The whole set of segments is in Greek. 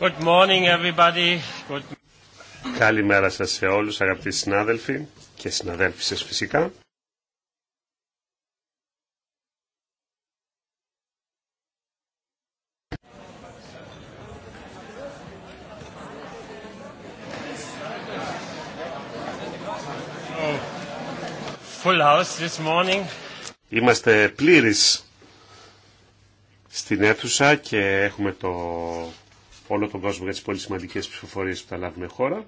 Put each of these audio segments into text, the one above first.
Good morning everybody. Καλημέρα σας σε όλους αγαπητοί συνάδελφοι και συναδέλφοι σας φυσικά. Full house this morning. Είμαστε πλήρης στην αίθουσα και έχουμε το όλο τον κόσμο για τις πολύ σημαντικές ψηφοφορίες που θα λάβουμε χώρα.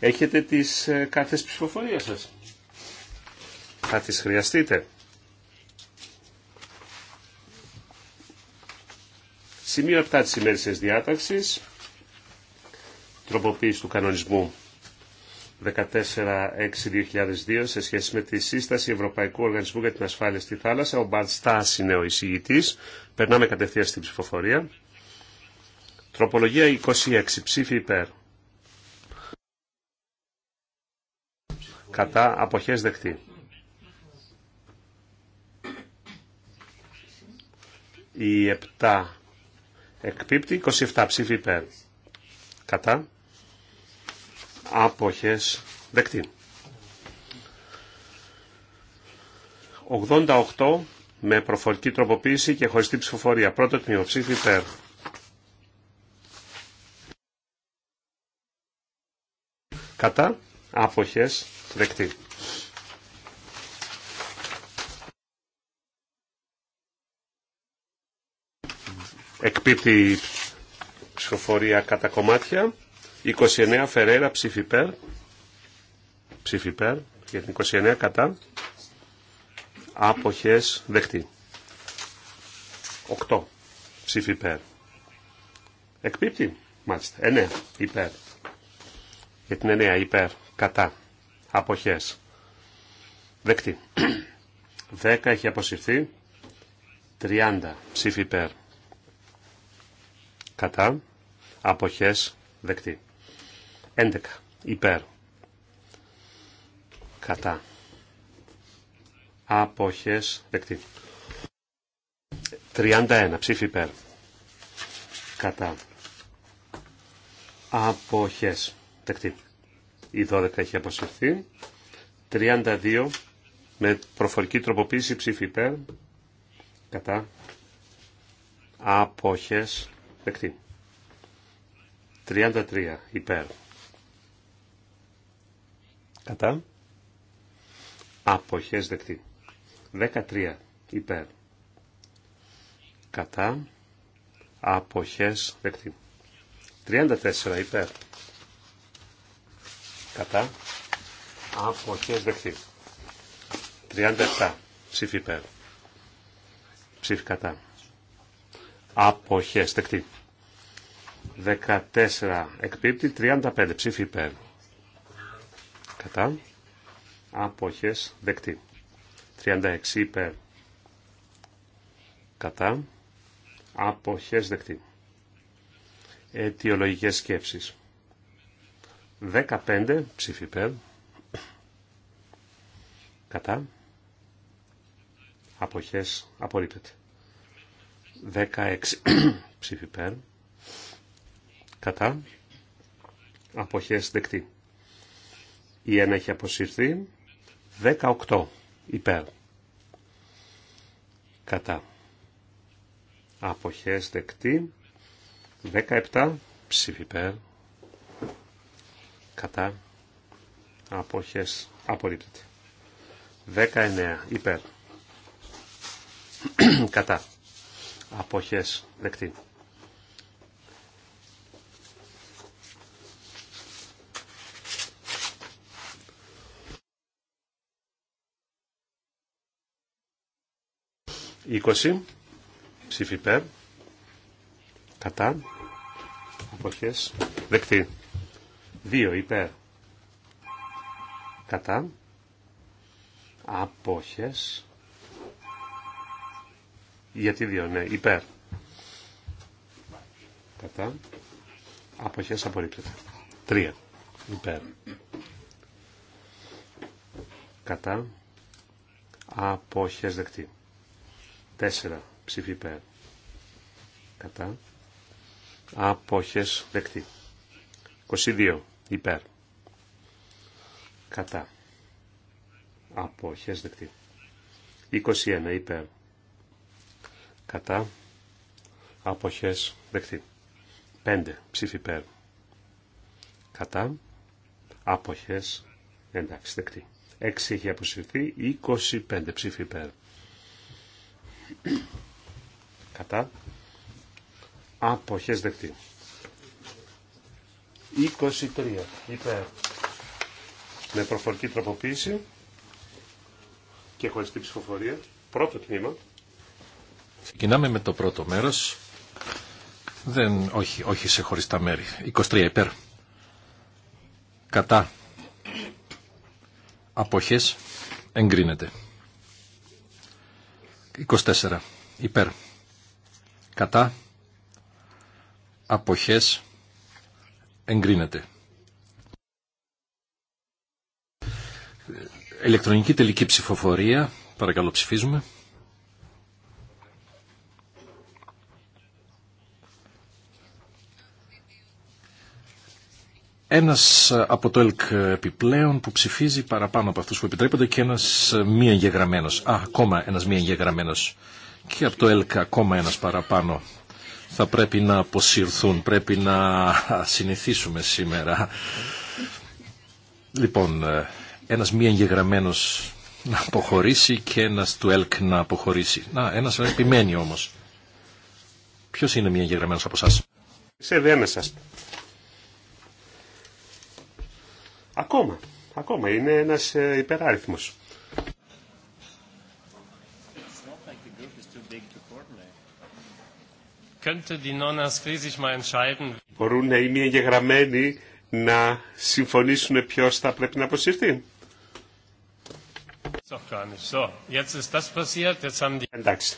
Έχετε τις ε, κάρτες ψηφοφορία σας. Θα τις χρειαστείτε. Σημείο 7 της ημέρησης διάταξης. Τροποποίηση του κανονισμού 2002 σε σχέση με τη σύσταση Ευρωπαϊκού Οργανισμού για την Ασφάλεια στη Θάλασσα. Ο Μπαρτ Στάς είναι ο εισηγητή. Περνάμε κατευθείαν στην ψηφοφορία. Τροπολογία 26. Ψήφι υπέρ. Κατά αποχές δεκτή. Η 7 εκπίπτει. 27 ψήφι υπέρ. Κατά αποχές δεκτή. 88 με προφορική τροποποίηση και χωριστή ψηφοφορία. Πρώτο τμήμα ψήφι υπέρ. Κατά άποχες δεκτή. Εκπίπτει ψηφοφορία κατά κομμάτια. 29 Φερέρα ψήφι ψηφίπερ Για την 29 κατά. Άποχες δεκτή. 8 ψήφι ΠΕΡ, Εκπίπτει. Μάλιστα. 9 υπέρ. Για την 9 υπέρ. Κατά. Αποχές. Δεκτή. 10 έχει αποσυρθεί. 30 ψήφι Κατά. Αποχές δεκτή. 11 υπέρ κατά αποχές δεκτή 31 ψήφι υπέρ κατά αποχές δεκτή η 12 έχει αποσυρθεί 32 με προφορική τροποποίηση ψήφι υπέρ κατά αποχές δεκτή 33 υπέρ Κατά. Αποχές δεκτή. 13 υπέρ. Κατά. Αποχές δεκτή. 34 υπέρ. Κατά. Αποχές δεκτή. 37 ψήφι υπέρ. Ψήφι κατά. Αποχές δεκτή. 14 εκπίπτει. 35 ψήφι υπέρ κατά αποχές δεκτή 36 υπέρ κατά αποχές δεκτή αιτιολογικές σκέψεις 15 ψήφι υπέρ κατά αποχές απορρίπτεται 16 ψήφι υπέρ κατά αποχές δεκτή η 1 έχει αποσυρθεί. 18 υπέρ. Κατά. Αποχές δεκτή. 17 ψήφι υπέρ. Κατά. Αποχές απορρίπτεται. 19 υπέρ. Κατά. Αποχές δεκτή. 20 ψήφι υπέρ κατά αποχές δεκτή 2 υπέρ κατά αποχές γιατί δύο ναι υπέρ κατά αποχές απορρίπτεται 3 υπέρ κατά αποχές δεκτή 4 ψήφι υπέρ. Κατά. Απόχες δεκτή. 22 υπέρ. Κατά. Απόχες δεκτή. 21 υπέρ. Κατά. Απόχες δεκτή. 5 ψήφι υπέρ. Κατά. Απόχες εντάξει δεκτή. 6 έχει αποσυρθεί. 25 ψήφι υπέρ Κατά. Αποχές δεκτή. 23. Υπέρ. Με προφορική τροποποίηση και χωριστή ψηφοφορία. Πρώτο τμήμα. Ξεκινάμε με το πρώτο μέρος. Δεν, όχι, όχι σε χωριστά μέρη. 23 υπέρ. Κατά. Αποχές εγκρίνεται. 24 υπέρ κατά αποχές εγκρίνεται. Ελεκτρονική τελική ψηφοφορία, παρακαλώ ψηφίζουμε. ένας ε, από το ΕΛΚ ε, επιπλέον που ψηφίζει παραπάνω από αυτού που επιτρέπονται και ένας ε, μη εγγεγραμμένο. Α, ακόμα ένας μη εγγεγραμμένο. Και από το ΕΛΚ ακόμα ένας παραπάνω. Θα πρέπει να αποσυρθούν, πρέπει να συνηθίσουμε σήμερα. Λοιπόν, ένας μη εγγεγραμμένο να αποχωρήσει και ένας του ΕΛΚ να αποχωρήσει. Να, ένα επιμένει όμω. Ποιο είναι μη εγγεγραμμένο από εσά, Σε σα. Ακόμα, ακόμα είναι ένας ε, υπεράριθμος. Μπορούν οι μια εγγεγραμμένοι να συμφωνήσουν ποιο θα πρέπει να αποσυρθεί. Εντάξει.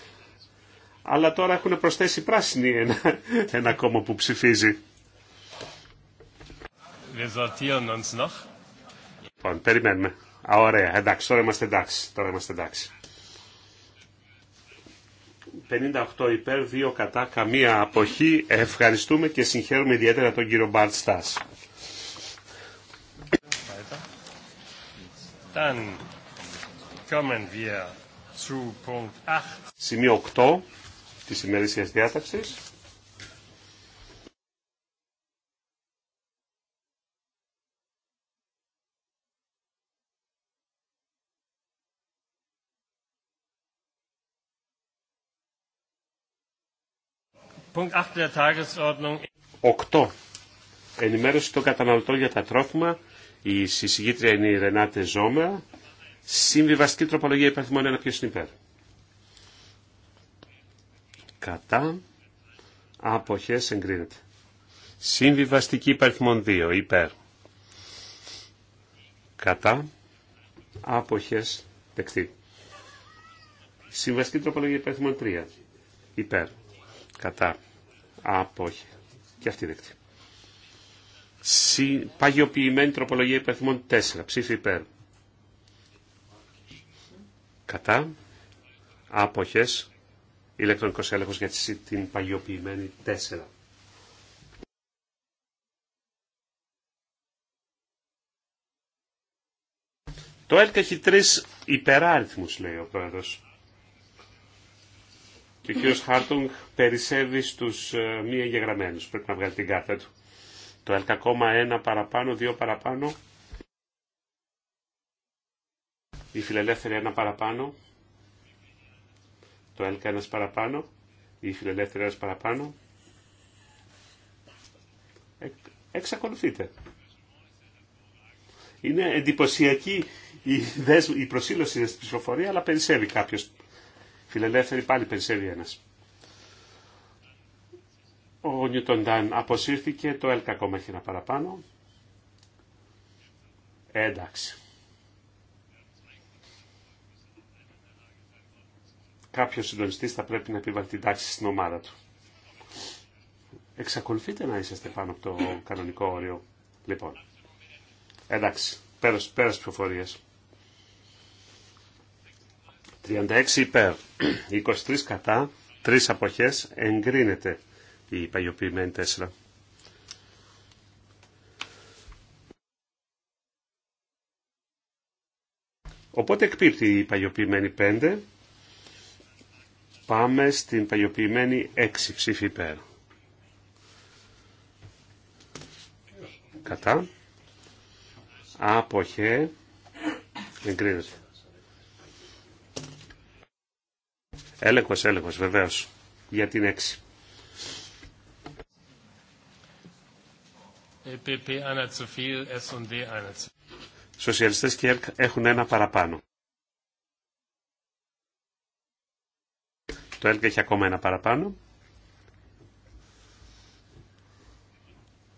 Αλλά τώρα έχουν προσθέσει πράσινοι ένα, ένα κόμμα που ψηφίζει. Λοιπόν, περιμένουμε. Α, ωραία, εντάξει, τώρα είμαστε εντάξει. Τώρα είμαστε εντάξει. 58 υπέρ, 2 κατά, καμία αποχή. Ευχαριστούμε και συγχαίρουμε ιδιαίτερα τον κύριο Μπαρτ Στάς. Σημείο 8 της ημερήσιας διάταξης. 8. Ενημέρωση των καταναλωτών για τα τρόφιμα. Η συζητήτρια είναι η Ρενάτε Ζώμα. Συμβιβαστική τροπολογία υπαριθμών 1 ποιος είναι υπέρ. Κατά. Αποχές εγκρίνεται. Συμβιβαστική υπαριθμών 2 υπέρ. Κατά. Αποχές δεκτή. Συμβαστική τροπολογία υπαριθμών 3 υπέρ. Κατά Απόχε. Και αυτή δεκτή. Συ... Παγιοποιημένη τροπολογία υπεριθμών 4. Ψήφι υπέρ. Κατά. Άποχες. Ηλεκτρονικός έλεγχος για την παγιοποιημένη 4. Το ΕΛΚ έχει τρεις υπεράριθμους, λέει ο πρόεδρος. Και ο κύριος Χάρτουγκ περισσεύει στους ε, μη εγγεγραμμένου. Πρέπει να βγάλει την κάρτα του. Το κόμμα ένα παραπάνω, δύο παραπάνω. Η φιλελεύθερη ένα παραπάνω. Το ΕΛΚΑ ένα παραπάνω. Η φιλελεύθερη ένα παραπάνω. Ε, εξακολουθείτε. Είναι εντυπωσιακή η, η προσήλωση στην ψηφοφορία, αλλά περισσεύει κάποιο Φιλελεύθερη πάλι περισσεύει ένας. Ο Νιούτον Ντάν αποσύρθηκε, το ΕΛΚ ακόμα έχει ένα παραπάνω. Εντάξει. Κάποιος συντονιστής θα πρέπει να επιβάλλει την τάξη στην ομάδα του. Εξακολουθείτε να είσαστε πάνω από το κανονικό όριο. Λοιπόν, εντάξει, πέρας, πέρας 36 υπέρ, 23 κατά, 3 αποχές, εγκρίνεται η παγιοποιημένη 4. Οπότε εκπίπτει η παγιοποιημένη 5. Πάμε στην παγιοποιημένη 6 ψήφι υπέρ. Κατά. Αποχέ. Εγκρίνεται. Έλεγχο, έλεγχο βεβαίω Για την 6. Ε, Σοσιαλιστές και ΕΡΚ έχουν ένα παραπάνω. Το ΕΛΚ έχει ακόμα ένα παραπάνω.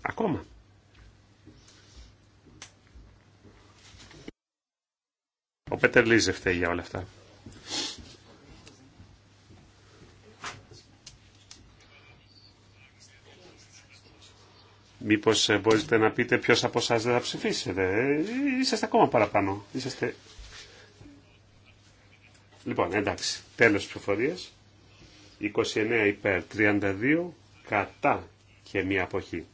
Ακόμα. Ο Πέτερ Λίζε φταίει για όλα αυτά. Μήπως ε, μπορείτε να πείτε ποιος από εσά δεν θα ψηφίσετε. Είσαστε ακόμα παραπάνω. Είσαστε... Λοιπόν, εντάξει. Τέλος ψηφορία. 29 υπέρ, 32 κατά και μία αποχή.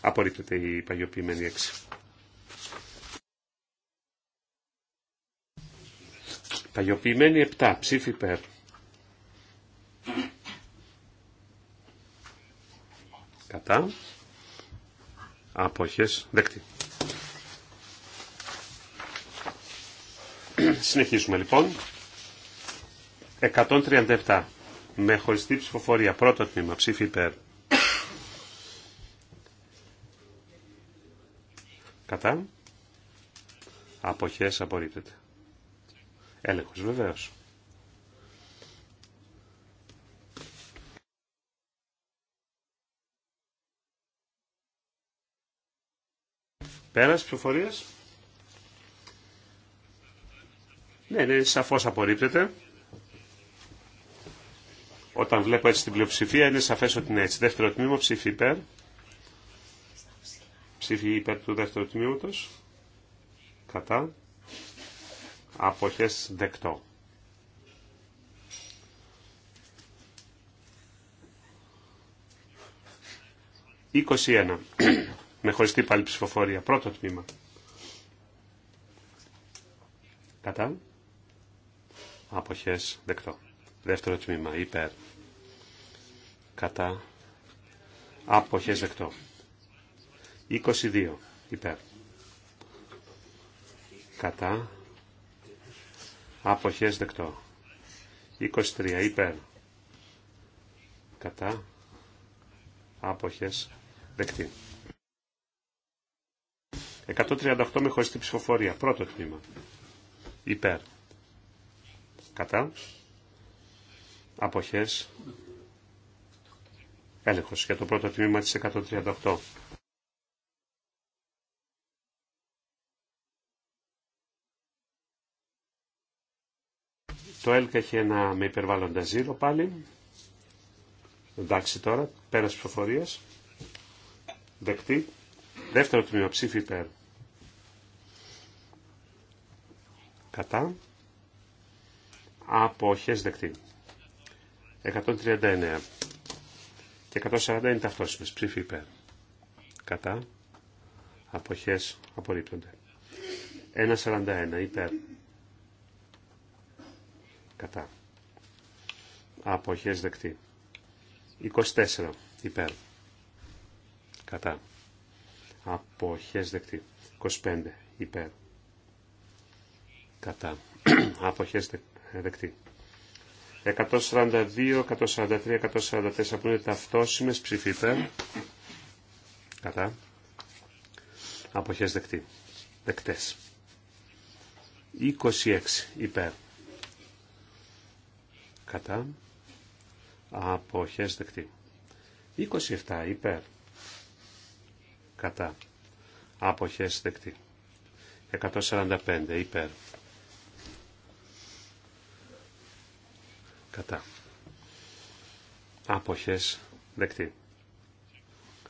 Απορρίπτεται η παγιοποιημένη έξι. Παγιοποιημένη 7, ψήφι υπέρ. Κατά. Απόχες. Δεκτή. Συνεχίζουμε λοιπόν. 137. Με χωριστή ψηφοφορία. Πρώτο τμήμα. Ψήφι υπέρ. Κατά. Αποχές απορρίπτεται. Έλεγχος βεβαίως. Πέρας ψηφοφορίας. Ναι, ναι, σαφώς απορρίπτεται. Όταν βλέπω έτσι την πλειοψηφία είναι σαφές ότι είναι έτσι. Δεύτερο τμήμα ψήφι υπέρ. Ψήφι υπέρ του δεύτερου τμήματος. Κατά. Αποχές δεκτό. Είκοσι με χωριστή πάλι ψηφοφορία. Πρώτο τμήμα. Κατά. Αποχές δεκτό. Δεύτερο τμήμα. Υπέρ. Κατά. Αποχές δεκτό. 22. Υπέρ. Κατά. Αποχές δεκτό. 23. Υπέρ. Κατά. Αποχές δεκτή. 138 με την ψηφοφορία. Πρώτο τμήμα. Υπέρ. Κατά. Αποχές. Έλεγχος για το πρώτο τμήμα τη 138. Το ΕΛΚ έχει ένα με υπερβάλλοντα ζήλο πάλι. Εντάξει τώρα, πέρας ψηφοφορίας. Δεκτή. Δεύτερο τμήμα ψήφι υπέρ. κατά αποχές δεκτή. 139 και 140 είναι ταυτόσιμες. Ψήφι υπέρ. Κατά αποχές απορρίπτονται. 1.41 υπέρ. Κατά. Αποχές δεκτή. 24 υπέρ. Κατά. Αποχές δεκτή. 25 υπέρ κατά αποχές δεκτή. 142, 143, 144 που είναι ταυτόσιμες ψηφίτε κατά αποχές δεκτή. Δεκτές. 26 υπέρ κατά αποχές δεκτή. 27 υπέρ κατά αποχές δεκτή. 145 υπέρ Κατά. Αποχές. Δεκτή.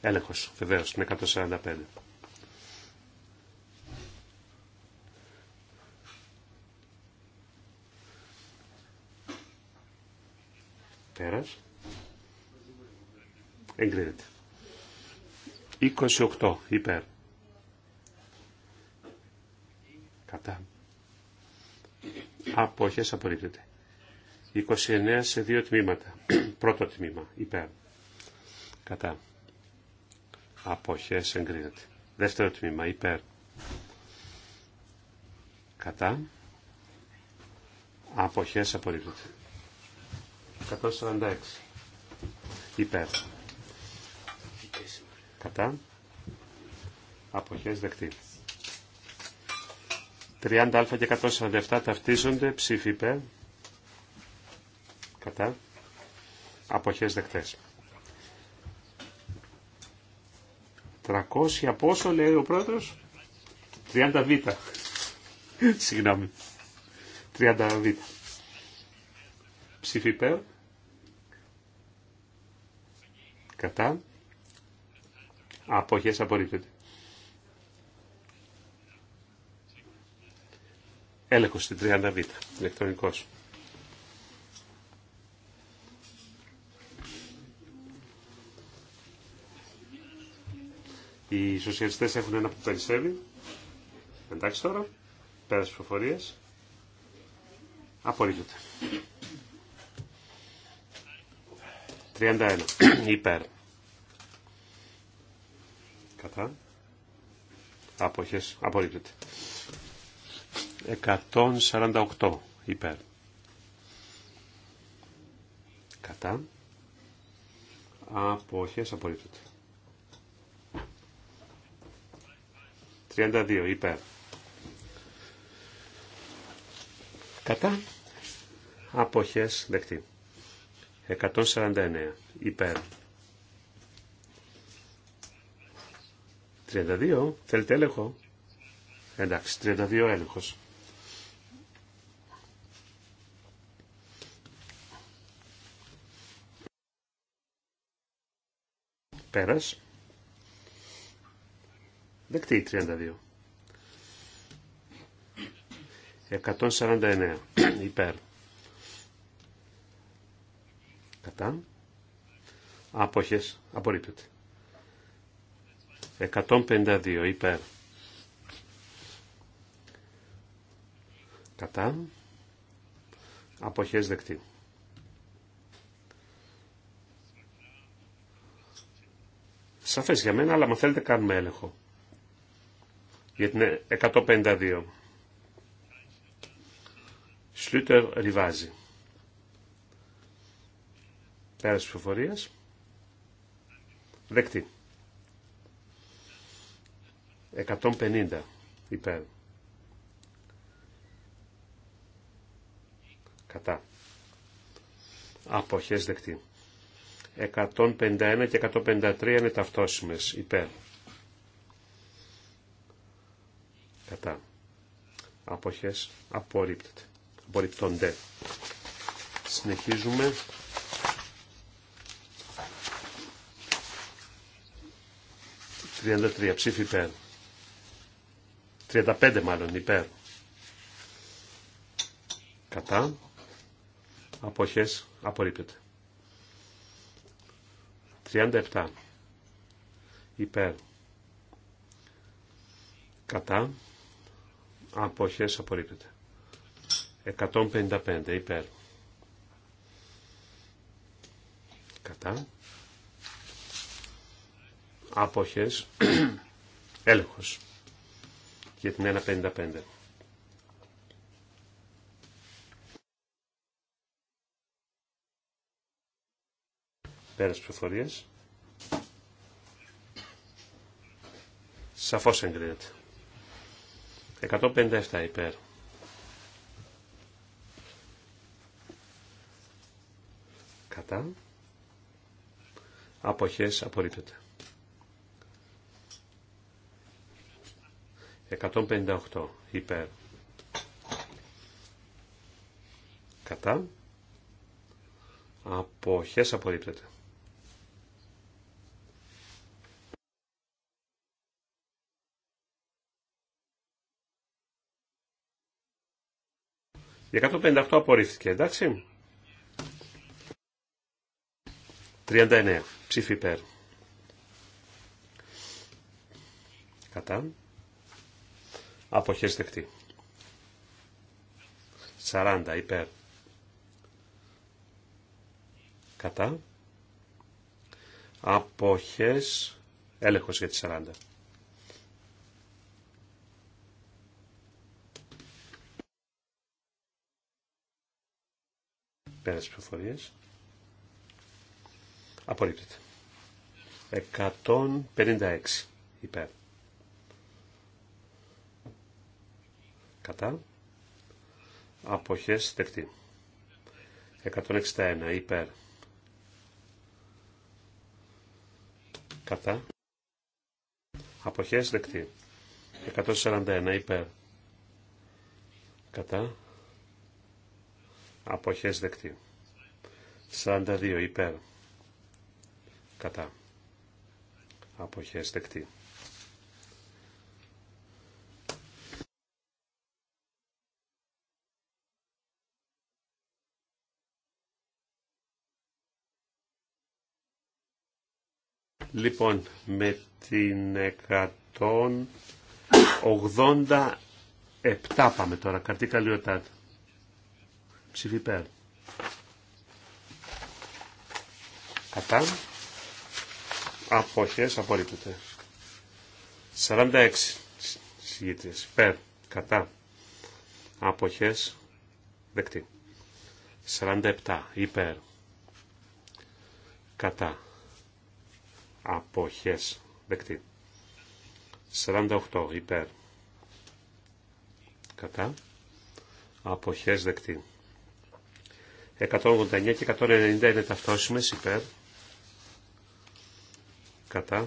Έλεγχος, βεβαίως, με 145. Πέρας. Εγκρίνεται. 28 υπέρ. Κατά. Απόχες απορρίπτεται. 29 σε δύο τμήματα. Πρώτο τμήμα, υπέρ. Κατά. Αποχές εγκρίνεται. Δεύτερο τμήμα, υπέρ. Κατά. Αποχές απορρίπτεται. 146. Υπέρ. Κατά. Αποχές δεκτή. 30α και 147 ταυτίζονται ψήφι υπέρ κατά αποχές δεκτές. 300 πόσο λέει ο πρόεδρος 30 β συγγνώμη 30 β ψήφι κατά αποχές απορρίπτεται έλεγχος στην 30 β ηλεκτρονικός Οι σοσιαλιστέ έχουν ένα που περισσεύει. Εντάξει τώρα. Πέρα στις προφορίες. Απορρίπτεται. 31. Υπέρ. Κατά. Αποχές. Απορρίπτεται. 148. Υπέρ. Κατά. Αποχές. Απορρίπτεται. 32 υπέρ. Κατά αποχές δεκτή. 149 υπέρ. 32 θέλετε έλεγχο. Εντάξει, 32 έλεγχος. Πέρας. Δεκτή 32. 149 υπέρ. Κατά. Άποχες. Απορρίπτεται. 152 υπέρ. Κατά. Αποχές δεκτή. Σαφές για μένα, αλλά μα θέλετε κάνουμε έλεγχο για την 152. Ε, Σλούτερ Ριβάζη. Πέρας προφορίας. Δεκτή. 150 υπέρ. Κατά. Αποχές δεκτή. 151 και 153 είναι ταυτόσιμες υπέρ. κατά αποχές απορρίπτεται. Απορριπτονται. Συνεχίζουμε. «33 ψήφι υπέρ». «35 μάλλον υπέρ». «Κατά». «Αποχές απορρίπτεται». «37 υπέρ». «Κατά» αποχές απορρίπτεται. 155 υπέρ. Κατά. Αποχές. Έλεγχος. Για την 155. Πέρας ψηφοφορίας. Σαφώς εγκρίνεται. 157 υπέρ. Κατά. Αποχές απορρίπτεται. 158 υπέρ. Κατά. Αποχές απορρίπτεται. Για 158 απορρίφθηκε, εντάξει. 39. Ψήφι υπέρ. Κατά. Αποχές δεκτή. 40. Υπέρ. Κατά. Αποχές. Έλεγχος για τις 40. Πέρα στις πληροφορίες Απορρίπτεται. 156 υπέρ. Κατά. Αποχές δεκτή. 161 υπέρ. Κατά. Αποχές δεκτή. 141 υπέρ. Κατά αποχές δεκτή. 42 υπέρ κατά αποχές δεκτή. Λοιπόν, με την 187 πάμε τώρα. Καρτή Λιωτάτ. Ψήφι Κατά. Αποχές απορρίπτεται. 46 συγγήτριες. Πέρ. Κατά. Αποχές δεκτή. 47 υπέρ. Κατά. Αποχές δεκτή. 48 υπέρ. Κατά. Αποχές δεκτή. 189 και 190 είναι ταυτόσιμες υπέρ κατά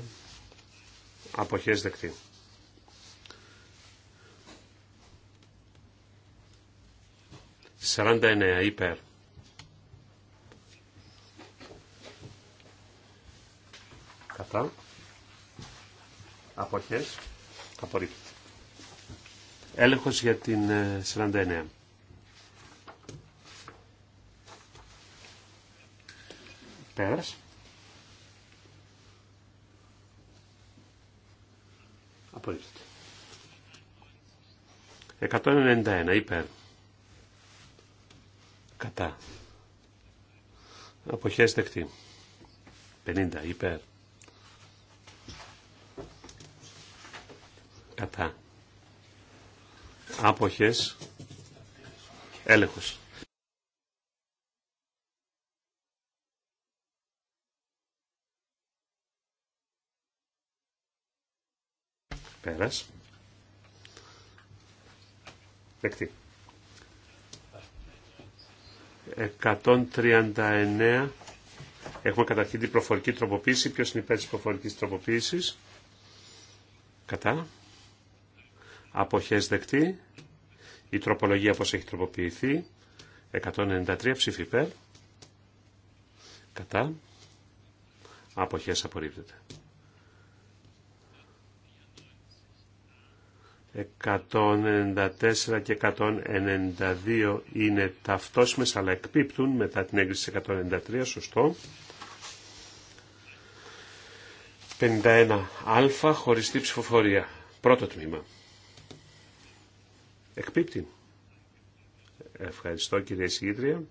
αποχές δεκτή. 49 εννέα υπέρ. Κατά. Αποχές. Απορρίπτει. Έλεγχος για την 49. Ε, Πέρας. Απορρίπτεται. 191 υπέρ. Κατά. Αποχές δεκτή. 50 υπέρ. Κατά. Άποχες. Έλεγχος. Πέρας. Δεκτή. 139. Έχουμε καταρχήν την προφορική τροποποίηση. Ποιος είναι υπέρ της προφορικής τροποποίησης. Κατά. Αποχές δεκτή. Η τροπολογία πως έχει τροποποιηθεί. 193 ψήφι υπέρ. Κατά. Αποχές απορρίπτεται. 194 και 192 είναι ταυτόσιμες αλλά εκπίπτουν μετά την έγκριση 193, σωστό. 51α χωριστή ψηφοφορία. Πρώτο τμήμα. Εκπίπτει. Ευχαριστώ κύριε Συγήτρια.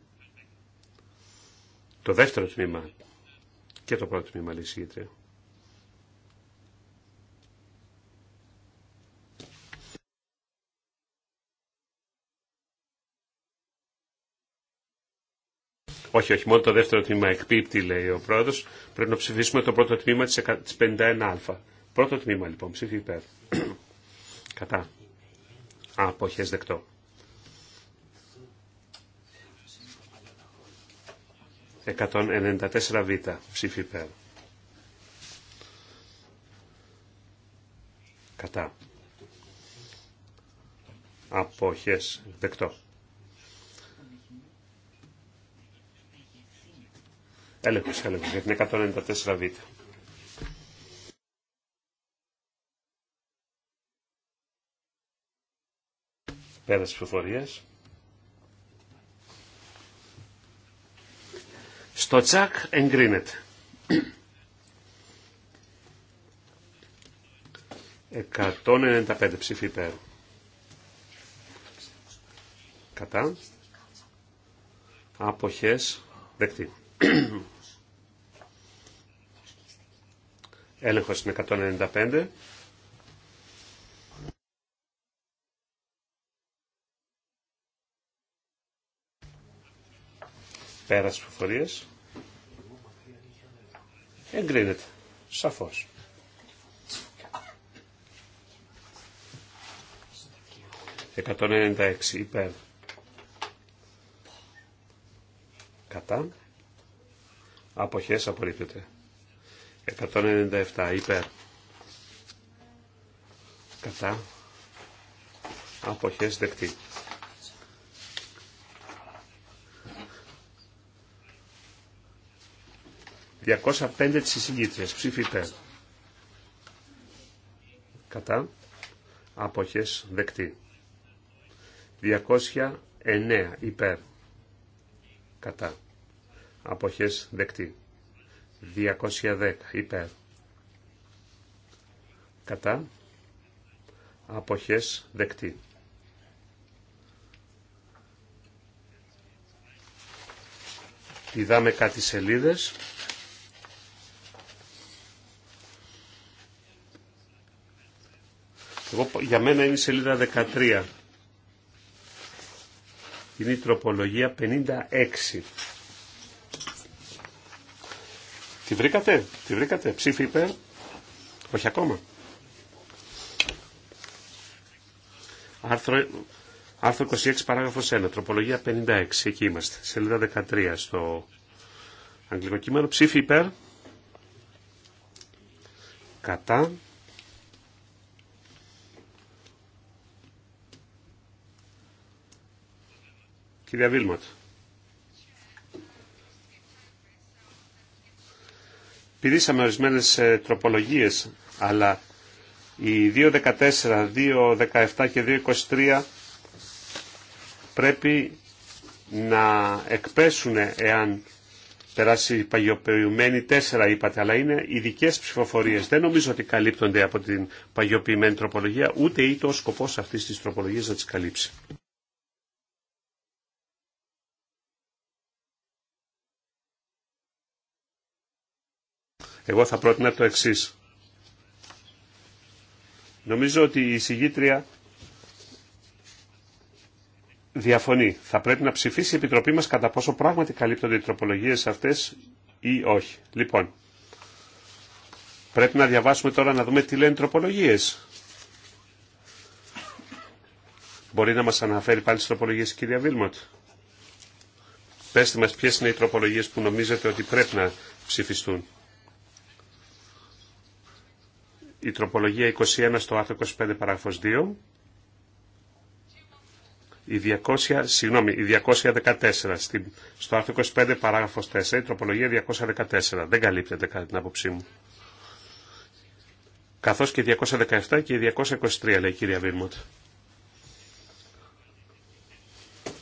Το δεύτερο τμήμα και το πρώτο τμήμα λύση η Όχι, όχι, μόνο το δεύτερο τμήμα εκπίπτει, λέει ο πρόεδρος. Πρέπει να ψηφίσουμε το πρώτο τμήμα τη 51α. Πρώτο τμήμα, λοιπόν, ψήφι υπέρ. Κατά. Αποχές δεκτό. 194β ψήφι υπέρ. Κατά. Αποχές. Δεκτό. Έλεγχος, έλεγχος για την 194 β. Πέρας της Στο τσακ εγκρίνεται. 195 ψήφι υπέρ. Κατά. Αποχές δεκτή. Έλεγχος στην 195. Πέρας προφορίες. Εγκρίνεται. Σαφώς. Εκατόν υπέρ. Κατά. Αποχές απορρίπτεται. 197 υπέρ κατά αποχές δεκτή. ...205 της εισηγήτριας, ψήφι υπέρ. Κατά, άποχες, δεκτή. 209 υπέρ. Κατά, άποχες, δεκτή. 210 υπέρ. Κατά. Αποχές δεκτή. Πηδάμε κάτι σελίδες. για μένα είναι η σελίδα 13. Είναι η τροπολογία 56. Τη βρήκατε, τη βρήκατε, ψήφι υπέρ. Όχι ακόμα. Άρθρο, άρθρο 26 παράγραφος 1, τροπολογία 56, εκεί είμαστε, σελίδα 13 στο αγγλικό κείμενο, ψήφι υπέρ, κατά, κυρία Βίλματ. Πηδήσαμε ορισμένε ε, τροπολογίε, αλλά οι 2.14, 2.17 και 2.23 πρέπει να εκπέσουν εάν περάσει παγιοποιημένη 4 είπατε, αλλά είναι ειδικέ ψηφοφορίε. Δεν νομίζω ότι καλύπτονται από την παγιοποιημένη τροπολογία, ούτε είτε ο σκοπό αυτή τη τροπολογία να τι καλύψει. Εγώ θα πρότεινα το εξή. Νομίζω ότι η εισηγήτρια διαφωνεί. Θα πρέπει να ψηφίσει η Επιτροπή μας κατά πόσο πράγματι καλύπτονται οι τροπολογίες αυτές ή όχι. Λοιπόν, πρέπει να διαβάσουμε τώρα να δούμε τι λένε οι τροπολογίες. Μπορεί να μας αναφέρει πάλι τις τροπολογίες η κυρία Βίλμοντ. Πεςτε μας ποιες είναι οι τροπολογίες που νομίζετε ότι πρέπει να ψηφιστούν η τροπολογία 21 στο άρθρο 25 παράγραφος 2, η 200, συγγνώμη, η 214 στο άρθρο 25 παράγραφος 4, η τροπολογία 214. Δεν καλύπτεται κατά την άποψή μου. Καθώς και 217 και 223 λέει η κυρία Βίρμοντ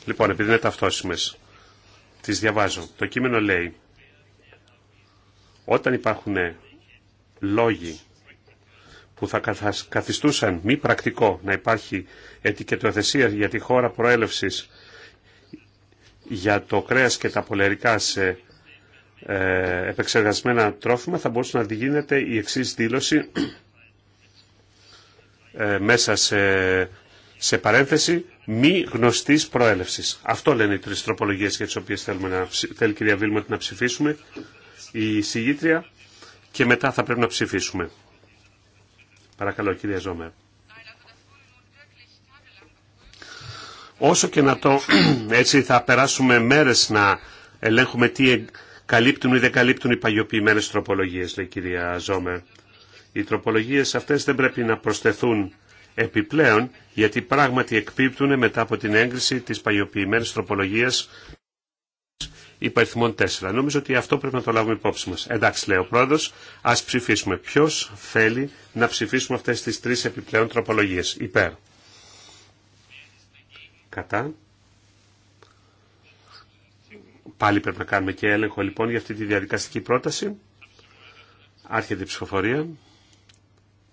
Λοιπόν, επειδή είναι ταυτόσιμες, τις διαβάζω. Το κείμενο λέει, όταν υπάρχουν λόγοι που θα καθιστούσαν μη πρακτικό να υπάρχει ετικετοθεσία για τη χώρα προέλευσης για το κρέας και τα πολερικά σε ε, επεξεργασμένα τρόφιμα θα μπορούσε να γίνεται η εξής δήλωση ε, μέσα σε, σε παρένθεση μη γνωστής προέλευσης. Αυτό λένε οι τρεις τροπολογίες για τις οποίες να, θέλει η κυρία να ψηφίσουμε η συγγήτρια και μετά θα πρέπει να ψηφίσουμε. Παρακαλώ κυρία Ζώμερ. Όσο και να το έτσι θα περάσουμε μέρες να ελέγχουμε τι καλύπτουν ή δεν καλύπτουν οι παγιοποιημένες τροπολογίες, λέει η κυρία Ζώμερ. Οι τροπολογίες αυτές δεν πρέπει να προσθεθούν επιπλέον, γιατί πράγματι εκπίπτουν μετά από την έγκριση της παγιοποιημένης τροπολογίας υπαριθμών 4. Νομίζω ότι αυτό πρέπει να το λάβουμε υπόψη μας. Εντάξει, λέει ο πρόεδρο, ας ψηφίσουμε. ποιο θέλει να ψηφίσουμε αυτές τις τρει επιπλέον τροπολογίες. Υπέρ. Κατά. Πάλι πρέπει να κάνουμε και έλεγχο λοιπόν για αυτή τη διαδικαστική πρόταση. Άρχεται η ψηφοφορία.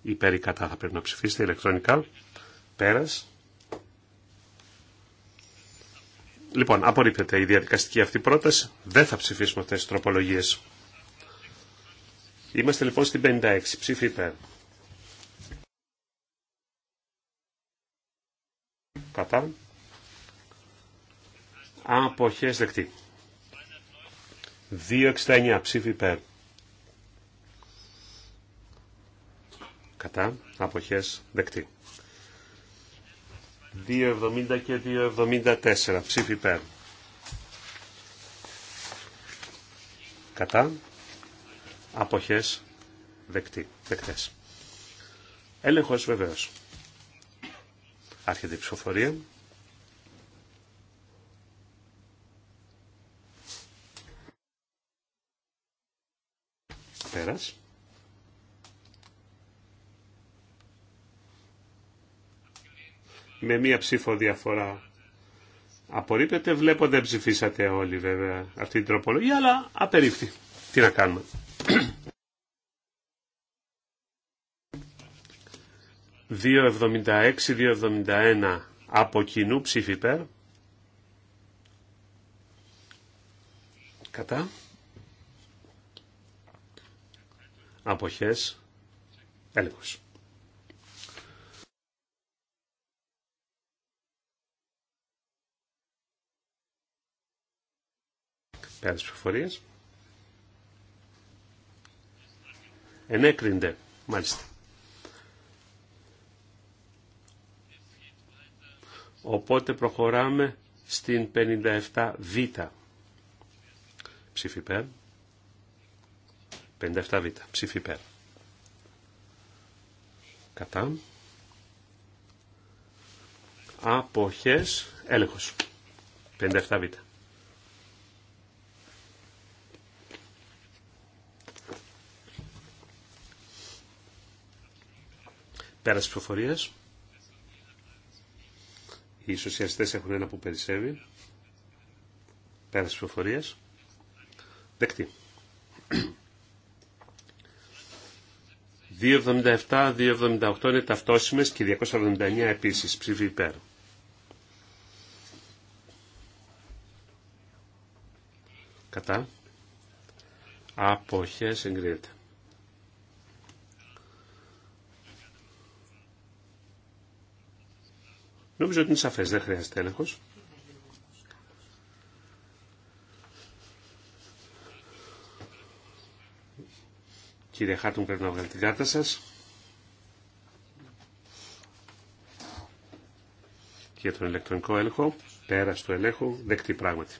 Υπέρ ή κατά θα πρέπει να ψηφίσετε ηλεκτρονικά. Πέρας. Λοιπόν, απορρίπτεται η διαδικαστική αυτή πρόταση. Δεν θα ψηφίσουμε αυτέ τι τροπολογίε. Είμαστε λοιπόν στην 56. Ψήφι Κατά. Αποχές δεκτή. 269. Ψήφι υπέρ. Κατά. Αποχές δεκτή. 2.70 και 2.74 ψήφι υπέρ. Κατά. Αποχές δεκτή, δεκτές. Έλεγχος βεβαίως. Άρχεται η ψηφοφορία. Πέρας. με μία ψήφο διαφορά. Απορρίπτεται, βλέπω δεν ψηφίσατε όλοι βέβαια αυτή την τροπολογία, αλλά απερίφθη. Τι να κάνουμε. 276 2.71 από κοινού ψήφι υπέρ. Κατά. Αποχές. Έλεγχος. Πέρας πληροφορίες. Ενέκρινται. Μάλιστα. Οπότε προχωράμε στην 57β. Ψήφι 57β. Ψήφι ΠΕΡ. Κατά. Αποχές. Έλεγχος. 57β. Πέραση της ψηφοφορίας. Οι σοσιαλιστές έχουν ένα που περισσεύει. Πέραση ψηφοφορίας. Δεκτή. 2.77, 2.78 είναι ταυτόσιμες και 279 επίσης ψήφι υπέρ. Κατά. Αποχές εγκρίνεται. Νομίζω ότι είναι σαφές, δεν χρειάζεται έλεγχο. Κύριε Χάρτον, πρέπει να βγάλετε την κάρτα σα. για τον ηλεκτρονικό έλεγχο, πέρα του ελέγχου, δεκτή πράγματι.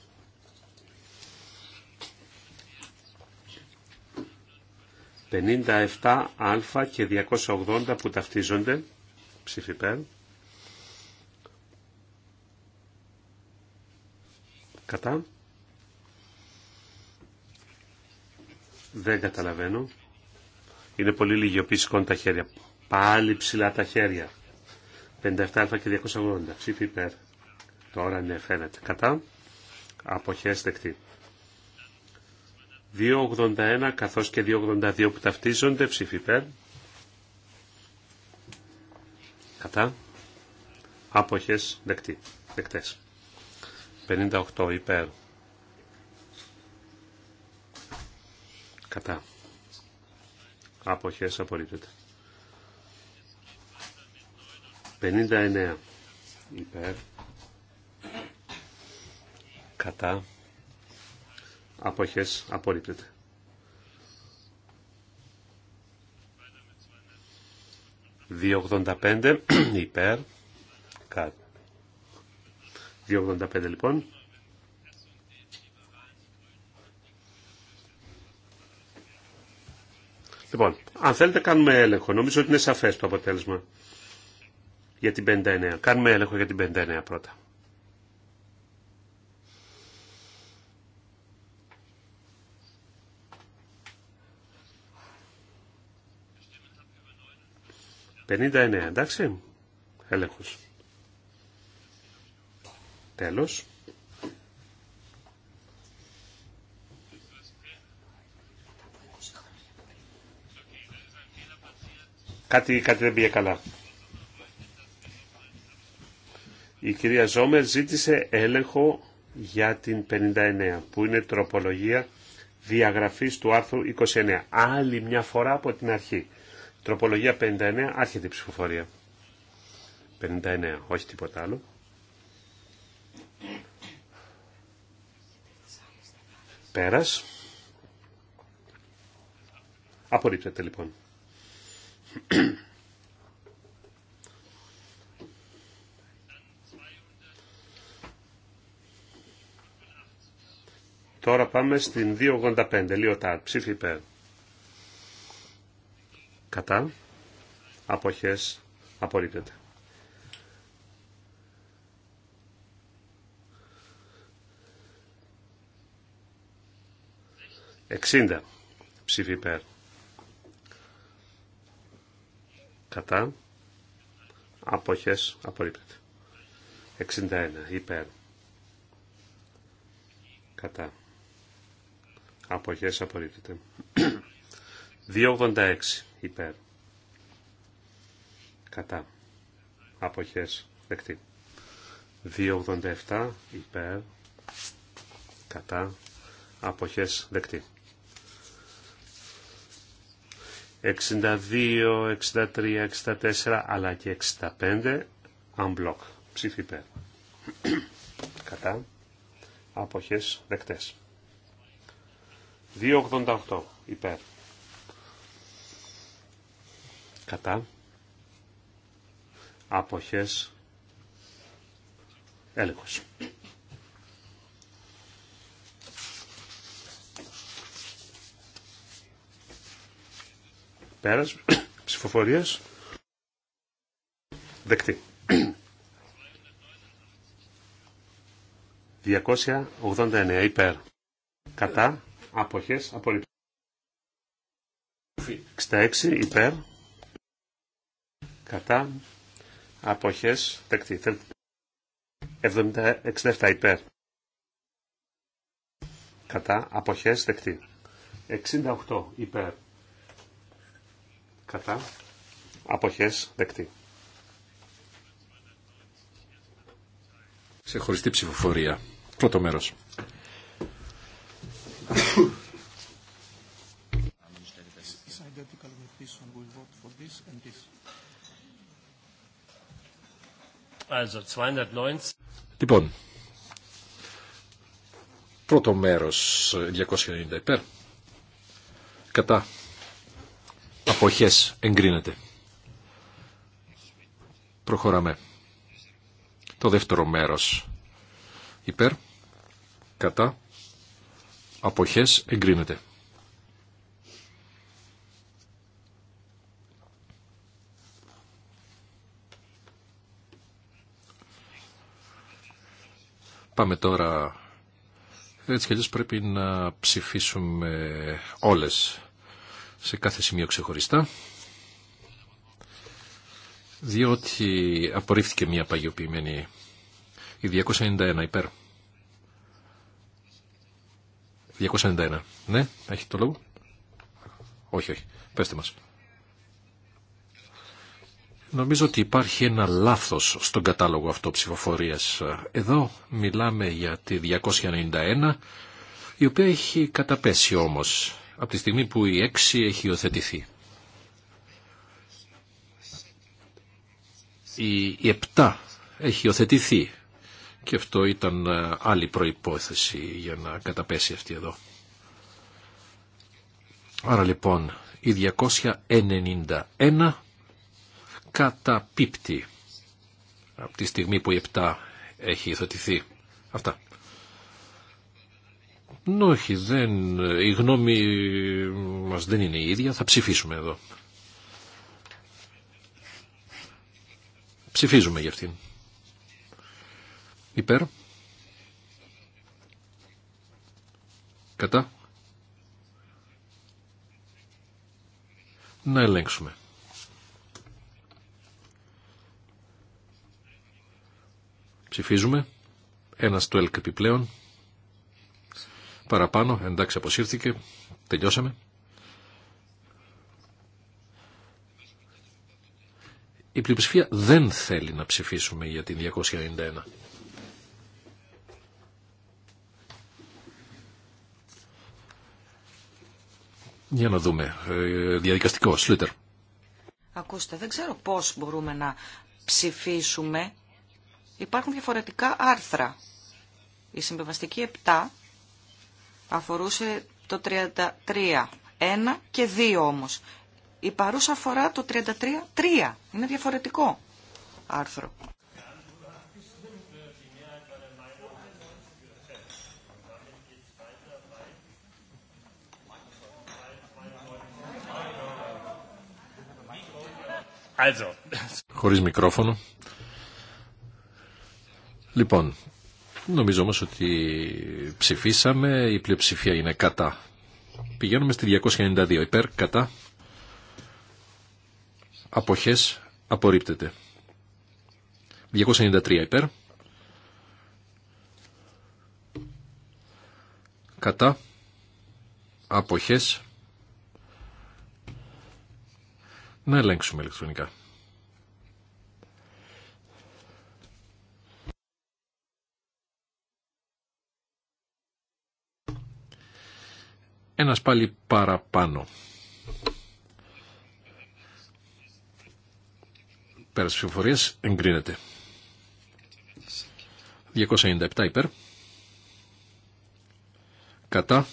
57α και 280 που ταυτίζονται, ψηφιπέρ. Κατά. Δεν καταλαβαίνω. Είναι πολύ λίγοι ο τα χέρια. Πάλι ψηλά τα χέρια. 57α και 280. Ψήφι υπέρ. Τώρα ναι φαίνεται. Κατά. Αποχές δεκτή. 281 καθώς και 282 που ταυτίζονται. Ψήφι υπέρ. Κατά. Αποχές δεκτή. Δεκτές. 58 υπέρ. Κατά. Αποχές απορρίπτεται. 59 υπέρ. Κατά. Αποχές απορρίπτεται. Δύο υπέρ, κατά 285 λοιπόν. Λοιπόν, αν θέλετε κάνουμε έλεγχο. Νομίζω ότι είναι σαφές το αποτέλεσμα για την 59. Κάνουμε έλεγχο για την 59 πρώτα. «59, εντάξει, έλεγχος». Τέλος. Κάτι, κάτι δεν πήγε καλά. Η κυρία Ζόμερ ζήτησε έλεγχο για την 59, που είναι τροπολογία διαγραφής του άρθρου 29. Άλλη μια φορά από την αρχή. Τροπολογία 59, άρχεται η ψηφοφορία. 59, όχι τίποτα άλλο. Πέρας. Απορρίπτεται λοιπόν. Τώρα πάμε στην 285. Λιωτάρ. Ψήφι υπέρ. Κατά. Αποχές. Απορρίπτεται. 60 ψήφι υπέρ. Κατά. Αποχές απορρίπτεται. 61 υπέρ. Κατά. Αποχές απορρίπτεται. 286 υπέρ. Κατά. Αποχές δεκτή. 287 υπέρ. Κατά. Αποχές δεκτή. 62, 63, 64 αλλά και 65 unblock, μπλοκ. Ψήφι υπέρ. Κατά. Αποχές δεκτές. 2,88 υπέρ. Κατά. Αποχές έλεγχος. Πέρας ψηφοφορίας. Δεκτή. 289 υπέρ. Κατά. Αποχές. Απορριπτή. 66 υπέρ. Κατά. Αποχές. Δεκτή. 67 υπέρ. Κατά. Αποχές. Δεκτή. 68 υπέρ κατά αποχές δεκτή. Σε χωριστή ψηφοφορία. Πρώτο μέρος. Λοιπόν, πρώτο μέρος 290 υπέρ, κατά Αποχές εγκρίνεται. Προχωράμε. Το δεύτερο μέρος. Υπέρ. Κατά. Αποχές εγκρίνεται. Πάμε τώρα. Έτσι πρέπει να ψηφίσουμε όλες σε κάθε σημείο ξεχωριστά διότι απορρίφθηκε μια παγιοποιημένη η 291 υπέρ 291 ναι έχει το λόγο όχι όχι πέστε μας Νομίζω ότι υπάρχει ένα λάθος στον κατάλογο αυτό ψηφοφορίας. Εδώ μιλάμε για τη 291, η οποία έχει καταπέσει όμως από τη στιγμή που η 6 έχει υιοθετηθεί. Η 7 έχει υιοθετηθεί και αυτό ήταν ε, άλλη προϋπόθεση για να καταπέσει αυτή εδώ. Άρα λοιπόν η 291 καταπίπτει από τη στιγμή που η 7 έχει υιοθετηθεί. Αυτά. Όχι, δεν, η γνώμη μας δεν είναι η ίδια. Θα ψηφίσουμε εδώ. Ψηφίζουμε για αυτήν. Υπέρ. Κατά. Να ελέγξουμε. Ψηφίζουμε. Ένα το ΕΛΚ επιπλέον παραπάνω, εντάξει αποσύρθηκε, τελειώσαμε. Η πλειοψηφία δεν θέλει να ψηφίσουμε για την 291. Για να δούμε. Ε, διαδικαστικό, Σλίτερ. Ακούστε, δεν ξέρω πώς μπορούμε να ψηφίσουμε. Υπάρχουν διαφορετικά άρθρα. Η συμβεβαστική 7 αφορούσε το 33. 1 και 2 όμως. Η παρούσα αφορά το 33. 3 Είναι διαφορετικό άρθρο. Χωρίς μικρόφωνο. Λοιπόν, Νομίζω όμως ότι ψηφίσαμε, η πλειοψηφία είναι κατά. Πηγαίνουμε στη 292 υπέρ, κατά. Αποχές απορρίπτεται. 293 υπέρ. Κατά. Αποχές. Να ελέγξουμε ηλεκτρονικά. ένας πάλι παραπάνω. Πέρας ψηφοφορίας εγκρίνεται. 297 υπέρ. Κατά.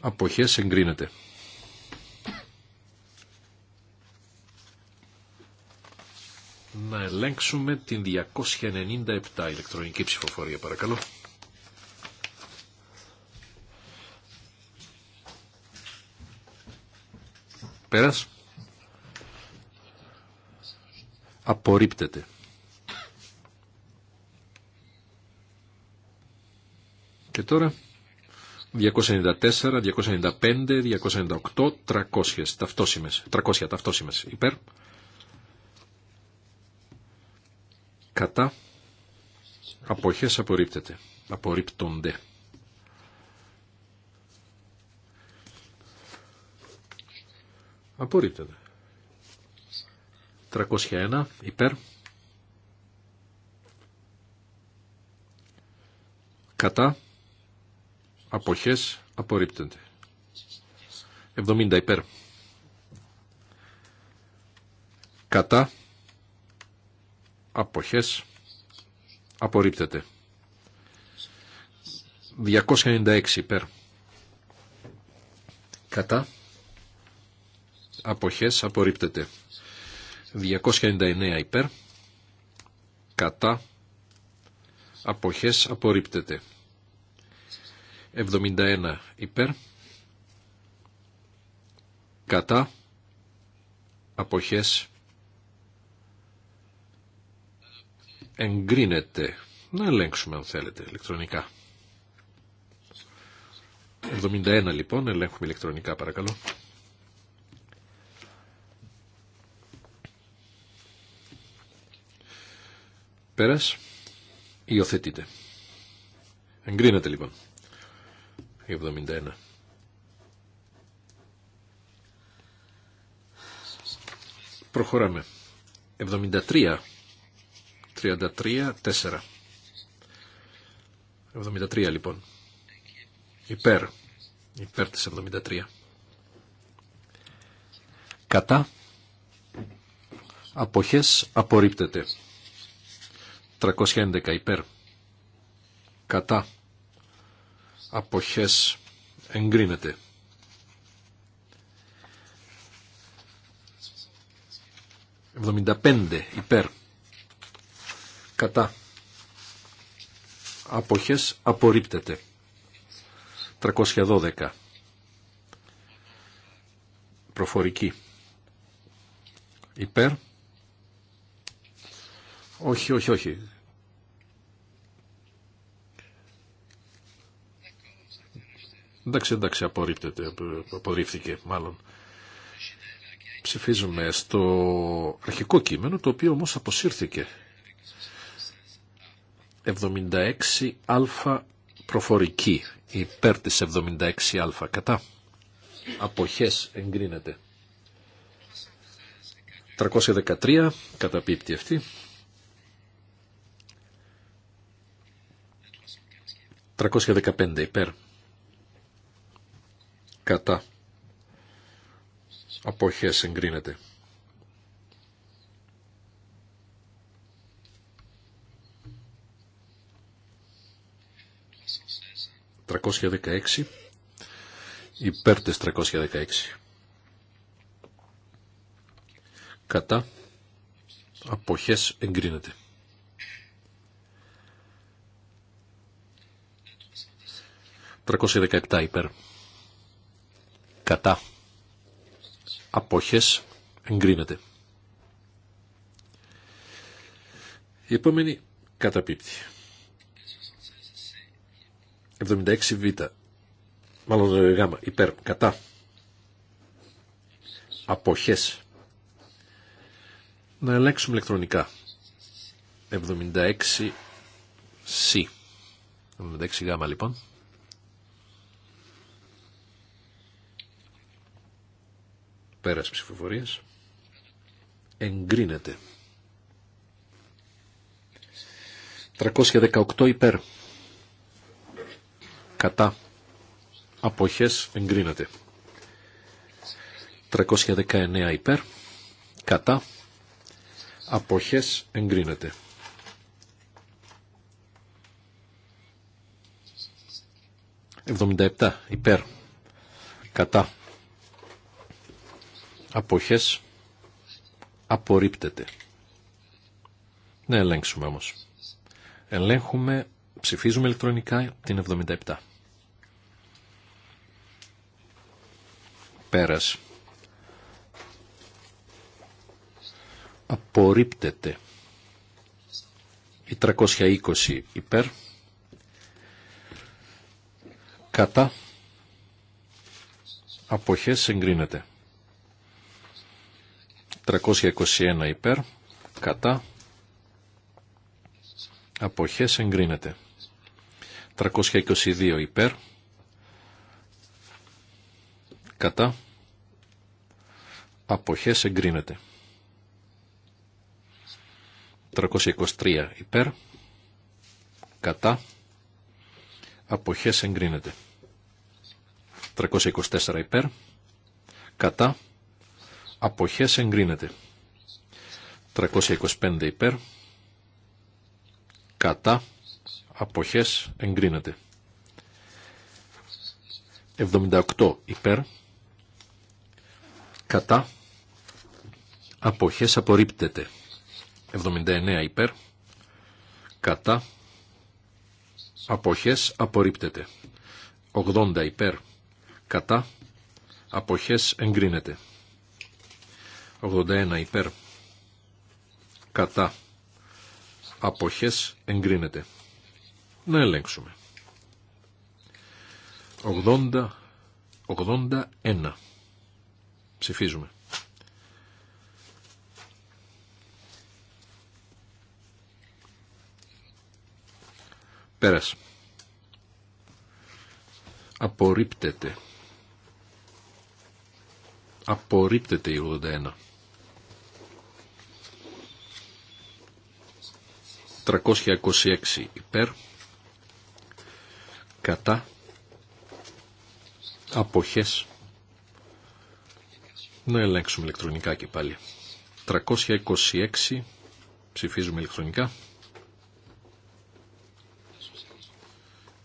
Αποχές εγκρίνεται. Να ελέγξουμε την 297 ηλεκτρονική ψηφοφορία παρακαλώ. Πέρας. Απορρίπτεται. Και τώρα 294, 295, 298, 300 ταυτόσημες, 300 ταυτόσημες υπέρ. Κατά αποχές απορρίπτεται. Απορρίπτονται. Απορρίπτεται. 301 υπέρ. Κατά. Αποχές απορρίπτεται. 70 υπέρ. Κατά. Αποχές απορρίπτεται. 296 υπέρ. Κατά αποχές απορρίπτεται. 299 υπέρ, κατά, αποχές απορρίπτεται. 71 υπέρ, κατά, αποχές εγκρίνεται. Να ελέγξουμε αν θέλετε ηλεκτρονικά. 71 λοιπόν, ελέγχουμε ηλεκτρονικά παρακαλώ. Πέρας. Υιοθετείται. Εγκρίνεται λοιπόν. 71. Προχωράμε. 73. 33. 4. 73 λοιπόν. Υπέρ. Υπέρ της 73. Κατά. Αποχές απορρίπτεται. 311 υπέρ. Κατά. Αποχές εγκρίνεται. 75 υπέρ. Κατά. Αποχές απορρίπτεται. 312. Προφορική. Υπέρ. Όχι, όχι, όχι. Εντάξει, εντάξει, απορρίπτεται, απορρίφθηκε μάλλον. Ψηφίζουμε στο αρχικό κείμενο, το οποίο όμως αποσύρθηκε. 76α προφορική, υπέρ της 76α, κατά. Αποχές εγκρίνεται. 313, καταπίπτει αυτή. 315 υπέρ. Κατά. Αποχές εγκρίνεται. Τρακόσια δεκαέξι. Υπέρ της 316. Κατά. Αποχές εγκρίνεται. 317 υπέρ. Κατά. Απόχες. Εγκρίνεται. Η επόμενη καταπίπτει. 76 β. Μάλλον ε, γ. Υπέρ. Κατά. Αποχές. Να ελέγξουμε ηλεκτρονικά. 76 σ. 76 γ λοιπόν. Πέρας ψηφοφορίας. Εγκρίνεται. 318 υπέρ. Κατά. Αποχές εγκρίνεται. 319 υπέρ. Κατά. Αποχές εγκρίνεται. 77 υπέρ. Κατά αποχές απορρίπτεται. Να ελέγξουμε όμως. Ελέγχουμε, ψηφίζουμε ηλεκτρονικά την 77. Πέρας. Απορρίπτεται. Η 320 υπέρ. Κατά. Αποχές εγκρίνεται. 321 υπέρ, κατά, αποχές εγκρίνεται. 322 υπέρ, κατά, αποχές εγκρίνεται. 323 υπέρ, κατά, αποχές εγκρίνεται. 324 υπέρ, κατά, αποχές εγκρίνεται. 325 υπέρ, κατά, αποχές εγκρίνεται. 78 υπέρ, κατά, αποχές απορρίπτεται. 79 υπέρ, κατά, αποχές απορρίπτεται. 80 υπέρ, κατά, αποχές εγκρίνεται. 81 υπέρ κατά αποχές εγκρίνεται. Να ελέγξουμε. 80, 81. Ψηφίζουμε. πέρασε Απορρίπτεται. Απορρίπτεται η 81. 326 υπέρ κατά αποχές να ελέγξουμε ηλεκτρονικά και πάλι 326 ψηφίζουμε ηλεκτρονικά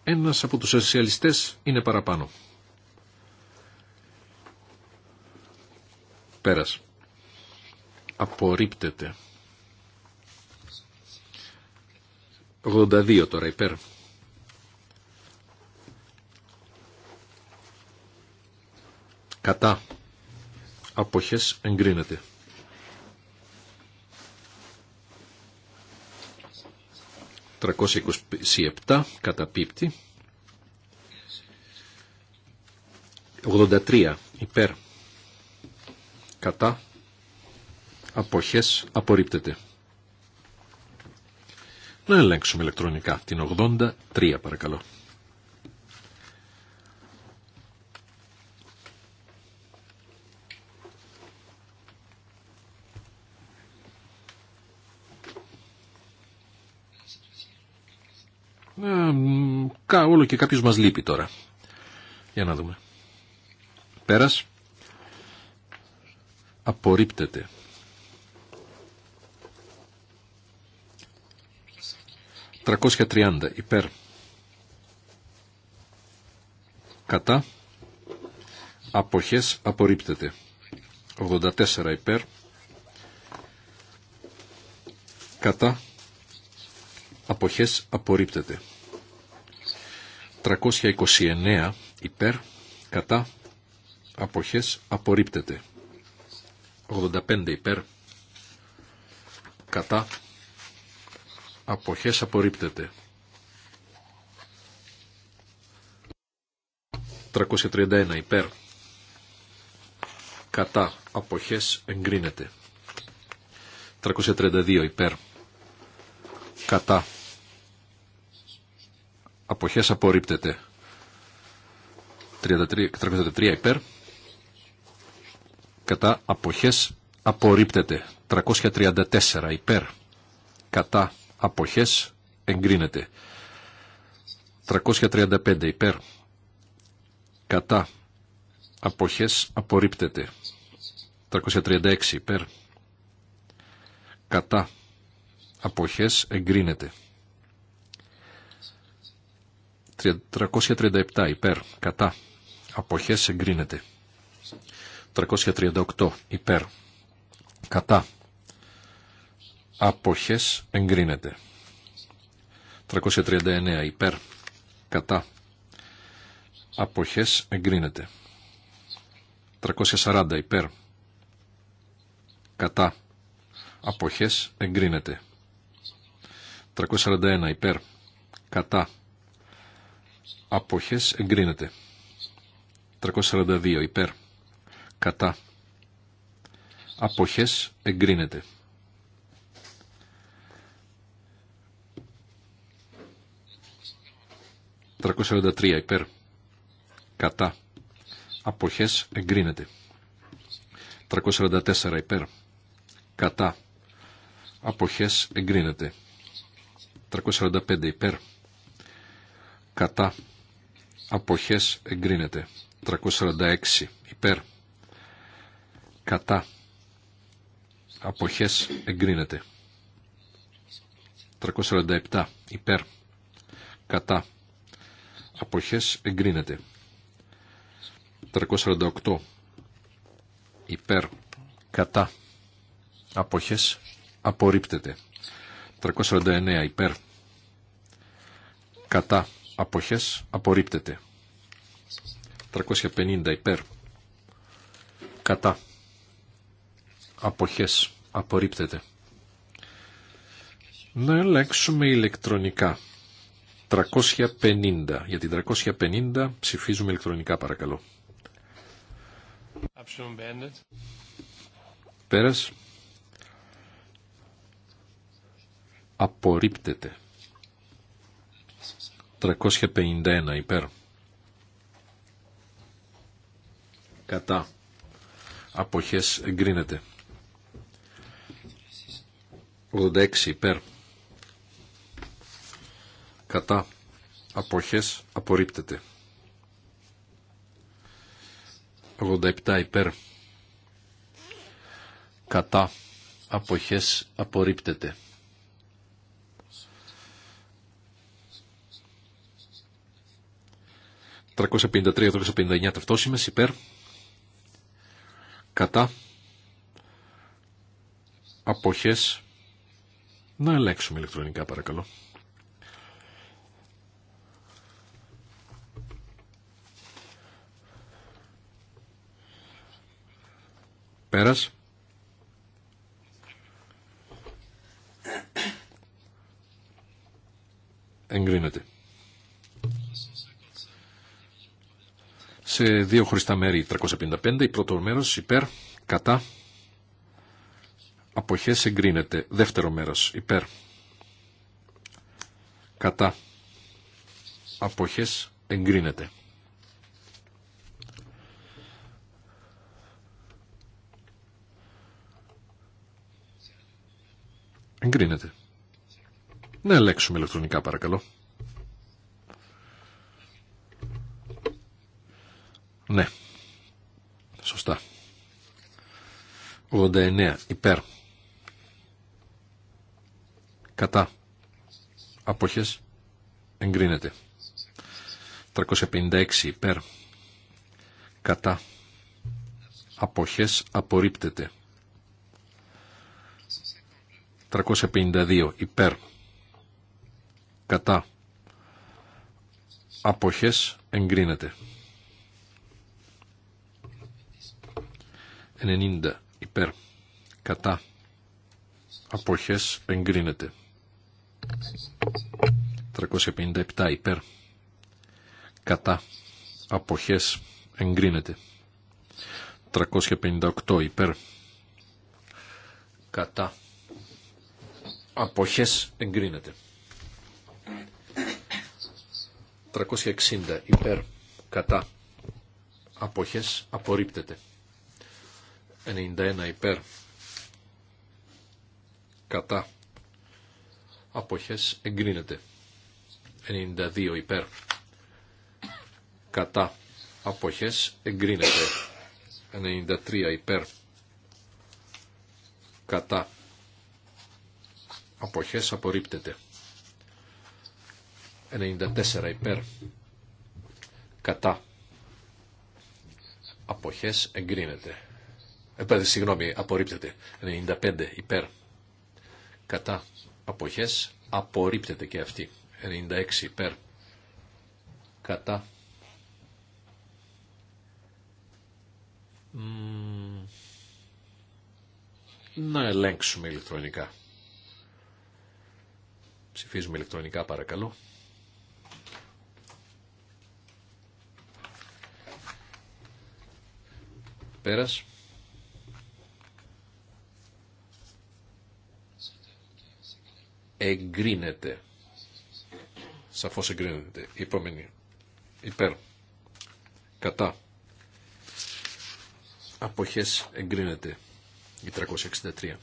ένας από τους σοσιαλιστές είναι παραπάνω πέρας απορρίπτεται 82 τώρα υπέρ. Κατά. Αποχές εγκρίνεται. 327 καταπίπτει. 83 υπέρ. Κατά. Αποχές απορρίπτεται. Να ελέγξουμε ηλεκτρονικά την 83 παρακαλώ. Ε, κα, όλο και κάποιος μας λείπει τώρα. Για να δούμε. Πέρας. Απορρίπτεται. 330 υπέρ κατά αποχές απορρίπτεται 84 υπέρ κατά αποχές απορρίπτεται 329 υπέρ κατά αποχές απορρίπτεται 85 υπέρ κατά αποχές απορρίπτεται. 331 υπέρ κατά αποχές εγκρίνεται. 332 υπέρ κατά αποχές απορρίπτεται. 333 υπέρ κατά αποχές απορρίπτεται. 334 υπέρ κατά αποχές εγκρίνεται. 335 υπέρ κατά αποχές απορρίπτεται. 336 υπέρ κατά αποχές εγκρίνεται. 337 υπέρ κατά αποχές εγκρίνεται. 338 υπέρ κατά αποχές εγκρίνεται. 339 υπέρ κατά αποχές εγκρίνεται. 340 υπέρ κατά αποχές εγκρίνεται. 341 υπέρ κατά αποχές εγκρίνεται. 342 υπέρ κατά αποχές εγκρίνεται. 343 υπέρ. Κατά. Αποχές εγκρίνεται. 344 υπέρ. Κατά. Αποχές εγκρίνεται. 345 υπέρ. Κατά. Αποχές εγκρίνεται. 346 υπέρ. Κατά. Αποχές εγκρίνεται. 347 υπέρ. Κατά αποχές εγκρίνεται. 348 υπέρ κατά αποχές απορρίπτεται. 349 υπέρ κατά αποχές απορρίπτεται. 350 υπέρ κατά αποχές απορρίπτεται. Να ελέγξουμε ηλεκτρονικά. 350. Για την 350 ψηφίζουμε ηλεκτρονικά παρακαλώ. Πέρας. Απορρίπτεται. 351 υπέρ. Κατά. Αποχές εγκρίνεται. 86 υπέρ κατά αποχές απορρίπτεται. 87 υπέρ κατά αποχές απορρίπτεται. 353-359 ταυτόσημες υπέρ κατά αποχές να ελέγξουμε ηλεκτρονικά παρακαλώ. Πέρας. Εγκρίνεται. Σε δύο χωριστά μέρη 355, η πρώτο μέρος υπέρ, κατά, αποχές εγκρίνεται. Δεύτερο μέρος υπέρ, κατά, αποχές εγκρίνεται. Εγκρίνεται. Να ελέγξουμε ηλεκτρονικά παρακαλώ. Ναι. Σωστά. 89 υπέρ. Κατά. Αποχές. Εγκρίνεται. 356 υπέρ. Κατά. Αποχές απορρίπτεται. 352 υπέρ κατά αποχές εγκρίνεται 90 υπέρ κατά αποχές εγκρίνεται 357 υπέρ κατά αποχές εγκρίνεται 358 υπέρ κατά αποχές εγκρίνεται. 360 υπέρ κατά αποχές απορρίπτεται. 91 υπέρ κατά αποχές εγκρίνεται. 92 υπέρ κατά αποχές εγκρίνεται. 93 υπέρ κατά αποχές απορρίπτεται. 94 υπέρ κατά αποχές εγκρίνεται. Ε, συγγνώμη, απορρίπτεται. 95 υπέρ κατά αποχές απορρίπτεται και αυτή. 96 υπέρ κατά να ελέγξουμε ηλεκτρονικά. Ψηφίζουμε ηλεκτρονικά παρακαλώ. Πέρας. Εγκρίνεται. Σαφώς εγκρίνεται. Η επόμενη. Υπέρ. Κατά. Αποχές εγκρίνεται. Η 363.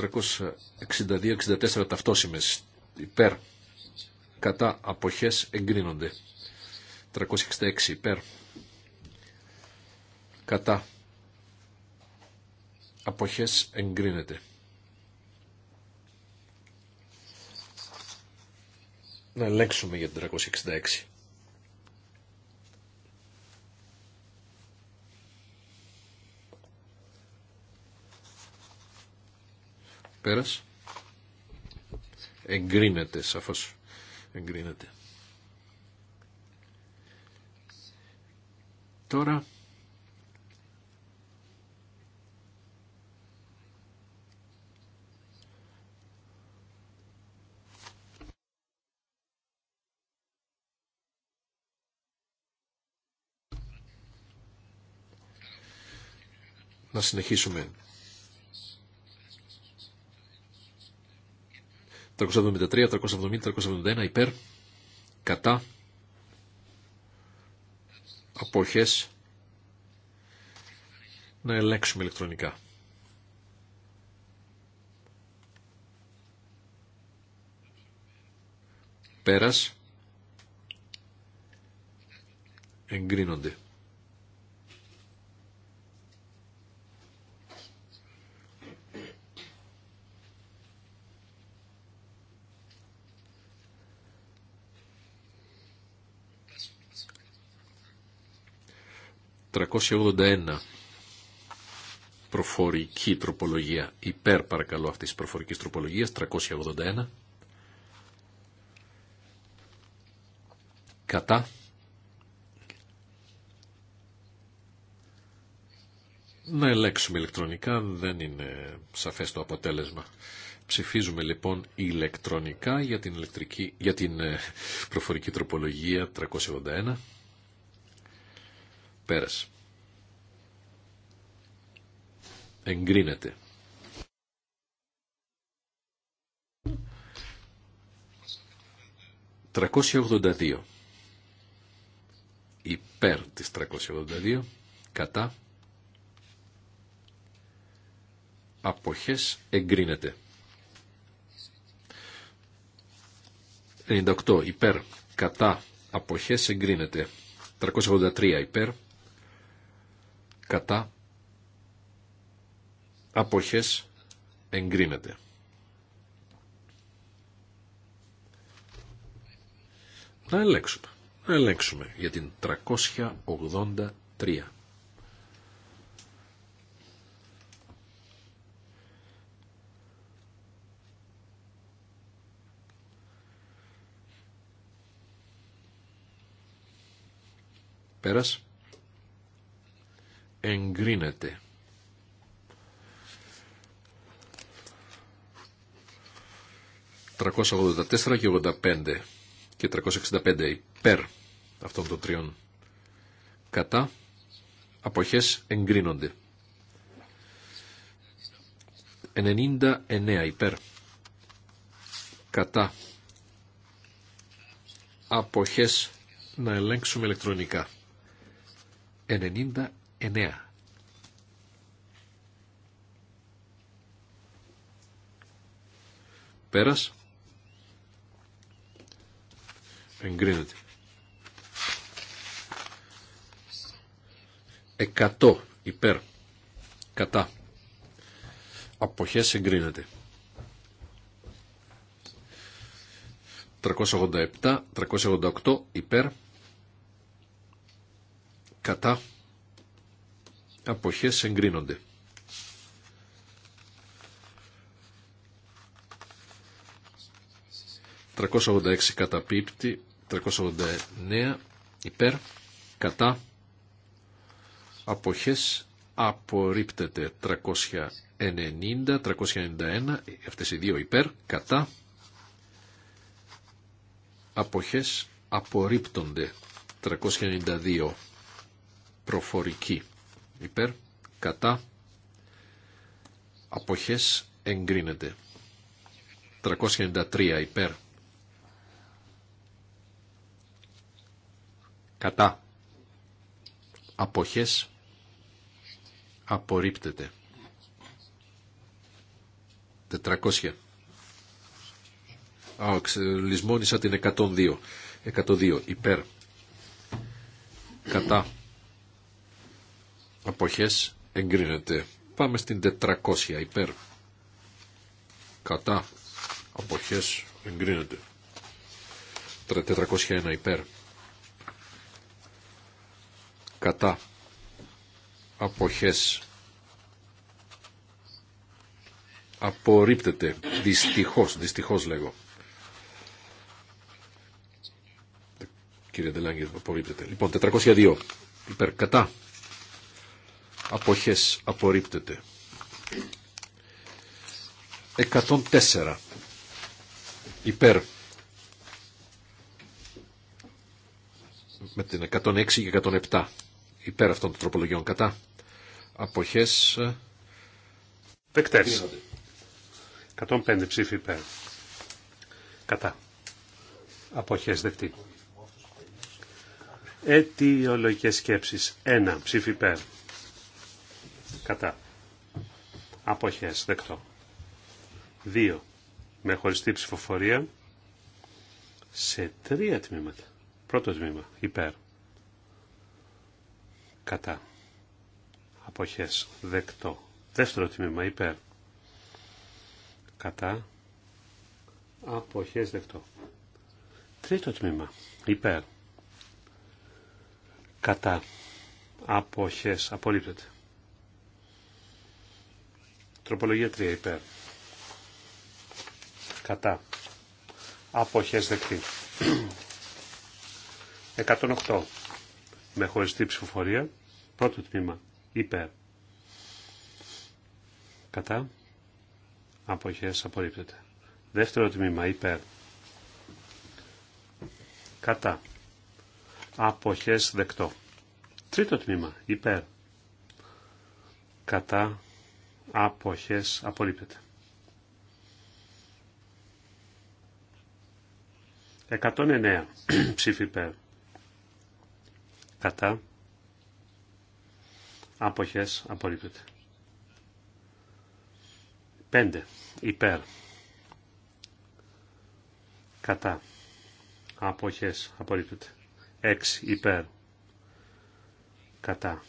362-64 ταυτόσημες υπέρ κατά αποχές εγκρίνονται. 366 υπέρ κατά αποχές εγκρίνεται. Να ελέγξουμε για την 366. Πέρας. Εγκρίνεται σαφώς. Εγκρίνεται. Τώρα να συνεχίσουμε 373, 370, 371 υπέρ, κατά, αποχές, να ελέγξουμε ηλεκτρονικά. Πέρας, εγκρίνονται. 381 προφορική τροπολογία υπέρ παρακαλώ αυτής της προφορικής τροπολογίας 381 κατά να ελέξουμε ηλεκτρονικά δεν είναι σαφές το αποτέλεσμα ψηφίζουμε λοιπόν ηλεκτρονικά για την, ηλεκτρική, για την ε, προφορική τροπολογία 381 Πέρασε. Εγκρίνεται. «382» υπέρ της 382 κατά αποχές εγκρίνεται. 98 υπέρ κατά αποχές εγκρίνεται. 383 υπέρ κατά αποχές εγκρίνεται. Να ελέξουμε. Να ελέγξουμε για την 383. Πέρας εγκρίνεται. ...384 και 85 και 365 υπέρ αυτών των τριών κατά αποχές εγκρίνονται. 99 υπέρ κατά αποχές να ελέγξουμε ηλεκτρονικά. 9. Πέρας. Εγκρίνεται. 100 υπέρ. Κατά. Αποχές εγκρίνεται. 387, 388 υπέρ. Κατά αποχές εγκρίνονται. ...386 καταπίπτει, 389 υπέρ, κατά, αποχές απορρίπτεται 390, 391, αυτές οι δύο υπέρ, κατά, αποχές απορρίπτονται 392, προφορική υπέρ, κατά, αποχές εγκρίνεται. 393 υπέρ, κατά, αποχές απορρίπτεται. 400. Α, λησμόνισα την 102. 102 υπέρ. Κατά αποχές εγκρίνεται. Πάμε στην 400 υπέρ. Κατά αποχές εγκρίνεται. 401 υπέρ. Κατά αποχές απορρίπτεται. Δυστυχώς, δυστυχώς λέγω. Κύριε Ντελάγκη, απορρίπτεται. Λοιπόν, 402 υπέρ. Κατά αποχές απορρίπτεται. 104 υπέρ με την 106 και 107 υπέρ αυτών των τροπολογιών κατά αποχές ε, δεκτές 105 ψήφι υπέρ κατά αποχές δεκτή αιτιολογικές σκέψεις 1 ψήφι υπέρ κατά αποχές δεκτό 2 με χωριστή ψηφοφορία σε τρία τμήματα πρώτο τμήμα υπέρ κατά αποχές δεκτό δεύτερο τμήμα υπέρ κατά αποχές δεκτό τρίτο τμήμα υπέρ κατά αποχές απολύπτεται Τροπολογία 3 υπέρ. Κατά. Αποχές δεκτή. 108. Με χωριστή ψηφοφορία. Πρώτο τμήμα. Υπέρ. Κατά. Αποχές απορρίπτεται. Δεύτερο τμήμα. Υπέρ. Κατά. Αποχές δεκτό. Τρίτο τμήμα. Υπέρ. Κατά αποχές απορρίπτεται. 109 ψήφι υπέρ. Κατά. Αποχές απορρίπτεται. 5 υπέρ. Κατά. Αποχές απορρίπτεται. 6 υπέρ. Κατά.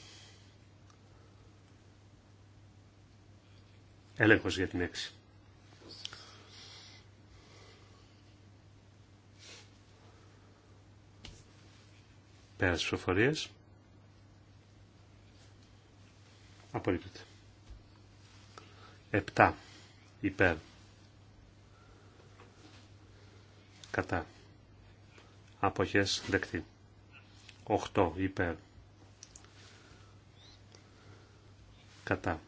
Έλεγχος για την έξι πέρα της προφορίες. Απορρίπτεται. 7. Υπέρ. Κατά. Αποχές δεκτή. 8. Υπέρ. Κατά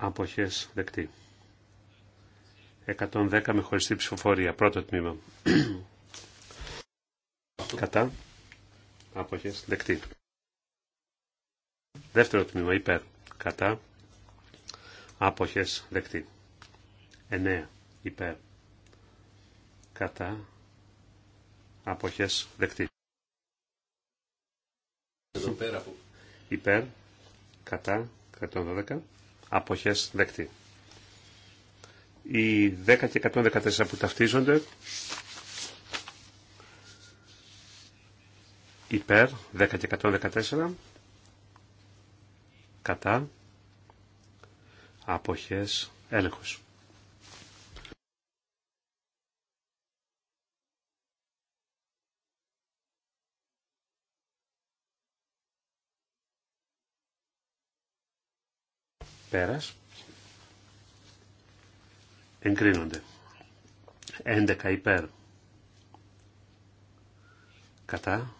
αποχές δεκτή. 110 με χωριστή ψηφοφορία, πρώτο τμήμα. Κατά, αποχές δεκτή. Δεύτερο τμήμα, υπέρ, κατά, αποχές δεκτή. 9, υπέρ, κατά, αποχές δεκτή. Εδώ Υπέρ, κατά, 112 αποχές δεκτή. Οι 10 και 114 που ταυτίζονται υπέρ 10 και 114 κατά αποχές έλεγχος. Πέρας. Εγκρίνονται. 11 υπέρ. Κατά.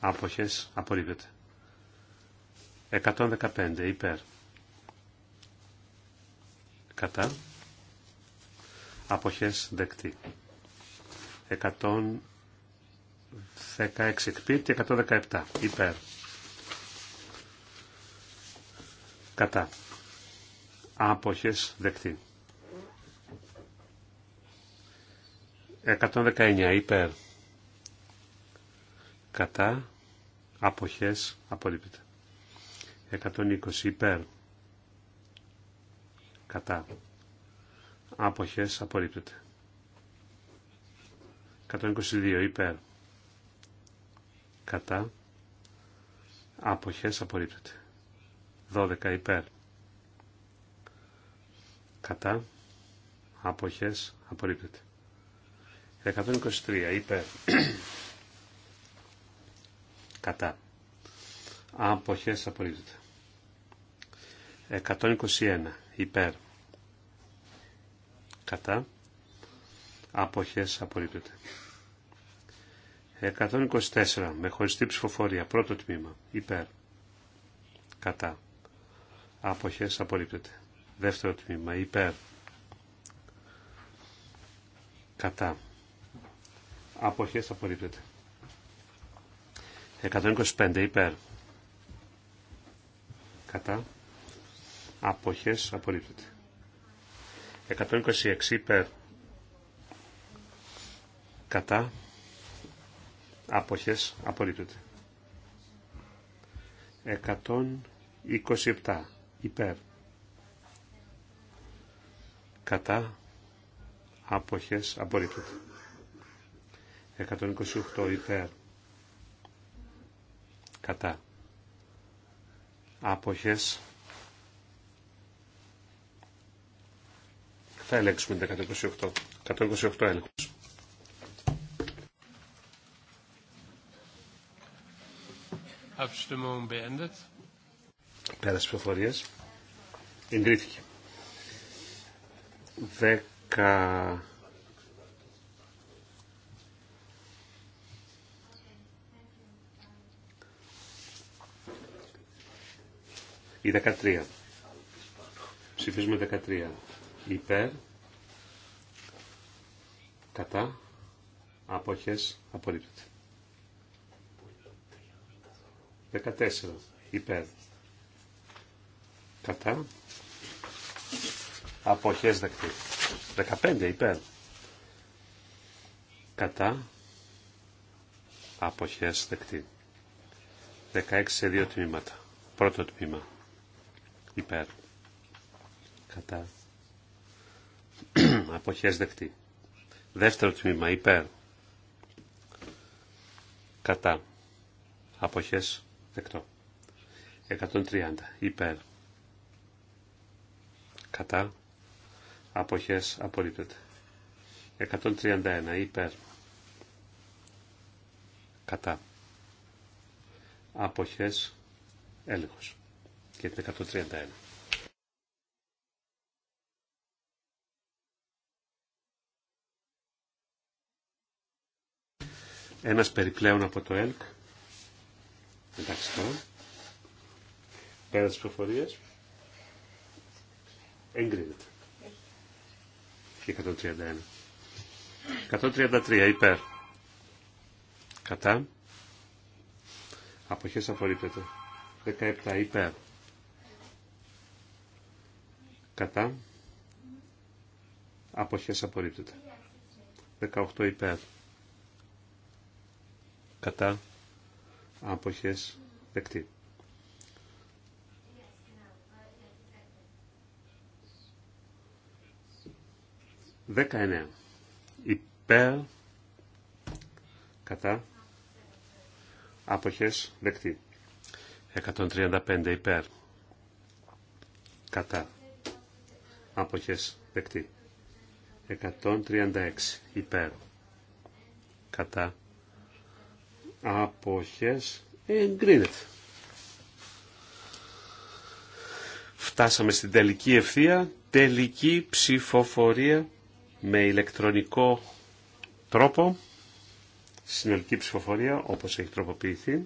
Άποχες. απορρίβεται 115 υπέρ. Κατά. Αποχές δεκτή. 116 εκπίπτει, 117 υπέρ. κατά άποχες δεκτή 119 υπέρ κατά άποχες απορρίπτεται 120 υπέρ κατά άποχες απορρίπτεται 122 υπέρ κατά άποχες απορρίπτεται 12 υπέρ. Κατά. Αποχές. Απορρίπτεται. 123 υπέρ. Κατά. Αποχές. Απορρίπτεται. 121 υπέρ. Κατά. Αποχές. Απορρίπτεται. 124 με χωριστή ψηφοφορία. Πρώτο τμήμα. Υπέρ. Κατά αποχές απορρίπτεται. Δεύτερο τμήμα υπέρ κατά αποχές απορρίπτεται. 125 υπέρ κατά αποχές απορρίπτεται. 126 υπέρ κατά αποχές απορρίπτεται. 127 υπέρ κατά άποχες απορρίπτεται 128 υπέρ κατά άποχες θα ελέγξουμε την 128 128 έλεγχος Abstimmung beendet. Πέρας ψηφοφορίας. Εγκρίθηκε. 10... Η 13. Ψηφίζουμε 13. Υπέρ. Κατά. Απόχες. Απορρίπτεται. 14. Υπέρ κατά αποχές δεκτή 15 υπέρ κατά αποχές δεκτή 16 σε δύο τμήματα πρώτο τμήμα υπέρ κατά αποχές δεκτή δεύτερο τμήμα υπέρ κατά αποχές δεκτό 130 υπέρ κατά αποχές απορρίπτεται 131 υπέρ κατά αποχές έλεγχος και την 131 Ένας περιπλέον από το ΕΛΚ. Εντάξει τώρα. Πέρα τις προφορίες εγκρίνεται. 131. 133 υπέρ. Κατά. Αποχές απορρίπτεται. 17 υπέρ. Κατά. Αποχές απορρίπτεται. 18 υπέρ. Κατά. Αποχές δεκτή. 19. Υπέρ κατά άποχες δεκτή. 135 υπέρ κατά άποχες δεκτή. 136 υπέρ κατά άποχες εγκρίνεται. Φτάσαμε στην τελική ευθεία, τελική ψηφοφορία με ηλεκτρονικό τρόπο συνολική ψηφοφορία όπως έχει τροποποιηθεί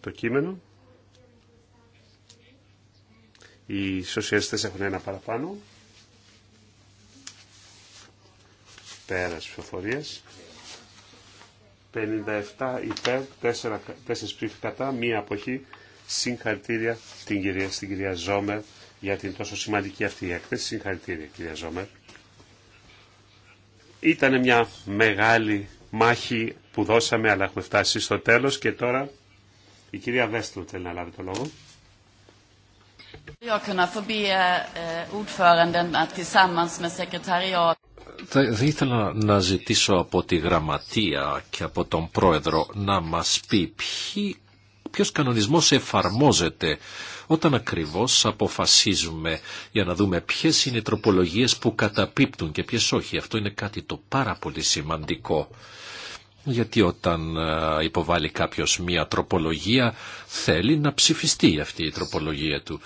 το κείμενο. Οι σοσιαλιστές έχουν ένα παραπάνω. Πέρας ψηφοφορίας. 57 υπέρ, 4, 4 ψήφοι κατά, μία αποχή. Συγχαρητήρια την κυρία, στην κυρία Ζόμερ για την τόσο σημαντική αυτή η έκθεση. Συγχαρητήρια κυρία Ζόμερ. Ήταν μια μεγάλη μάχη που δώσαμε αλλά έχουμε φτάσει στο τέλος και τώρα η κυρία Βέστρου θέλει να λάβει το λόγο. Eh, θα ήθελα να ζητήσω από τη Γραμματεία και από τον Πρόεδρο να μας πει ποιος κανονισμός εφαρμόζεται όταν ακριβώς αποφασίζουμε για να δούμε ποιες είναι οι τροπολογίες που καταπίπτουν και ποιες όχι. Αυτό είναι κάτι το πάρα πολύ σημαντικό. Γιατί όταν υποβάλλει κάποιος μία τροπολογία θέλει να ψηφιστεί αυτή η τροπολογία του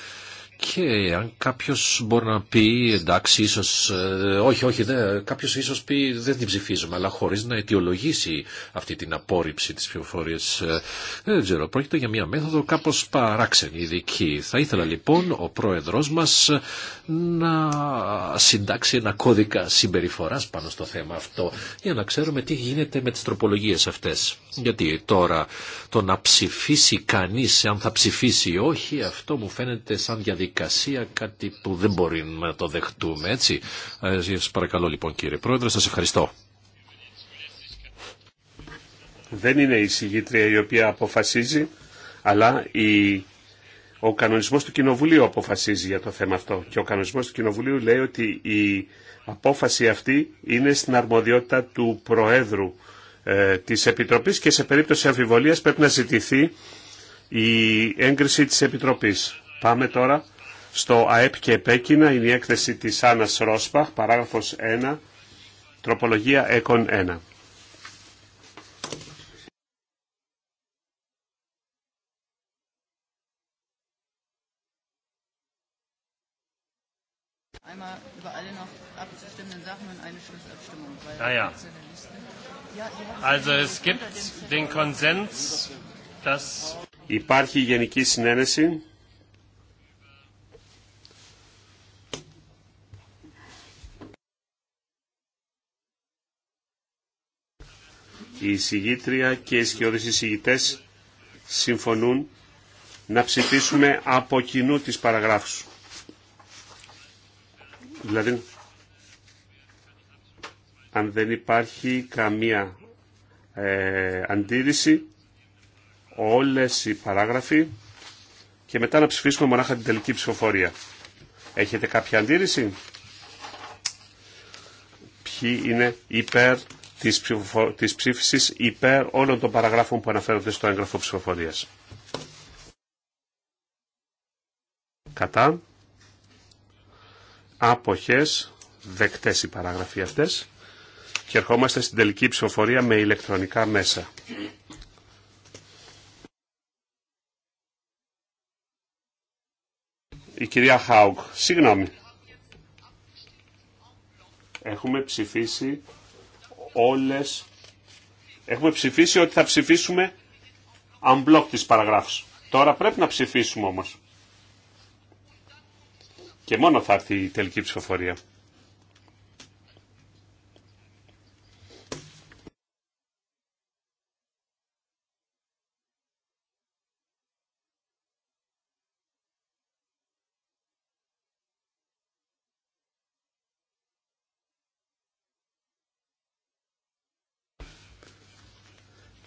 και αν κάποιο μπορεί να πει εντάξει ίσω. Ε, όχι όχι κάποιο ίσω πει δεν την ψηφίζουμε αλλά χωρί να αιτιολογήσει αυτή την απόρριψη τη πληροφορία. ε, δεν ξέρω πρόκειται για μια μέθοδο κάπω παράξενη ειδική. Θα ήθελα λοιπόν ο πρόεδρο μας να συντάξει ένα κώδικα συμπεριφοράς πάνω στο θέμα αυτό για να ξέρουμε τι γίνεται με τι τροπολογίε αυτέ. Γιατί τώρα το να ψηφίσει κανεί αν θα ψηφίσει ή όχι αυτό μου φαίνεται σαν διαδικασία διαδικασία, κάτι που δεν μπορεί να το δεχτούμε, έτσι. Ε, σας παρακαλώ λοιπόν κύριε Πρόεδρε, σας ευχαριστώ. Δεν είναι η συγγήτρια η οποία αποφασίζει, αλλά η... ο κανονισμός του Κοινοβουλίου αποφασίζει για το θέμα αυτό. Και ο κανονισμός του Κοινοβουλίου λέει ότι η απόφαση αυτή είναι στην αρμοδιότητα του Προέδρου ε, της Επιτροπής και σε περίπτωση αμφιβολίας πρέπει να ζητηθεί η έγκριση της Επιτροπής. Πάμε τώρα στο ΑΕΠ και επέκεινα είναι η έκθεση της Άννας Ρόσπαχ, παράγραφος 1, τροπολογία έκον 1. Ah also es gibt den Konsens, dass Υπάρχει γενική συνένεση η εισηγήτρια και οι σκιώδεις εισηγητές συμφωνούν να ψηφίσουμε από κοινού τις παραγράφους. Δηλαδή, αν δεν υπάρχει καμία ε, αντίρρηση, όλες οι παράγραφοι και μετά να ψηφίσουμε μονάχα την τελική ψηφοφορία. Έχετε κάποια αντίρρηση? Ποιοι είναι υπέρ της, ψήφιση υπέρ όλων των παραγράφων που αναφέρονται στο έγγραφο ψηφοφορίας. Κατά. Άποχες. Δεκτές οι παράγραφοι αυτέ. Και ερχόμαστε στην τελική ψηφοφορία με ηλεκτρονικά μέσα. Η κυρία Χάουγκ. Συγγνώμη. Έχουμε ψηφίσει όλες... Έχουμε ψηφίσει ότι θα ψηφίσουμε unblock τις παραγράφους. Τώρα πρέπει να ψηφίσουμε όμως. Και μόνο θα έρθει η τελική ψηφοφορία.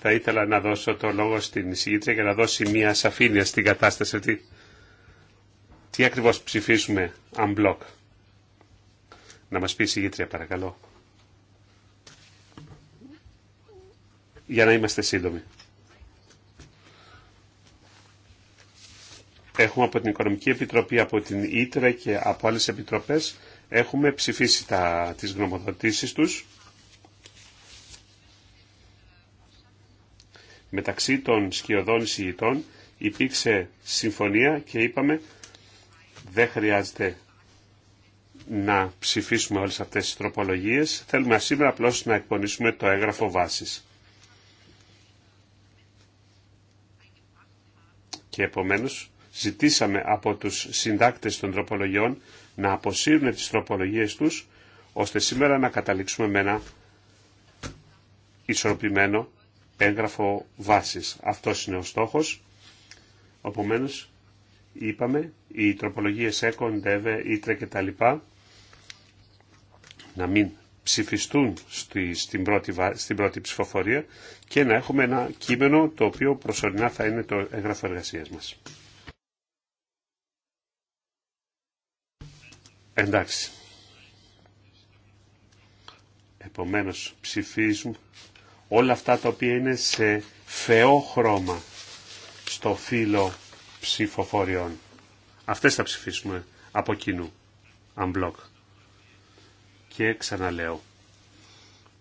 Θα ήθελα να δώσω το λόγο στην εισηγήτρια για να δώσει μια σαφήνεια στην κατάσταση αυτή. Τι ακριβώς ψηφίσουμε unblock. Να μας πει η εισηγήτρια παρακαλώ. Για να είμαστε σύντομοι. Έχουμε από την Οικονομική Επιτροπή, από την Ήτρε και από άλλες επιτροπές έχουμε ψηφίσει τα, τις γνωμοδοτήσεις τους μεταξύ των σκιωδών εισηγητών υπήρξε συμφωνία και είπαμε δεν χρειάζεται να ψηφίσουμε όλες αυτές τις τροπολογίες. Θέλουμε σήμερα απλώς να εκπονήσουμε το έγγραφο βάσης. Και επομένως ζητήσαμε από τους συντάκτες των τροπολογιών να αποσύρουν τις τροπολογίες τους, ώστε σήμερα να καταλήξουμε με ένα ισορροπημένο έγγραφο βάσης. Αυτός είναι ο στόχος. Οπομένω, είπαμε, οι τροπολογίες ΕΚΟΝ, και τα κτλ. να μην ψηφιστούν στη, στην, πρώτη, στην πρώτη ψηφοφορία και να έχουμε ένα κείμενο το οποίο προσωρινά θα είναι το έγγραφο εργασία μας. Εντάξει. Επομένως ψηφίζουμε, όλα αυτά τα οποία είναι σε θεό χρώμα στο φύλλο ψηφοφοριών. Αυτές θα ψηφίσουμε από κοινού, unblock. Και ξαναλέω,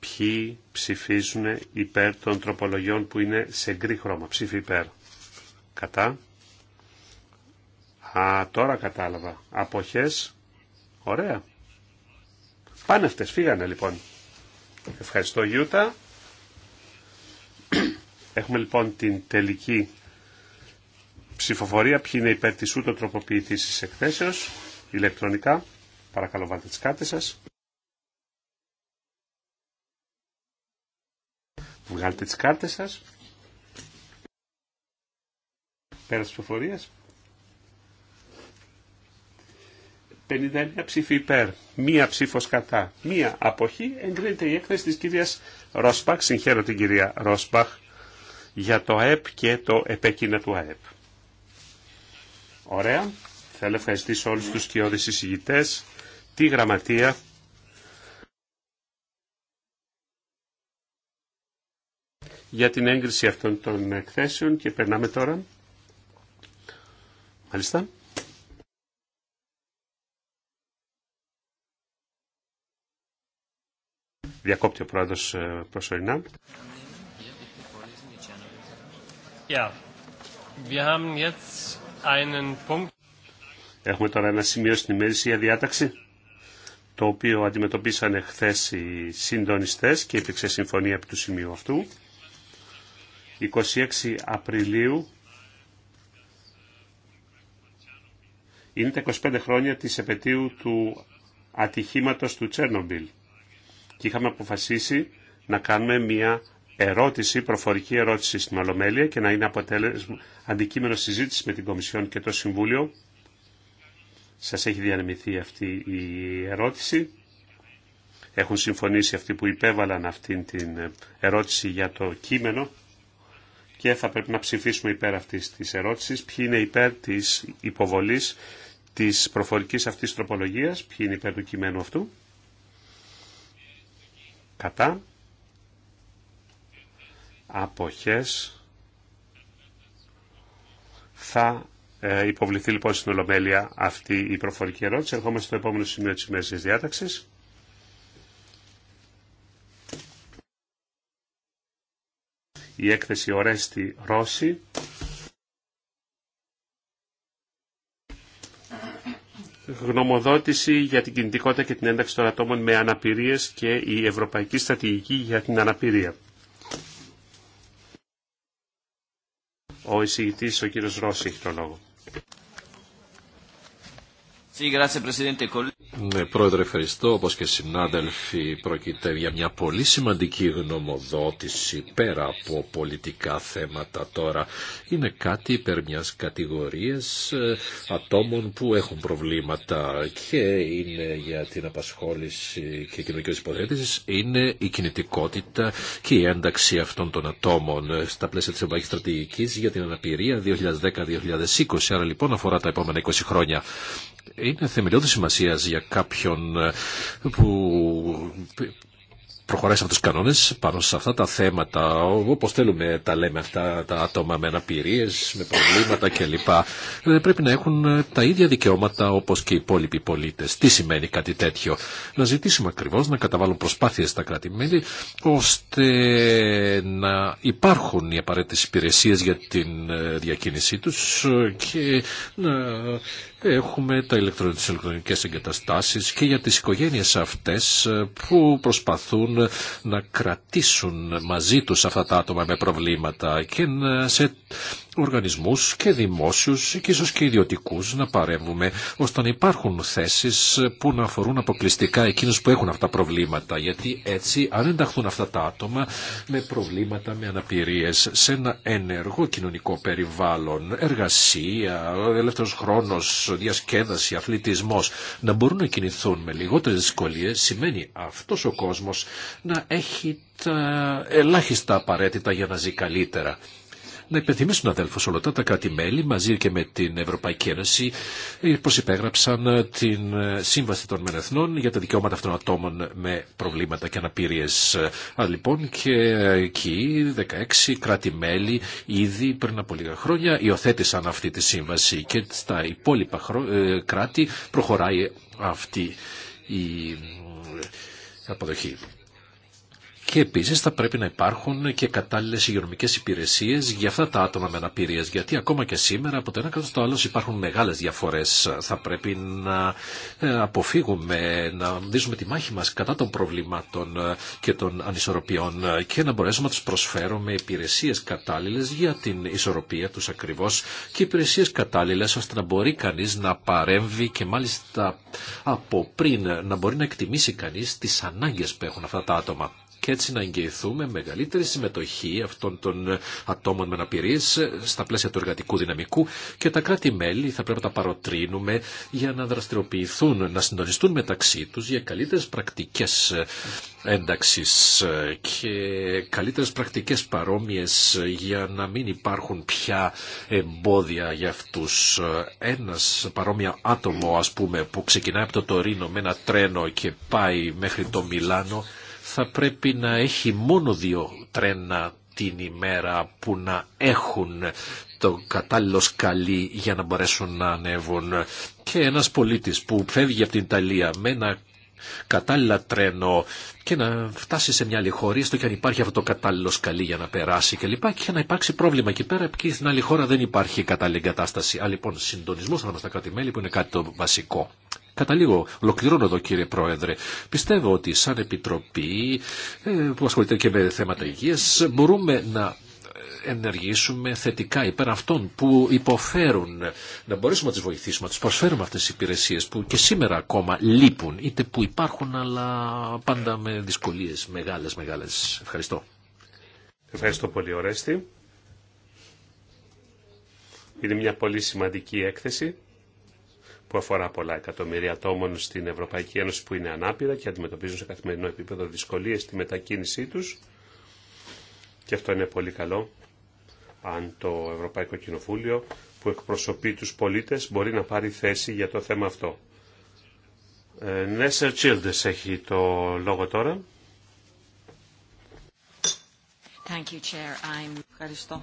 ποιοι ψηφίζουν υπέρ των τροπολογιών που είναι σε γκρι χρώμα, ψήφι υπέρ. Κατά. Α, τώρα κατάλαβα. Αποχές. Ωραία. Πάνε αυτές, φύγανε λοιπόν. Ευχαριστώ Γιούτα. Έχουμε λοιπόν την τελική ψηφοφορία. Ποιοι είναι υπέρ τη ούτω τροποποιητής ηλεκτρονικά. Παρακαλώ βάλτε τις κάρτες σας. Βγάλτε τις κάρτες σας. Πέρα τη ψηφοφορία. 59 ψήφοι υπέρ, μία ψήφο, κατά, μία αποχή, εγκρίνεται η έκθεση τη κυρία Ρόσπαχ. Συγχαίρω την κυρία Ρόσπαχ για το ΑΕΠ και το επέκεινα του ΑΕΠ. Ωραία. Θέλω να ευχαριστήσω όλους τους κοιόδης εισηγητές, τη γραμματεία, για την έγκριση αυτών των εκθέσεων και περνάμε τώρα. Μάλιστα. Διακόπτει ο πρόεδρος ε, προσωρινά. Έχουμε τώρα ένα σημείο στην ημέρηση διάταξη το οποίο αντιμετωπίσαν χθε οι συντονιστέ και υπήρξε συμφωνία από του σημείου αυτού. 26 Απριλίου είναι τα 25 χρόνια της επαιτίου του ατυχήματος του Τσέρνομπιλ και είχαμε αποφασίσει να κάνουμε μια ερώτηση, προφορική ερώτηση στην Ολομέλεια και να είναι αποτέλεσμα, αντικείμενο συζήτηση με την Κομισιόν και το Συμβούλιο. Σας έχει διανεμηθεί αυτή η ερώτηση. Έχουν συμφωνήσει αυτοί που υπέβαλαν αυτή την ερώτηση για το κείμενο και θα πρέπει να ψηφίσουμε υπέρ αυτής της ερώτησης. Ποιοι είναι υπέρ της υποβολής της προφορικής αυτής τροπολογίας, ποιοι είναι υπέρ του κειμένου αυτού. Κατά αποχές θα ε, υποβληθεί λοιπόν στην Ολομέλεια αυτή η προφορική ερώτηση. Ερχόμαστε στο επόμενο σημείο της ημέρας της διάταξης. Η έκθεση Ορέστη Ρώση. Γνωμοδότηση για την κινητικότητα και την ένταξη των ατόμων με αναπηρίες και η Ευρωπαϊκή Στρατηγική για την Αναπηρία. Ο εισηγητής, ο κύριος Ρώση, έχει το λόγο. Ναι, πρόεδρε, ευχαριστώ. Όπως και συνάδελφοι, πρόκειται για μια πολύ σημαντική γνωμοδότηση πέρα από πολιτικά θέματα τώρα. Είναι κάτι υπέρ μιας κατηγορίας ε, ατόμων που έχουν προβλήματα και είναι για την απασχόληση και κοινωνική υποθέτηση. είναι η κινητικότητα και η ένταξη αυτών των ατόμων ε, στα πλαίσια της Ευρωπαϊκής Στρατηγικής για την αναπηρία 2010-2020. Άρα λοιπόν αφορά τα επόμενα 20 χρόνια είναι θεμελιώδη σημασία για κάποιον ε, που προχωράει σε αυτού τους κανόνες πάνω σε αυτά τα θέματα, Όπω θέλουμε τα λέμε αυτά τα άτομα με αναπηρίε με προβλήματα κλπ. Ε, πρέπει να έχουν ε, τα ίδια δικαιώματα όπως και οι υπόλοιποι πολίτε. Τι σημαίνει κάτι τέτοιο. Να ζητήσουμε ακριβώ να καταβάλουν προσπάθειες στα κράτη-μέλη ώστε να υπάρχουν οι απαραίτητε υπηρεσίε για την διακίνησή του. και να Έχουμε τα ηλεκτρονικές ηλεκτρονικές εγκαταστάσεις και για τις οικογένειες αυτές ε, που προσπαθούν να κρατήσουν μαζί τους αυτά τα άτομα με προβλήματα και να ε, σε οργανισμούς και δημόσιους και ίσως και ιδιωτικούς να παρέμβουμε ώστε να υπάρχουν θέσεις που να αφορούν αποκλειστικά εκείνους που έχουν αυτά τα προβλήματα γιατί έτσι αν ενταχθούν αυτά τα άτομα με προβλήματα, με αναπηρίες σε ένα ενεργό κοινωνικό περιβάλλον, εργασία, ελεύθερος χρόνος, διασκέδαση, αθλητισμός να μπορούν να κινηθούν με λιγότερες δυσκολίε, σημαίνει αυτός ο κόσμος να έχει τα ελάχιστα απαραίτητα για να ζει καλύτερα να υπενθυμίσουν αδέλφους όλα τα κράτη-μέλη μαζί και με την Ευρωπαϊκή Ένωση υπέγραψαν την ε, Σύμβαση των Μενεθνών για τα δικαιώματα αυτών των ατόμων με προβλήματα και αναπηρίες. λοιπόν και εκεί 16 κράτη-μέλη ήδη πριν από λίγα χρόνια υιοθέτησαν αυτή τη σύμβαση και στα υπόλοιπα ε, κράτη προχωράει αυτή η ε, αποδοχή. Και επίση θα πρέπει να υπάρχουν και κατάλληλε υγειονομικέ υπηρεσίε για αυτά τα άτομα με αναπηρίε. Γιατί ακόμα και σήμερα από το ένα κάτω στο άλλο υπάρχουν μεγάλε διαφορέ. Θα πρέπει να ε, αποφύγουμε, να δίσουμε τη μάχη μα κατά των προβλημάτων ε, και των ανισορροπιών ε, και να μπορέσουμε να του προσφέρουμε υπηρεσίε κατάλληλε για την ισορροπία του ακριβώ και υπηρεσίε κατάλληλε ώστε να μπορεί κανεί να παρέμβει και μάλιστα από πριν να μπορεί να εκτιμήσει κανεί τι ανάγκε που έχουν αυτά τα άτομα και έτσι να εγγυηθούμε μεγαλύτερη συμμετοχή αυτών των ατόμων με αναπηρίε στα πλαίσια του εργατικού δυναμικού και τα κράτη-μέλη θα πρέπει να τα παροτρύνουμε για να δραστηριοποιηθούν, να συντονιστούν μεταξύ του για καλύτερε πρακτικέ ένταξη και καλύτερε πρακτικέ παρόμοιε για να μην υπάρχουν πια εμπόδια για αυτού. Ένα παρόμοιο άτομο, ας πούμε, που ξεκινάει από το Τωρίνο με ένα τρένο και πάει μέχρι το Μιλάνο θα πρέπει να έχει μόνο δύο τρένα την ημέρα που να έχουν το κατάλληλο σκαλί για να μπορέσουν να ανέβουν. Και ένας πολίτης που φεύγει από την Ιταλία με ένα κατάλληλα τρένο και να φτάσει σε μια άλλη χώρα, έστω και αν υπάρχει αυτό το κατάλληλο σκαλί για να περάσει κλπ. Και, και να υπάρξει πρόβλημα εκεί πέρα, επειδή στην άλλη χώρα δεν υπάρχει κατάλληλη εγκατάσταση. Α, λοιπόν, συντονισμό ανάμεσα στα κράτη-μέλη που είναι κάτι το βασικό. Καταλήγω, ολοκληρώνω εδώ κύριε Πρόεδρε. Πιστεύω ότι σαν Επιτροπή ε, που ασχολείται και με θέματα υγείας μπορούμε να ενεργήσουμε θετικά υπέρ αυτών που υποφέρουν, να μπορέσουμε να τους βοηθήσουμε, να τους προσφέρουμε αυτές τις υπηρεσίες που και σήμερα ακόμα λείπουν, είτε που υπάρχουν αλλά πάντα με δυσκολίες μεγάλες, μεγάλες. Ευχαριστώ. Ευχαριστώ πολύ Ορέστη. Είναι μια πολύ σημαντική έκθεση που αφορά πολλά εκατομμύρια ατόμων στην Ευρωπαϊκή Ένωση που είναι ανάπηρα και αντιμετωπίζουν σε καθημερινό επίπεδο δυσκολίες στη μετακίνησή τους. Και αυτό είναι πολύ καλό αν το Ευρωπαϊκό Κοινοβούλιο που εκπροσωπεί τους πολίτες μπορεί να πάρει θέση για το θέμα αυτό. Ε, Νέσσερ Τσίλντες έχει το λόγο τώρα. Ευχαριστώ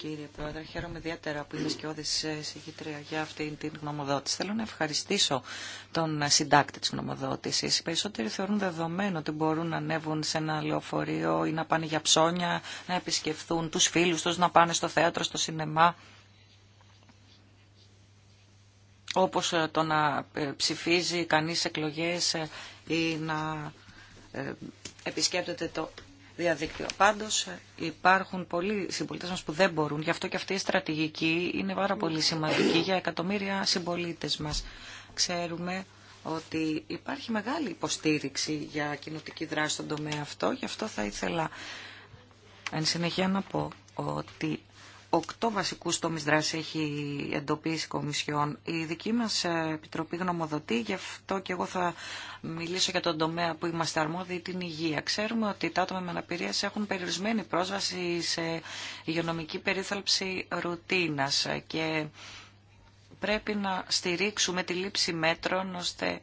κύριε Πρόεδρε. Χαίρομαι ιδιαίτερα που είμαι σκιώδη συγκήτρια για αυτήν την γνωμοδότηση. Θέλω να ευχαριστήσω τον συντάκτη τη γνωμοδότηση. Οι περισσότεροι θεωρούν δεδομένο ότι μπορούν να ανέβουν σε ένα λεωφορείο ή να πάνε για ψώνια, να επισκεφθούν του φίλου του, να πάνε στο θέατρο, στο σινεμά. Όπως ε, το να ε, ψηφίζει κανείς εκλογές ε, ή να επισκέπτεται το διαδίκτυο. Πάντως υπάρχουν πολλοί συμπολίτε μα που δεν μπορούν, γι' αυτό και αυτή η στρατηγική είναι πάρα πολύ σημαντική για εκατομμύρια συμπολίτε μας. Ξέρουμε ότι υπάρχει μεγάλη υποστήριξη για κοινωτική δράση στον τομέα αυτό, γι' αυτό θα ήθελα εν συνεχεία να πω ότι Οκτώ βασικούς τομείς δράση έχει εντοπίσει η Κομισιόν. Η δική μας ε, Επιτροπή γνωμοδοτεί, γι' αυτό και εγώ θα μιλήσω για τον τομέα που είμαστε αρμόδιοι, την υγεία. Ξέρουμε ότι τα άτομα με αναπηρία έχουν περιορισμένη πρόσβαση σε υγειονομική περίθαλψη ρουτίνας και πρέπει να στηρίξουμε τη λήψη μέτρων ώστε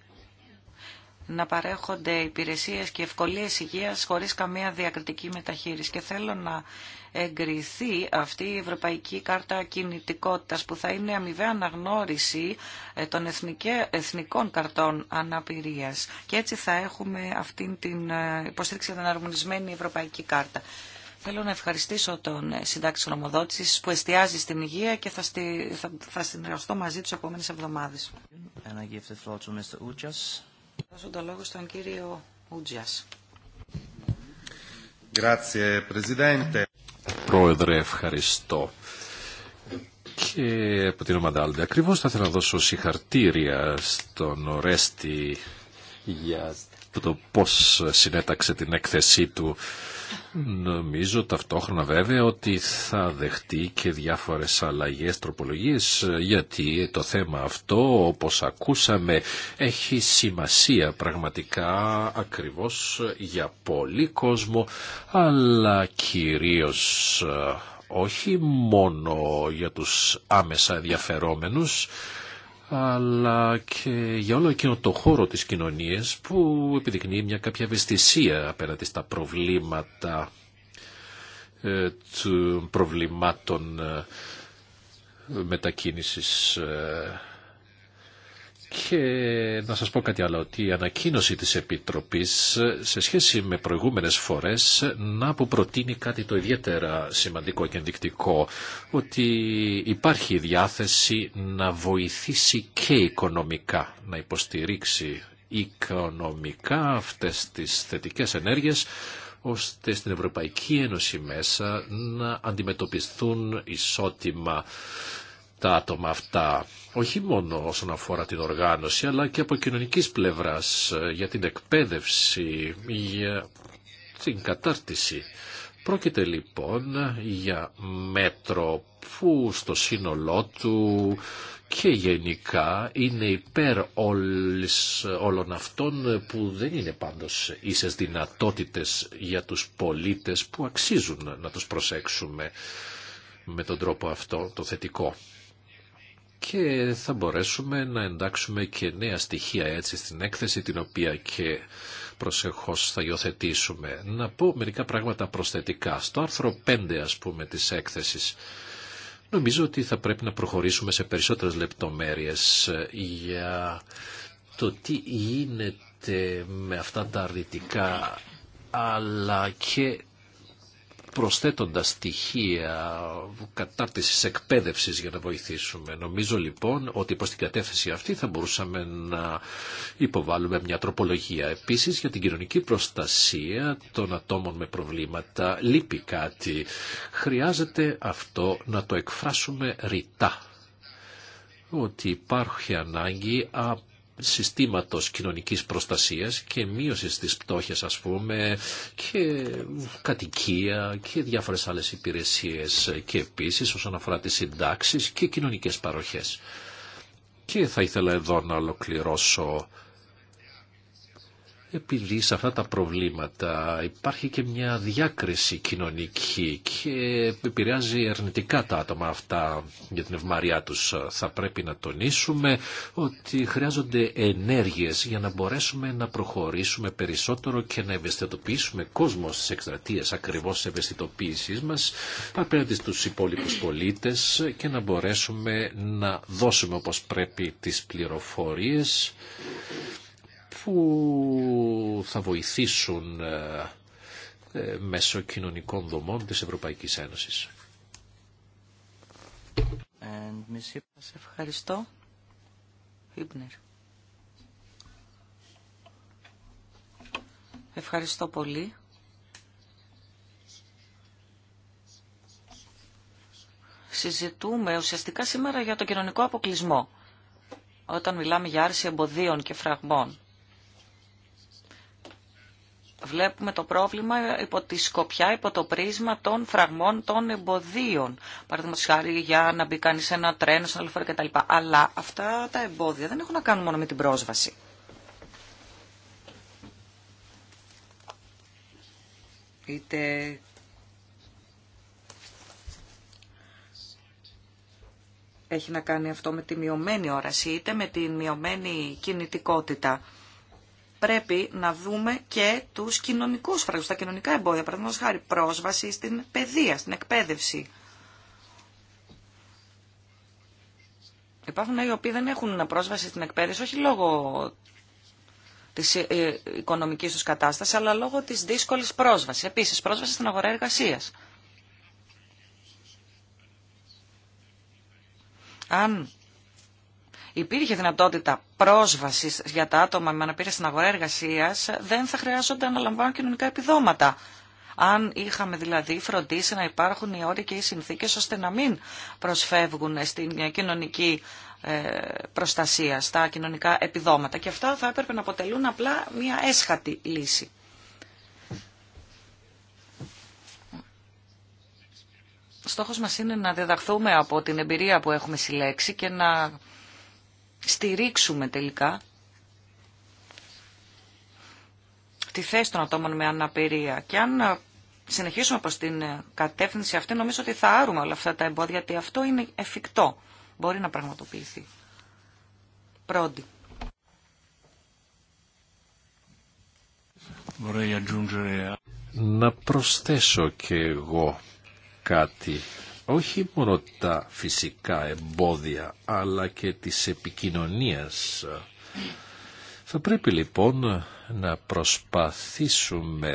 να παρέχονται υπηρεσίες και ευκολίες υγείας χωρίς καμία διακριτική μεταχείριση. Και θέλω να εγκριθεί αυτή η Ευρωπαϊκή Κάρτα Κινητικότητας που θα είναι αμοιβαία αναγνώριση ε, των εθνικών καρτών αναπηρίας. Και έτσι θα έχουμε αυτή την ε, υποστήριξη για την αρμονισμένη Ευρωπαϊκή Κάρτα. Θέλω να ευχαριστήσω τον ε, συντάξη νομοδότηση που εστιάζει στην υγεία και θα, στη, θα, θα συνεργαστώ μαζί του επόμενε εβδομάδε. κύριο Πρόεδρε, ευχαριστώ. Και από την ομάδα Άλντε, ακριβώς θα ήθελα να δώσω συγχαρτήρια στον Ορέστη για το πώς συνέταξε την έκθεσή του Νομίζω ταυτόχρονα βέβαια ότι θα δεχτεί και διάφορες αλλαγές τροπολογίες γιατί το θέμα αυτό όπως ακούσαμε έχει σημασία πραγματικά ακριβώς για πολύ κόσμο αλλά κυρίως ε, όχι μόνο για τους άμεσα ενδιαφερόμενους αλλά και για όλο εκείνο το χώρο της κοινωνίας που επιδεικνύει μια κάποια ευαισθησία απέναντι στα προβλήματα ε, του προβλημάτων ε, μετακίνησης ε, και να σας πω κάτι άλλο, ότι η ανακοίνωση της Επιτροπής σε σχέση με προηγούμενες φορές να που προτείνει κάτι το ιδιαίτερα σημαντικό και ενδεικτικό, ότι υπάρχει διάθεση να βοηθήσει και οικονομικά, να υποστηρίξει οικονομικά αυτές τις θετικές ενέργειες, ώστε στην Ευρωπαϊκή Ένωση μέσα να αντιμετωπιστούν ισότιμα τα άτομα αυτά, όχι μόνο όσον αφορά την οργάνωση, αλλά και από κοινωνική πλευράς, ε, για την εκπαίδευση, για την κατάρτιση. Πρόκειται λοιπόν για μέτρο που στο σύνολό του και γενικά είναι υπέρ όλων αυτών που δεν είναι πάντως ίσες δυνατότητες για τους πολίτες που αξίζουν να τους προσέξουμε με τον τρόπο αυτό το θετικό και θα μπορέσουμε να εντάξουμε και νέα στοιχεία έτσι στην έκθεση την οποία και προσεχώς θα υιοθετήσουμε. Να πω μερικά πράγματα προσθετικά. Στο άρθρο 5 ας πούμε της έκθεσης νομίζω ότι θα πρέπει να προχωρήσουμε σε περισσότερες λεπτομέρειες ε, για το τι γίνεται με αυτά τα αρνητικά αλλά και προσθέτοντα στοιχεία κατάρτισης εκπαίδευσης για να βοηθήσουμε. Νομίζω λοιπόν ότι προς την κατεύθυνση αυτή θα μπορούσαμε να υποβάλουμε μια τροπολογία. Επίσης για την κοινωνική προστασία των ατόμων με προβλήματα λείπει κάτι. Χρειάζεται αυτό να το εκφράσουμε ρητά ότι υπάρχει ανάγκη από συστήματος κοινωνικής προστασίας και μείωσης της πτώχειας ας πούμε και κατοικία και διάφορες άλλες υπηρεσίες και επίσης όσον αφορά τις συντάξεις και κοινωνικές παροχές. Και θα ήθελα εδώ να ολοκληρώσω επειδή σε αυτά τα προβλήματα υπάρχει και μια διάκριση κοινωνική και επηρεάζει αρνητικά τα άτομα αυτά για την ευμαρία τους. Θα πρέπει να τονίσουμε ότι χρειάζονται ενέργειες για να μπορέσουμε να προχωρήσουμε περισσότερο και να ευαισθητοποιήσουμε κόσμο στις εκστρατείες ακριβώς ευαισθητοποίησης μας απέναντι στους υπόλοιπους πολίτες και να μπορέσουμε να δώσουμε όπως πρέπει τις πληροφορίες που θα βοηθήσουν ε, ε, μέσω κοινωνικών δομών της Ευρωπαϊκής Ένωσης. ευχαριστώ. Ευχαριστώ πολύ. Συζητούμε ουσιαστικά σήμερα για το κοινωνικό αποκλεισμό όταν μιλάμε για άρση εμποδίων και φραγμών βλέπουμε το πρόβλημα υπό τη σκοπιά, υπό το πρίσμα των φραγμών των εμποδίων. Παραδείγματο χάρη για να μπει κανεί σε ένα τρένο, σε ένα λεωφορείο κτλ. Αλλά αυτά τα εμπόδια δεν έχουν να κάνουν μόνο με την πρόσβαση. Είτε έχει να κάνει αυτό με τη μειωμένη όραση, είτε με τη μειωμένη κινητικότητα πρέπει να δούμε και τους κοινωνικούς φραγμούς, τα κοινωνικά εμπόδια, παραδείγματος χάρη πρόσβαση στην παιδεία, στην εκπαίδευση. Υπάρχουν οι οποίοι δεν έχουν πρόσβαση στην εκπαίδευση, όχι λόγω της ε, ε, οικονομικής τους κατάστασης, αλλά λόγω της δύσκολης πρόσβασης. Επίσης, πρόσβαση στην αγορά εργασίας. Αν υπήρχε δυνατότητα πρόσβαση για τα άτομα με αναπηρία στην αγορά εργασία. δεν θα χρειάζονταν να λαμβάνουν κοινωνικά επιδόματα. Αν είχαμε δηλαδή φροντίσει να υπάρχουν οι όροι και οι συνθήκες ώστε να μην προσφεύγουν στην κοινωνική ε, προστασία, στα κοινωνικά επιδόματα. Και αυτά θα έπρεπε να αποτελούν απλά μια έσχατη λύση. Στόχος μας είναι να διδαχθούμε από την εμπειρία που έχουμε συλλέξει και να στηρίξουμε τελικά τη θέση των ατόμων με αναπηρία. Και αν ε, συνεχίσουμε προς την ε, κατεύθυνση αυτή, νομίζω ότι θα άρουμε όλα αυτά τα εμπόδια, γιατί αυτό είναι εφικτό. Μπορεί να πραγματοποιηθεί. Πρώτη. Να προσθέσω και εγώ κάτι όχι μόνο τα φυσικά εμπόδια αλλά και της επικοινωνίας. Θα πρέπει λοιπόν να προσπαθήσουμε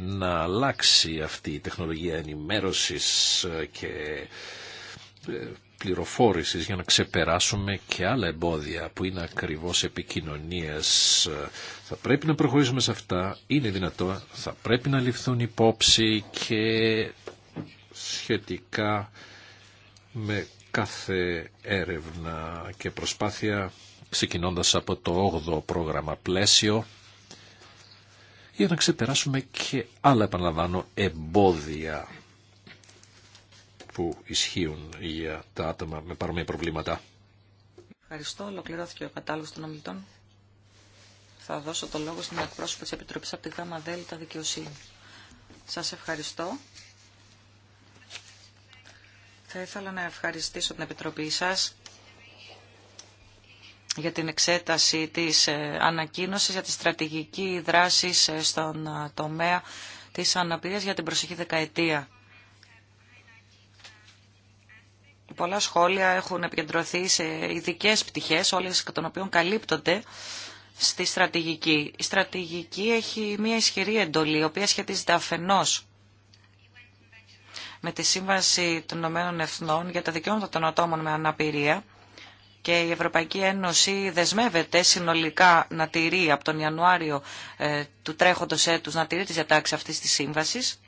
να αλλάξει αυτή η τεχνολογία ενημέρωσης και ε, πληροφόρησης για να ξεπεράσουμε και άλλα εμπόδια που είναι ακριβώς επικοινωνίες. Θα πρέπει να προχωρήσουμε σε αυτά, είναι δυνατό, θα πρέπει να ληφθούν υπόψη και σχετικά με κάθε έρευνα και προσπάθεια ξεκινώντας από το 8ο πρόγραμμα πλαίσιο για να ξεπεράσουμε και άλλα επαναλαμβάνω εμπόδια που ισχύουν για τα άτομα με παρόμοια προβλήματα. Ευχαριστώ. Ολοκληρώθηκε ο κατάλογος των ομιλητών. Θα δώσω το λόγο στην εκπρόσωπο της Επιτροπής από τη ΓΑΜΑ ΔΕΛΤΑ Δικαιοσύνη. Σας ευχαριστώ. Θα ήθελα να ευχαριστήσω την Επιτροπή σας για την εξέταση της ε, ανακοίνωσης για τη στρατηγική δράση ε, στον ε, τομέα της αναπηρίας για την προσεχή δεκαετία. Πολλά σχόλια έχουν επικεντρωθεί σε ειδικέ πτυχές, όλες των οποίων καλύπτονται στη στρατηγική. Η στρατηγική έχει μια ισχυρή εντολή, η οποία σχετίζεται αφενός με τη Σύμβαση των Ηνωμένων Εθνών για τα Δικαιώματα των Ατόμων με Αναπηρία και η Ευρωπαϊκή Ένωση δεσμεύεται συνολικά να τηρεί από τον Ιανουάριο ε, του τρέχοντος έτους να τηρεί τις διατάξεις αυτής της σύμβασης.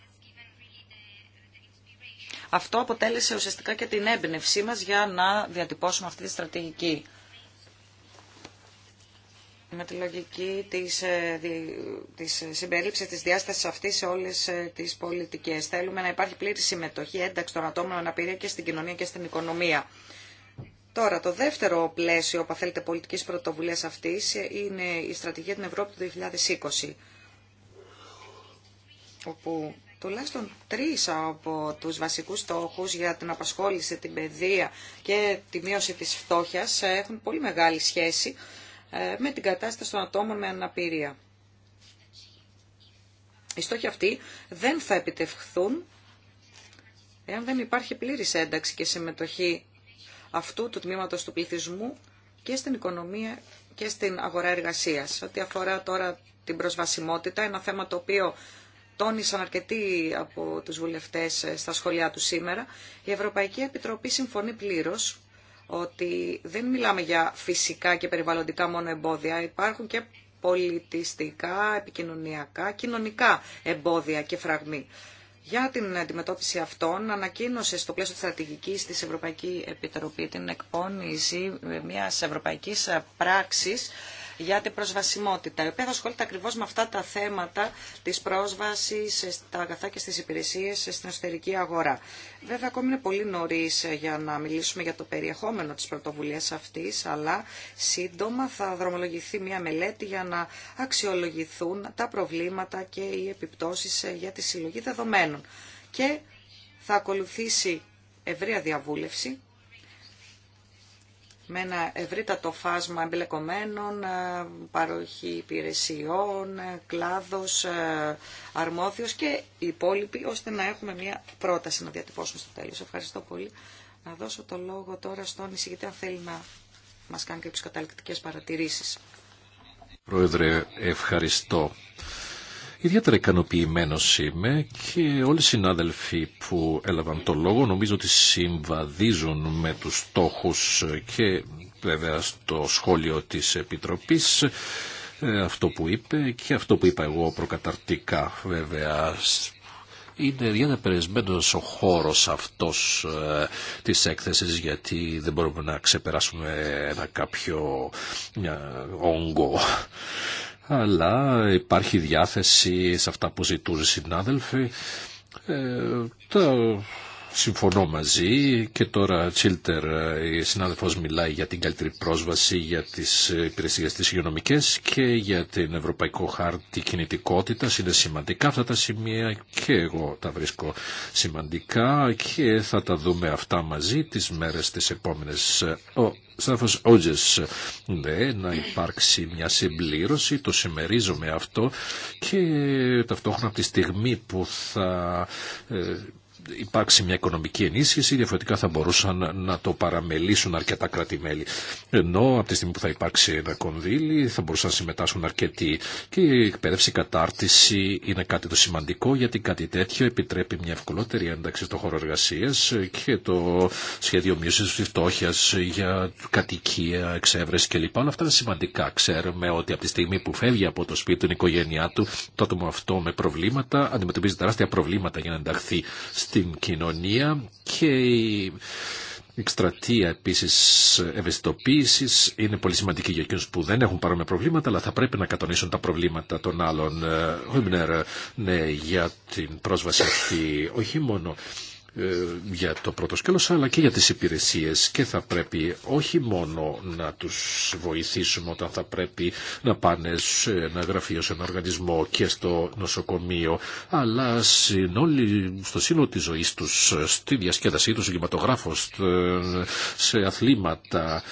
Αυτό αποτέλεσε ουσιαστικά και την έμπνευσή μας για να διατυπώσουμε αυτή τη στρατηγική με τη λογική της, ε, της συμπερίληψης της διάστασης αυτής σε όλες ε, τις πολιτικές. Θέλουμε να υπάρχει πλήρη συμμετοχή, ένταξη των ατόμων αναπηρία και στην κοινωνία και στην οικονομία. Τώρα, το δεύτερο πλαίσιο, που θέλετε, πολιτικής πρωτοβουλίας αυτής είναι η στρατηγία την Ευρώπη του 2020, όπου τουλάχιστον τρεις από τους βασικούς στόχους για την απασχόληση, την παιδεία και τη μείωση της φτώχειας έχουν πολύ μεγάλη σχέση ε, με την κατάσταση των ατόμων με αναπηρία. Οι στόχοι αυτοί δεν θα επιτευχθούν εάν δεν υπάρχει πλήρης ένταξη και συμμετοχή αυτού του τμήματος του πληθυσμού και στην οικονομία και στην αγορά εργασίας. Ό,τι αφορά τώρα την προσβασιμότητα, ένα θέμα το οποίο τόνισαν αρκετοί από τους βουλευτές ε, στα σχολιά του σήμερα, η Ευρωπαϊκή Επιτροπή συμφωνεί πλήρως ότι δεν μιλάμε για φυσικά και περιβαλλοντικά μόνο εμπόδια, υπάρχουν και πολιτιστικά, επικοινωνιακά, κοινωνικά εμπόδια και φραγμοί. Για την αντιμετώπιση αυτών ανακοίνωσε στο πλαίσιο της στρατηγικής της Ευρωπαϊκή Επιτροπή την εκπόνηση μιας ευρωπαϊκής πράξης για την προσβασιμότητα, η οποία θα ασχολείται ακριβώς με αυτά τα θέματα της πρόσβασης στα αγαθά και στις υπηρεσίες στην εσωτερική αγορά. Βέβαια, ακόμη είναι πολύ νωρί ε, για να μιλήσουμε για το περιεχόμενο της πρωτοβουλίας αυτής, αλλά σύντομα θα δρομολογηθεί μια μελέτη για να αξιολογηθούν τα προβλήματα και οι επιπτώσει ε, για τη συλλογή δεδομένων. Και θα ακολουθήσει ευρεία διαβούλευση με ένα ευρύτατο φάσμα εμπλεκομένων, ε, παροχή υπηρεσιών, ε, κλάδος, ε, αρμόδιος και υπόλοιποι, ώστε να έχουμε μια πρόταση να διατυπώσουμε στο τέλος. Ευχαριστώ πολύ. Να δώσω το λόγο τώρα στον εισηγητή, αν θέλει να μας κάνει και τις καταληκτικές παρατηρήσεις. Πρόεδρε, ευχαριστώ. Ιδιαίτερα ικανοποιημένο είμαι και όλοι οι συνάδελφοι που έλαβαν το λόγο νομίζω ότι συμβαδίζουν με τους στόχους και βέβαια στο σχόλιο της Επιτροπής ε, αυτό που είπε και αυτό που είπα εγώ προκαταρτικά βέβαια είναι διαταπερισμένος ο χώρος αυτός ε, της έκθεσης γιατί δεν μπορούμε να ξεπεράσουμε ένα κάποιο όγκο αλλά υπάρχει διάθεση σε αυτά που ζητούν οι συνάδελφοι. Ε, το συμφωνώ μαζί και τώρα Τσίλτερ ε, η συνάδελφος μιλάει για την καλύτερη πρόσβαση για τις ε, υπηρεσίες της υγειονομικές και για την Ευρωπαϊκό Χάρτη Κινητικότητας. Είναι σημαντικά αυτά τα σημεία και εγώ τα βρίσκω σημαντικά και θα τα δούμε αυτά μαζί τις μέρες τις επόμενες Στάφος Ότζες, ναι, να υπάρξει μια συμπλήρωση, το συμμερίζομαι αυτό και ταυτόχρονα από τη στιγμή που θα ε, υπάρξει μια οικονομική ενίσχυση, διαφορετικά θα μπορούσαν να το παραμελήσουν αρκετά κράτη-μέλη. Ενώ από τη στιγμή που θα υπάρξει ένα κονδύλι θα μπορούσαν να συμμετάσχουν αρκετοί. Και η εκπαίδευση, κατάρτιση είναι κάτι το σημαντικό γιατί κάτι τέτοιο επιτρέπει μια ευκολότερη ένταξη στο χώρο εργασία και το σχέδιο μείωση τη φτώχεια για κατοικία, εξέβρεση κλπ. Όλα αυτά είναι σημαντικά. Ξέρουμε ότι από τη στιγμή που φεύγει από το σπίτι οικογένειά του, το άτομο αυτό με προβλήματα αντιμετωπίζει τεράστια προβλήματα για να ενταχθεί στην κοινωνία και η εκστρατεία επίση ευαισθητοποίηση είναι πολύ σημαντική για εκείνου που δεν έχουν παρόμοια προβλήματα, αλλά θα πρέπει να κατονίσουν τα προβλήματα των άλλων. Ε, Χουμπνερ, ναι, για την πρόσβαση αυτή, όχι μόνο ε, για το πρώτο σκέλος αλλά και για τις υπηρεσίες και θα πρέπει όχι μόνο να τους βοηθήσουμε όταν θα πρέπει να πάνε σε ένα γραφείο, σε ένα οργανισμό και στο νοσοκομείο αλλά στο σύνολο της ζωής τους, στη διασκέδασή τους, στον σε αθλήματα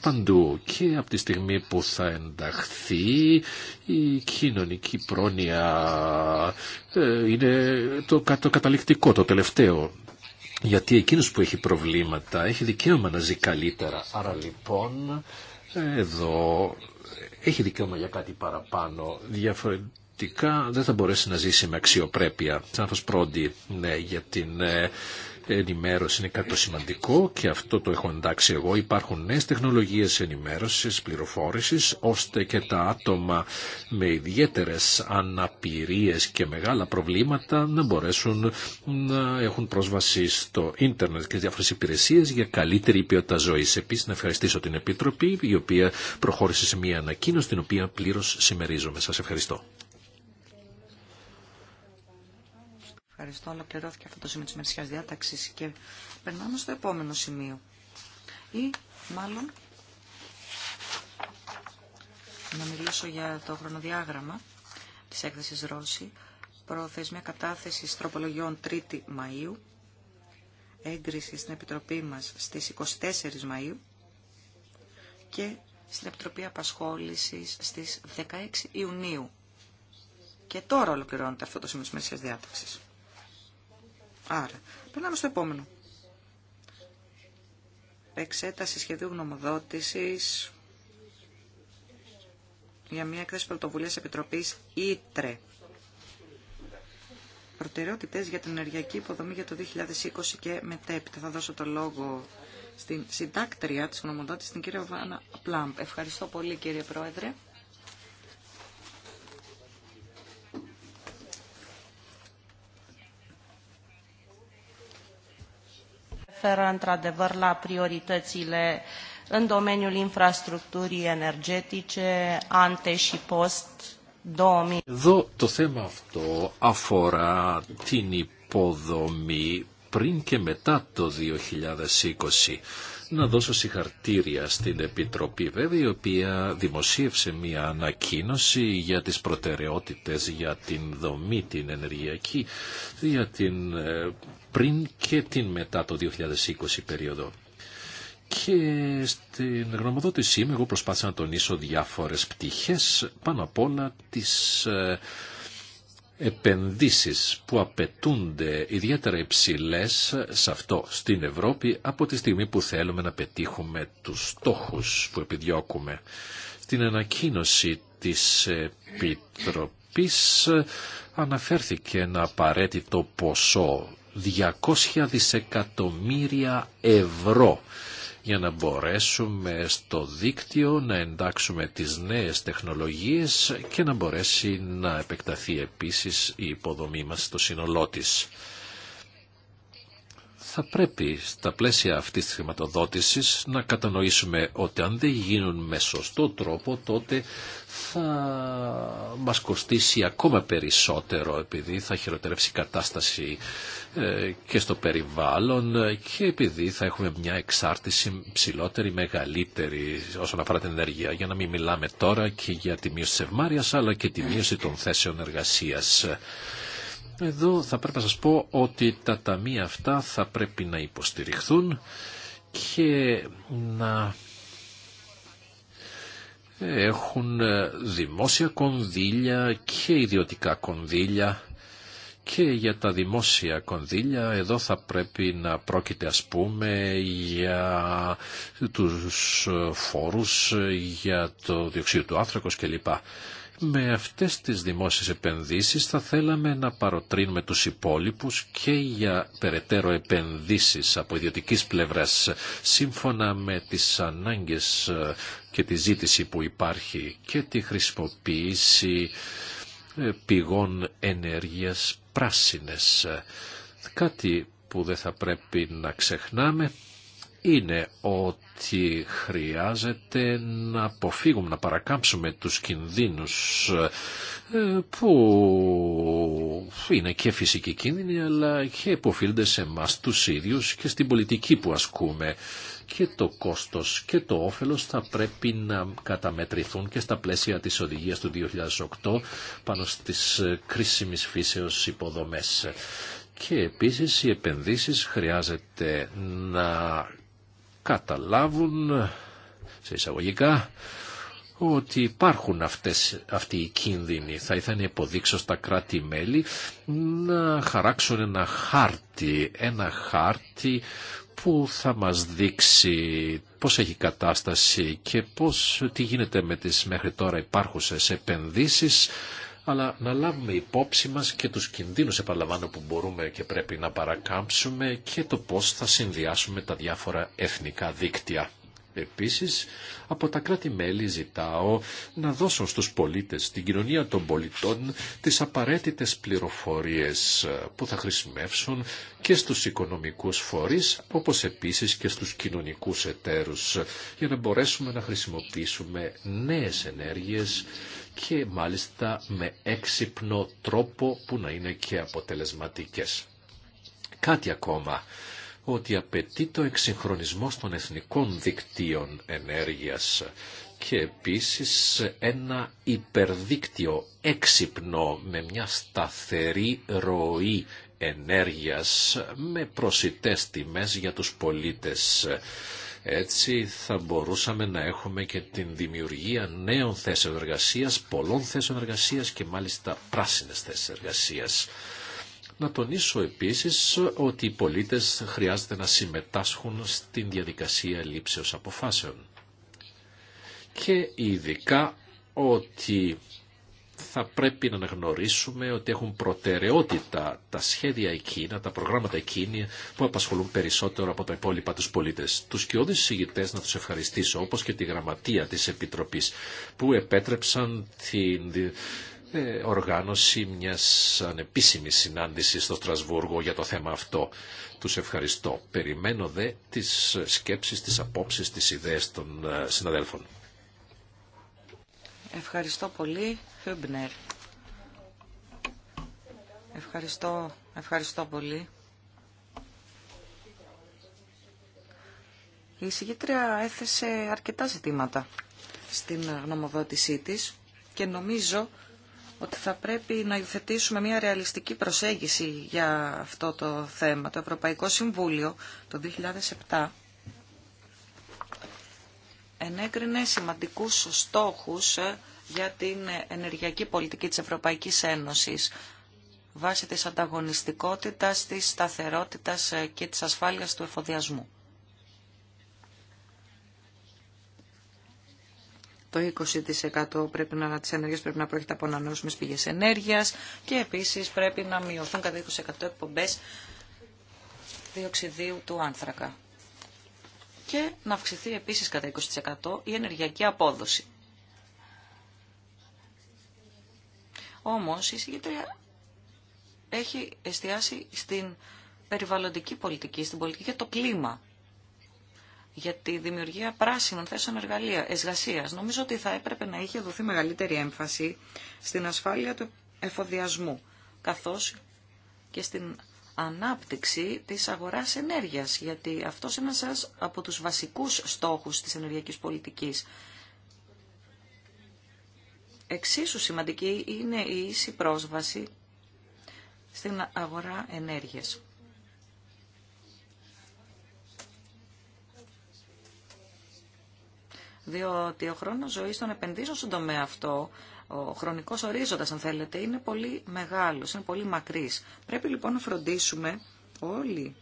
παντού και από τη στιγμή που θα ενταχθεί η κοινωνική πρόνοια ε, είναι το, το καταληκτικό, το τελευταίο γιατί εκείνος που έχει προβλήματα έχει δικαίωμα να ζει καλύτερα. Άρα λοιπόν εδώ έχει δικαίωμα για κάτι παραπάνω. Διαφορετικά δεν θα μπορέσει να ζήσει με αξιοπρέπεια. Σαν Πρόντι, ναι, για την ε, ενημέρωση είναι κάτι το σημαντικό και αυτό το έχω εντάξει εγώ. Υπάρχουν νέες τεχνολογίες ενημέρωσης, πληροφόρησης, ώστε και τα άτομα με ιδιαίτερες αναπηρίες και μεγάλα προβλήματα να μπορέσουν να έχουν πρόσβαση στο ίντερνετ και διάφορες υπηρεσίες για καλύτερη ποιότητα ζωής. Επίσης να ευχαριστήσω την Επίτροπη η οποία προχώρησε σε μια ανακοίνωση την οποία πλήρως συμμερίζομαι. Σας ευχαριστώ. Ευχαριστώ. Ολοκληρώθηκε αυτό το σημείο τη μερισσιακή διάταξη και περνάμε στο επόμενο σημείο. Ή μάλλον να μιλήσω για το χρονοδιάγραμμα τη έκθεση ρωση Ρώση. Προθεσμία κατάθεση τροπολογιών 3η Μαΐου. Έγκριση στην Επιτροπή μα στι 24 Μαου και στην Επιτροπή Απασχόληση στι 16 Ιουνίου. Και τώρα ολοκληρώνεται αυτό το σημείο της διάταξης. Άρα, περνάμε στο επόμενο. Εξέταση σχεδίου γνωμοδότησης για μια έκθεση πρωτοβουλία Επιτροπής ΙΤΡΕ. Προτεραιότητες για την ενεργειακή υποδομή για το 2020 και μετέπειτα. Θα δώσω το λόγο στην συντάκτρια της γνωμοδότησης, την κυρία Βάνα Πλάμπ. Ευχαριστώ πολύ κύριε Πρόεδρε. referă într-adevăr la prioritățile în domeniul infrastructurii energetice, ante și post 2000. Εδώ το θέμα αυτό αφορά την υποδομή πριν και μετά το 2020 να δώσω συγχαρτήρια στην Επιτροπή βέβαια η οποία δημοσίευσε μια ανακοίνωση για τις προτεραιότητες για την δομή την ενεργειακή για την ε, πριν και την μετά το 2020 περίοδο. Και στην γνωμοδότησή μου εγώ προσπάθησα να τονίσω διάφορες πτυχές πάνω απ' όλα τις ε, επενδύσεις που απαιτούνται ιδιαίτερα υψηλές σε αυτό στην Ευρώπη από τη στιγμή που θέλουμε να πετύχουμε τους στόχους που επιδιώκουμε. Στην ανακοίνωση της Επιτροπής αναφέρθηκε ένα απαραίτητο ποσό 200 δισεκατομμύρια ευρώ για να μπορέσουμε στο δίκτυο να εντάξουμε τις νέες τεχνολογίες και να μπορέσει να επεκταθεί επίσης η υποδομή μας στο σύνολό της. Θα πρέπει στα πλαίσια αυτής της χρηματοδότησης να κατανοήσουμε ότι αν δεν γίνουν με σωστό τρόπο τότε θα μας κοστίσει ακόμα περισσότερο επειδή θα χειροτερεύσει η κατάσταση ε, και στο περιβάλλον και επειδή θα έχουμε μια εξάρτηση ψηλότερη, μεγαλύτερη όσον αφορά την ενέργεια. Για να μην μιλάμε τώρα και για τη μείωση της ευμάρειας αλλά και τη μείωση των θέσεων εργασίας. Εδώ θα πρέπει να σας πω ότι τα ταμεία αυτά θα πρέπει να υποστηριχθούν και να έχουν ε, δημόσια κονδύλια και ιδιωτικά κονδύλια και για τα δημόσια κονδύλια εδώ θα πρέπει να πρόκειται ας πούμε για τους φόρους ε, για το διοξείδιο του άνθρακος κλπ. Με αυτές τις δημόσιες επενδύσεις θα θέλαμε να παροτρύνουμε τους υπόλοιπους και για περαιτέρω επενδύσεις από ιδιωτικής πλευράς σύμφωνα με τις ανάγκες ε, και τη ζήτηση που υπάρχει και τη χρησιμοποίηση ε, πηγών ενέργειας πράσινες. Κάτι που δεν θα πρέπει να ξεχνάμε είναι ότι χρειάζεται να αποφύγουμε, να παρακάμψουμε τους κινδύνους ε, που είναι και φυσικοί κίνδυνοι αλλά και οφείλονται σε εμά τους ίδιους και στην πολιτική που ασκούμε και το κόστος και το όφελος θα πρέπει να καταμετρηθούν και στα πλαίσια της οδηγίας του 2008 πάνω στις κρίσιμες φύσεως υποδομές. Και επίσης οι επενδύσεις χρειάζεται να καταλάβουν σε εισαγωγικά ότι υπάρχουν αυτές, αυτοί οι κίνδυνοι. Θα ήθελα να υποδείξω στα κράτη-μέλη να χαράξουν ένα χάρτη, ένα χάρτη που θα μας δείξει πώς έχει κατάσταση και πώς, τι γίνεται με τις μέχρι τώρα υπάρχουσες επενδύσεις αλλά να λάβουμε υπόψη μας και τους κινδύνους επαλαμβάνω που μπορούμε και πρέπει να παρακάμψουμε και το πώς θα συνδυάσουμε τα διάφορα εθνικά δίκτυα. Επίσης, από τα κράτη-μέλη ζητάω να δώσουν στους πολίτες, στην κοινωνία των πολιτών, τις απαραίτητες πληροφορίες που θα χρησιμεύσουν και στους οικονομικούς φορείς, όπως επίσης και στους κοινωνικούς εταίρους, για να μπορέσουμε να χρησιμοποιήσουμε νέες ενέργειες και μάλιστα με έξυπνο τρόπο που να είναι και αποτελεσματικές. Κάτι ακόμα ότι απαιτεί το εξυγχρονισμό των εθνικών δικτύων ενέργειας και επίσης ένα υπερδίκτυο έξυπνο με μια σταθερή ροή ενέργειας με προσιτές τιμές για τους πολίτες έτσι θα μπορούσαμε να έχουμε και την δημιουργία νέων θέσεων εργασίας, πολλών θέσεων εργασίας και μάλιστα πράσινες θέσεις εργασίας. Να τονίσω επίσης ότι οι πολίτες χρειάζεται να συμμετάσχουν στην διαδικασία λήψεως αποφάσεων. Και ειδικά ότι θα πρέπει να αναγνωρίσουμε ότι έχουν προτεραιότητα τα σχέδια εκείνα, τα προγράμματα εκείνη που απασχολούν περισσότερο από τα υπόλοιπα τους πολίτες. Τους κοιόδης συγητές να τους ευχαριστήσω, όπως και τη γραμματεία της Επιτροπής που επέτρεψαν την ε, οργάνωση μιας ανεπίσημης συνάντησης στο Στρασβούργο για το θέμα αυτό. Τους ευχαριστώ. Περιμένω δε τις σκέψεις, τις απόψεις, τις ιδέες των ε, συναδέλφων. Ευχαριστώ πολύ, Χιούμπνερ. Ευχαριστώ, ευχαριστώ πολύ. Η εισηγήτρια έθεσε αρκετά ζητήματα στην γνωμοδότησή της και νομίζω ότι θα πρέπει να υιοθετήσουμε μια ρεαλιστική προσέγγιση για αυτό το θέμα. Το Ευρωπαϊκό Συμβούλιο το 2007 ενέκρινε σημαντικούς στόχους ε, για την ενεργειακή πολιτική της Ευρωπαϊκής Ένωσης βάσει της ανταγωνιστικότητας, της σταθερότητας ε, και της ασφάλειας του εφοδιασμού. Το 20% πρέπει να, της ενέργειας πρέπει να πρόκειται από ανανεώσιμες πηγές ενέργειας και επίσης πρέπει να μειωθούν κατά 20% εκπομπές διοξιδίου του άνθρακα και να αυξηθεί επίσης κατά 20% η ενεργειακή απόδοση. Όμως η συγκεκριά έχει εστιάσει στην περιβαλλοντική πολιτική, στην πολιτική για το κλίμα, για τη δημιουργία πράσινων θέσεων εσγασίας. Νομίζω ότι θα έπρεπε να είχε δοθεί μεγαλύτερη έμφαση στην ασφάλεια του εφοδιασμού, καθώς και στην ανάπτυξη της αγοράς ενέργειας, γιατί αυτό είναι ένας από τους βασικούς στόχους της ενεργειακής πολιτικής. Εξίσου σημαντική είναι η ίση πρόσβαση στην αγορά ενέργειας. Διότι ο χρόνος ζωής των επενδύσεων στον τομέα αυτό ο χρονικός ορίζοντας, αν θέλετε, είναι πολύ μεγάλος, είναι πολύ μακρύς. Πρέπει λοιπόν να φροντίσουμε όλοι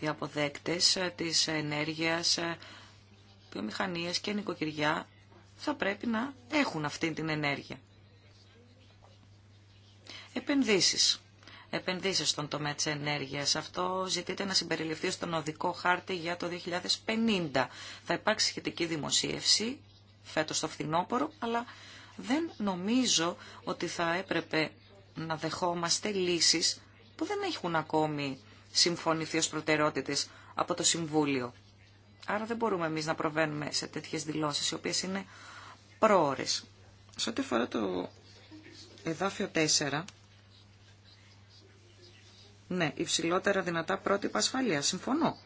οι αποδέκτες ε, της ενέργειας, ε, βιομηχανίες και νοικοκυριά θα πρέπει να έχουν αυτή την ενέργεια. Επενδύσεις. Επενδύσεις στον τομέα της ενέργειας. Αυτό ζητείται να συμπεριληφθεί στον οδικό χάρτη για το 2050. Θα υπάρξει σχετική δημοσίευση φέτος στο φθινόπωρο, αλλά δεν νομίζω ότι θα έπρεπε να δεχόμαστε λύσεις που δεν έχουν ακόμη συμφωνηθεί ως προτεραιότητες από το Συμβούλιο. Άρα δεν μπορούμε εμείς να προβαίνουμε σε τέτοιες δηλώσεις, οι οποίες είναι πρόορες. Σε ό,τι αφορά το εδάφιο 4, ναι, υψηλότερα δυνατά πρότυπα ασφαλεία. Συμφωνώ.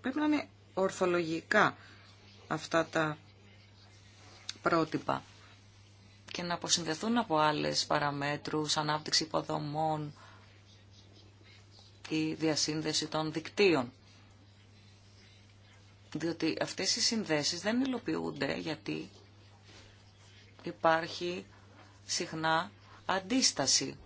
Πρέπει να είναι ορθολογικά αυτά τα πρότυπα και να αποσυνδεθούν από άλλες παραμέτρους, ανάπτυξη υποδομών ή διασύνδεση των δικτύων. Διότι αυτές οι συνδέσεις δεν υλοποιούνται γιατί υπάρχει συχνά αντίσταση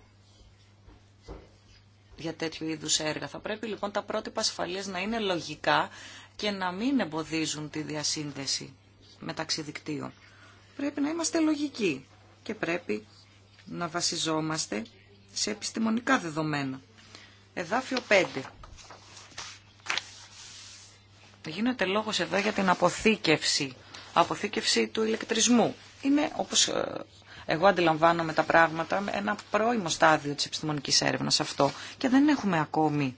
για τέτοιου είδους έργα. Θα πρέπει λοιπόν τα πρότυπα ασφαλείας να είναι λογικά και να μην εμποδίζουν τη διασύνδεση μεταξύ δικτύων. Πρέπει να είμαστε λογικοί και πρέπει να βασιζόμαστε σε επιστημονικά δεδομένα. Εδάφιο 5. Γίνεται λόγος εδώ για την αποθήκευση, αποθήκευση του ηλεκτρισμού. Είναι όπως ε, εγώ αντιλαμβάνομαι τα πράγματα, ένα πρώιμο στάδιο της επιστημονικής έρευνας αυτό και δεν έχουμε ακόμη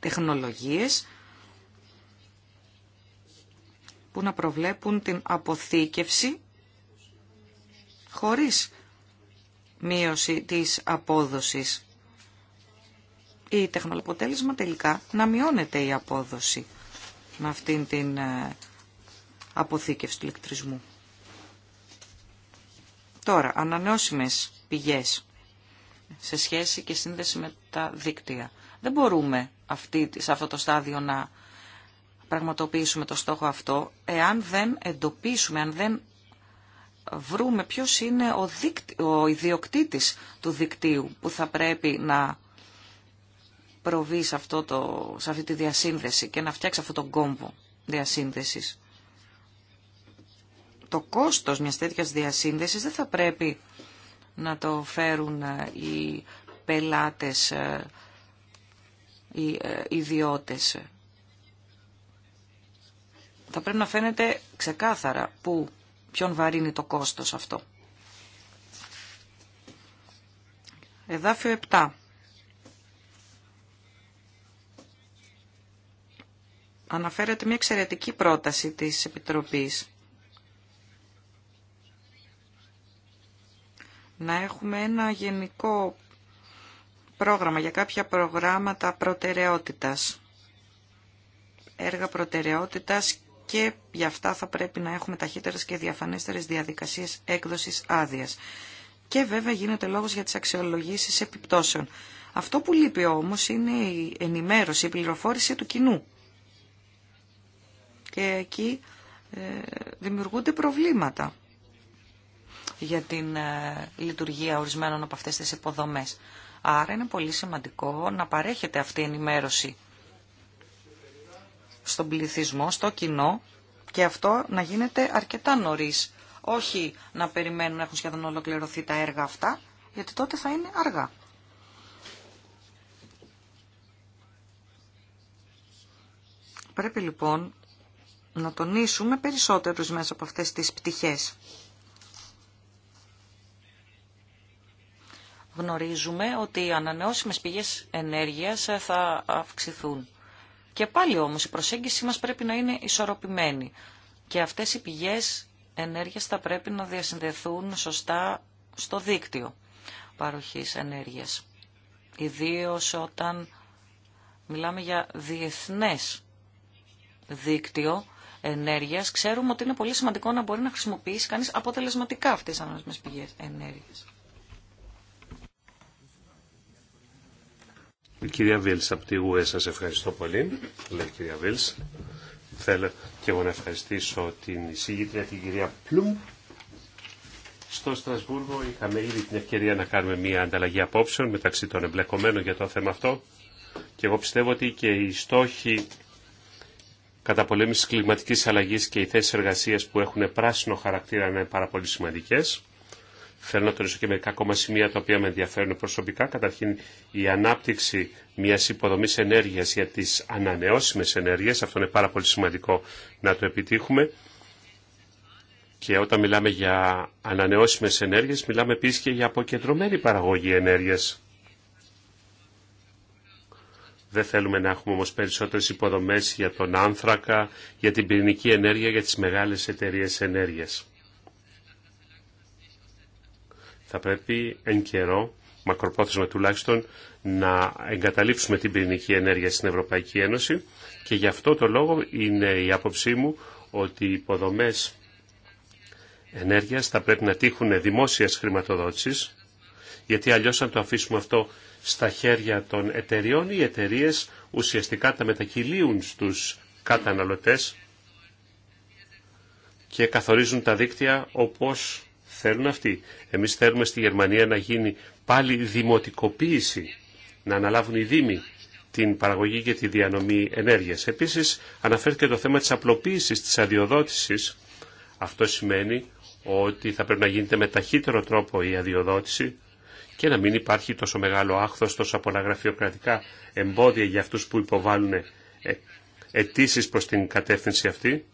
τεχνολογίες που να προβλέπουν την αποθήκευση χωρίς μείωση της απόδοσης. Ή τεχνολοποτέλεσμα τελικά να μειώνεται η απόδοση με αυτήν την ε, αποθήκευση του ηλεκτρισμού. Τώρα, ανανεώσιμες πηγές σε σχέση και σύνδεση με τα δίκτυα. Δεν μπορούμε αυτή, σε αυτό το στάδιο να πραγματοποιήσουμε το στόχο αυτό, εάν δεν εντοπίσουμε, αν δεν βρούμε ποιος είναι ο, ο ιδιοκτήτης του δικτύου που θα πρέπει να προβεί σε, αυτό το, σε αυτή τη διασύνδεση και να φτιάξει αυτό τον κόμβο διασύνδεσης. Το κόστος μιας τέτοιας διασύνδεσης δεν θα πρέπει να το φέρουν ε, οι πελάτες ε, οι ε, ιδιώτες. Θα πρέπει να φαίνεται ξεκάθαρα που, ποιον βαρύνει το κόστος αυτό. Εδάφιο 7. Αναφέρεται μια εξαιρετική πρόταση της Επιτροπής. Να έχουμε ένα γενικό πρόγραμμα, για κάποια προγράμματα προτεραιότητας. Έργα προτεραιότητας και για αυτά θα πρέπει να έχουμε ταχύτερες και διαφανέστερες διαδικασίες έκδοσης άδεια. Και βέβαια γίνεται λόγος για τις αξιολογήσεις επιπτώσεων. Αυτό που λείπει όμως είναι η ενημέρωση, η πληροφόρηση του κοινού. Και εκεί ε, δημιουργούνται προβλήματα για την ε, λειτουργία ορισμένων από αυτές τις υποδομές. Άρα είναι πολύ σημαντικό να παρέχεται αυτή η ενημέρωση στον πληθυσμό, στο κοινό και αυτό να γίνεται αρκετά νωρίς. Όχι να περιμένουν να έχουν σχεδόν ολοκληρωθεί τα έργα αυτά, γιατί τότε θα είναι αργά. Πρέπει λοιπόν να τονίσουμε περισσότερους μέσα από αυτές τις πτυχές. γνωρίζουμε ότι οι ανανεώσιμες πηγές ενέργειας ε, θα αυξηθούν. Και πάλι όμως η προσέγγιση μας πρέπει να είναι ισορροπημένη. Και αυτές οι πηγές ενέργειας θα πρέπει να διασυνδεθούν σωστά στο δίκτυο παροχής ενέργειας. Ιδίως όταν μιλάμε για διεθνές δίκτυο ενέργειας, ξέρουμε ότι είναι πολύ σημαντικό να μπορεί να χρησιμοποιήσει κανείς αποτελεσματικά αυτές τις ανανεώσιμες πηγές ενέργειας. Η κυρία Βίλς από τη ΓΟΕ σας ευχαριστώ πολύ. Λέει η κυρία Βίλς. Θέλω και εγώ να ευχαριστήσω την εισηγήτρια την κυρία Πλουμ. Στο Στρασβούργο είχαμε ήδη την ευκαιρία να κάνουμε μια ανταλλαγή απόψεων μεταξύ των εμπλεκομένων για το θέμα αυτό και εγώ πιστεύω ότι και οι στόχοι κατά πολέμηση κλιματικής αλλαγής και οι θέσεις εργασίας που έχουν πράσινο χαρακτήρα είναι πάρα πολύ σημαντικές. Θέλω να τονίσω και μερικά ακόμα σημεία τα οποία με ενδιαφέρουν προσωπικά. Καταρχήν, η ανάπτυξη μια υποδομή ενέργεια για τι ανανεώσιμε ενέργειε. Αυτό είναι πάρα πολύ σημαντικό να το επιτύχουμε. Και όταν μιλάμε για ανανεώσιμες ενέργειες, μιλάμε επίσης και για αποκεντρωμένη παραγωγή ενέργειας. Δεν θέλουμε να έχουμε όμως περισσότερες υποδομές για τον άνθρακα, για την πυρηνική ενέργεια, για τις μεγάλες εταιρείες ενέργειας θα πρέπει εν καιρό, μακροπρόθεσμα τουλάχιστον, να εγκαταλείψουμε την πυρηνική ενέργεια στην Ευρωπαϊκή Ένωση και γι' αυτό το λόγο είναι η άποψή μου ότι οι υποδομές ενέργειας θα πρέπει να τύχουν δημόσιας χρηματοδότησης, γιατί αλλιώς αν το αφήσουμε αυτό στα χέρια των εταιριών, οι εταιρείε ουσιαστικά τα μετακυλίουν στους καταναλωτές και καθορίζουν τα δίκτυα όπως θέλουν αυτοί. Εμείς θέλουμε στη Γερμανία να γίνει πάλι δημοτικοποίηση, να αναλάβουν οι δήμοι την παραγωγή και τη διανομή ενέργειας. Επίσης αναφέρθηκε το θέμα της απλοποίησης, της αδειοδότησης. Αυτό σημαίνει ότι θα πρέπει να γίνεται με ταχύτερο τρόπο η αδειοδότηση και να μην υπάρχει τόσο μεγάλο άχθος, τόσο πολλά γραφειοκρατικά εμπόδια για αυτούς που υποβάλλουν ε, αιτήσει προς την κατεύθυνση αυτή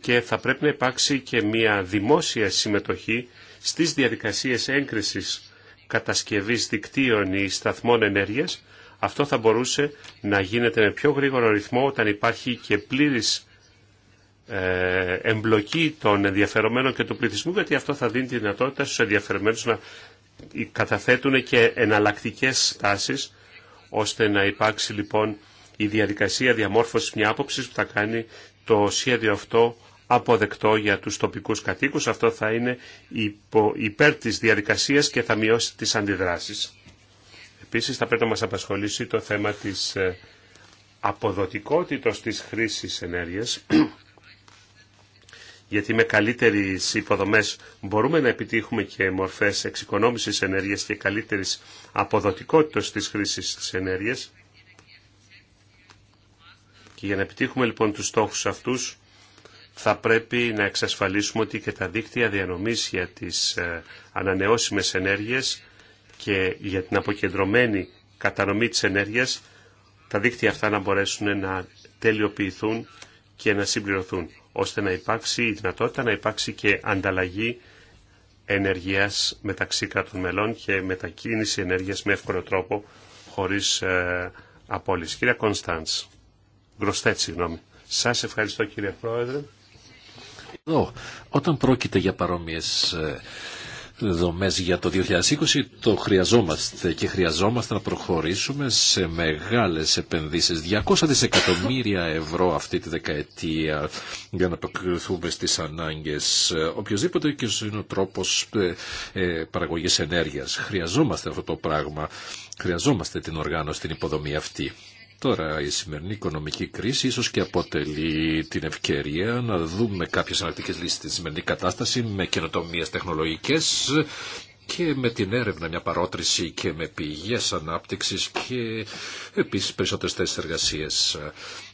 και θα πρέπει να υπάρξει και μια δημόσια συμμετοχή στις διαδικασίες έγκρισης κατασκευής δικτύων ή σταθμών ενέργειας. Αυτό θα μπορούσε να γίνεται με πιο γρήγορο ρυθμό όταν υπάρχει και πλήρης ε, εμπλοκή των ενδιαφερομένων και του πληθυσμού, γιατί αυτό θα δίνει τη δυνατότητα στους ενδιαφερομένους να καταθέτουν και εναλλακτικέ τάσεις, ώστε να υπάρξει λοιπόν η διαδικασία διαμόρφωσης μια άποψης που θα κάνει το σχέδιο αυτό αποδεκτό για τους τοπικούς κατοίκους. Αυτό θα είναι υπέρ της διαδικασίας και θα μειώσει τις αντιδράσεις. Επίσης θα πρέπει να μας απασχολήσει το θέμα της ε, αποδοτικότητας της χρήσης ενέργειας γιατί με καλύτερες υποδομές μπορούμε να επιτύχουμε και μορφές εξοικονόμησης ενέργειας και καλύτερης αποδοτικότητας της χρήσης της ενέργειας. Και για να επιτύχουμε λοιπόν τους στόχους αυτούς θα πρέπει να εξασφαλίσουμε ότι και τα δίκτυα διανομής για τις ε, ανανεώσιμες ενέργειες και για την αποκεντρωμένη κατανομή της ενέργειας, τα δίκτυα αυτά να μπορέσουν να τελειοποιηθούν και να συμπληρωθούν, ώστε να υπάρξει η δυνατότητα να υπάρξει και ανταλλαγή ενεργείας μεταξύ κρατών μελών και μετακίνηση ενέργειας με εύκολο τρόπο, χωρίς ε, απόλυση. Κύριε Κωνσταντς, Γκροστέτ, συγγνώμη. Σας ευχαριστώ κύριε Πρόεδρε. Εδώ, όταν πρόκειται για παρόμοιες ε, δομές για το 2020 το χρειαζόμαστε και χρειαζόμαστε να προχωρήσουμε σε μεγάλες επενδύσεις. 200 δισεκατομμύρια ευρώ αυτή τη δεκαετία για να αποκριθούμε στις ανάγκες. Ε, οποιοδήποτε και είναι ο τρόπος ε, παραγωγής ενέργειας. Χρειαζόμαστε αυτό το πράγμα. Χρειαζόμαστε την οργάνωση, την υποδομή αυτή. Τώρα η σημερινή οικονομική κρίση ίσως και αποτελεί την ευκαιρία να δούμε κάποιες αναλυτικές λύσεις στη σημερινή κατάσταση με καινοτομίε τεχνολογικές και με την έρευνα μια παρότριση και με πηγές ανάπτυξης και επίσης περισσότερες θέσεις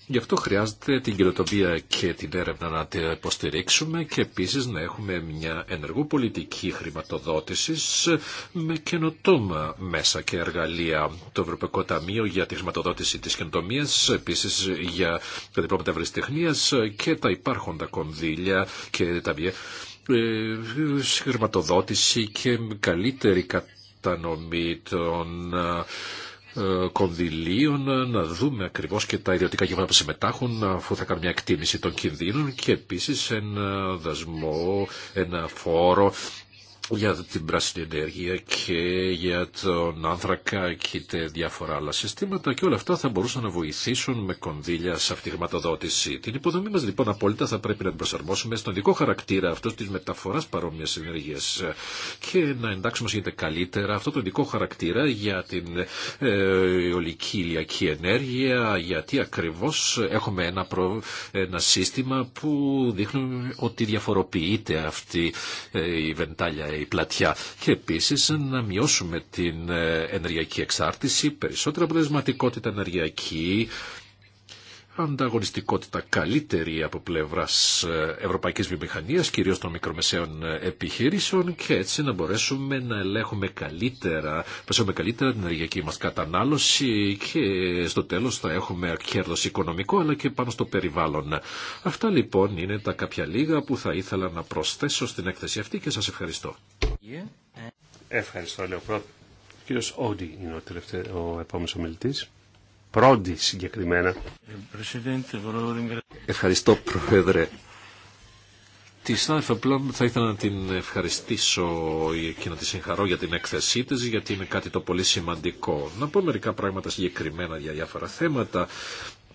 Γι' αυτό χρειάζεται την κοινοτομία και την έρευνα να την υποστηρίξουμε και επίσης να έχουμε μια ενεργού πολιτική χρηματοδότησης με καινοτόμα μέσα και εργαλεία. Το Ευρωπαϊκό Ταμείο για τη χρηματοδότηση της καινοτομίας, επίσης για τα διπλώματα ευρεσιτεχνίας και τα υπάρχοντα κονδύλια και τα βιέ, ε, χρηματοδότηση και καλύτερη κατανομή των ε, ε, κονδυλίων, να δούμε ακριβώς και τα ιδιωτικά γεγονότα που συμμετάχουν, αφού θα κάνουμε μια εκτίμηση των κινδύνων και επίσης ένα δασμό, ένα φόρο για την πράσινη ενέργεια και για τον άνθρακα και τα διάφορα άλλα συστήματα και όλα αυτά θα μπορούσαν να βοηθήσουν με κονδύλια σε αυτή τη χρηματοδότηση. Την υποδομή μας λοιπόν απόλυτα θα πρέπει να την προσαρμόσουμε στον δικό χαρακτήρα αυτό της μεταφοράς παρόμοιας ενέργειας και να εντάξουμε γίνεται καλύτερα αυτό τον δικό χαρακτήρα για την ε, ολική ηλιακή ενέργεια γιατί ακριβώς έχουμε ένα, ένα σύστημα που δείχνουμε ότι διαφοροποιείται αυτή ε, η βεντάλια η πλατιά. Και επίσης να μειώσουμε την ε, ενεργειακή εξάρτηση, περισσότερη αποτελεσματικότητα ενεργειακή, ανταγωνιστικότητα καλύτερη από πλευράς ε, ευρωπαϊκής βιομηχανίας, κυρίως των μικρομεσαίων ε, επιχειρήσεων και έτσι να μπορέσουμε να ελέγχουμε καλύτερα, να καλύτερα την ενεργειακή μας κατανάλωση και στο τέλος θα έχουμε κέρδο οικονομικό αλλά και πάνω στο περιβάλλον. Αυτά λοιπόν είναι τα κάποια λίγα που θα ήθελα να προσθέσω στην έκθεση αυτή και σας ευχαριστώ. Ευχαριστώ, λέω Κύριος Όντι είναι ο, ο επόμενος Πρόντι συγκεκριμένα. Ευχαριστώ Πρόεδρε. Τη συνάδελφα Πλάμ θα ήθελα να την ευχαριστήσω και να τη συγχαρώ για την έκθεσή της γιατί είναι κάτι το πολύ σημαντικό. Να πω μερικά πράγματα συγκεκριμένα για διάφορα θέματα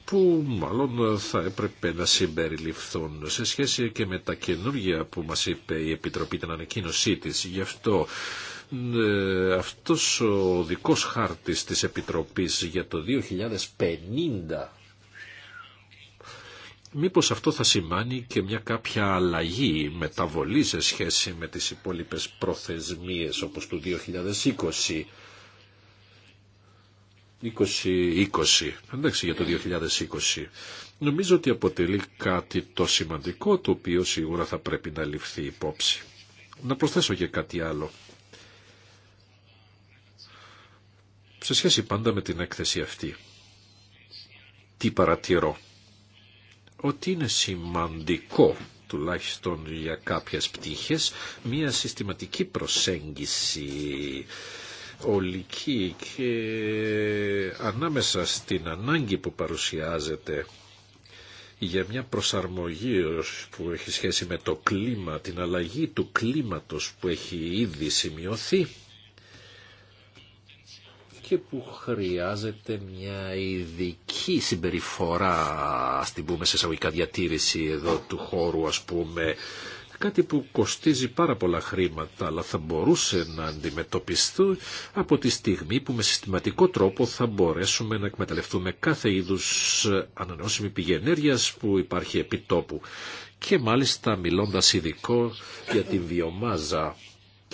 που μάλλον θα έπρεπε να συμπεριληφθούν σε σχέση και με τα καινούργια που μας είπε η Επιτροπή την ανακοίνωσή της. Γι' αυτό ναι, αυτός ο δικός χάρτης της Επιτροπής για το 2050 μήπως αυτό θα σημάνει και μια κάποια αλλαγή, μεταβολή σε σχέση με τις υπόλοιπες προθεσμίες όπως του 2020. 2020, εντάξει για το 2020. Νομίζω ότι αποτελεί κάτι το σημαντικό το οποίο σίγουρα θα πρέπει να ληφθεί υπόψη. Να προσθέσω και κάτι άλλο. σε σχέση πάντα με την έκθεση αυτή. Τι παρατηρώ. Ότι είναι σημαντικό τουλάχιστον για κάποιες πτύχες, μία συστηματική προσέγγιση ολική και ανάμεσα στην ανάγκη που παρουσιάζεται για μια προσαρμογή που έχει σχέση με το κλίμα, την αλλαγή του κλίματος που έχει ήδη σημειωθεί και που χρειάζεται μια ειδική συμπεριφορά, ας την πούμε σε εισαγωγικά διατήρηση εδώ του χώρου ας πούμε, κάτι που κοστίζει πάρα πολλά χρήματα, αλλά θα μπορούσε να αντιμετωπιστούν από τη στιγμή που με συστηματικό τρόπο θα μπορέσουμε να εκμεταλλευτούμε κάθε είδους ανανεώσιμη πηγή ενέργειας που υπάρχει επί τόπου. Και μάλιστα μιλώντας ειδικό για την βιομάζα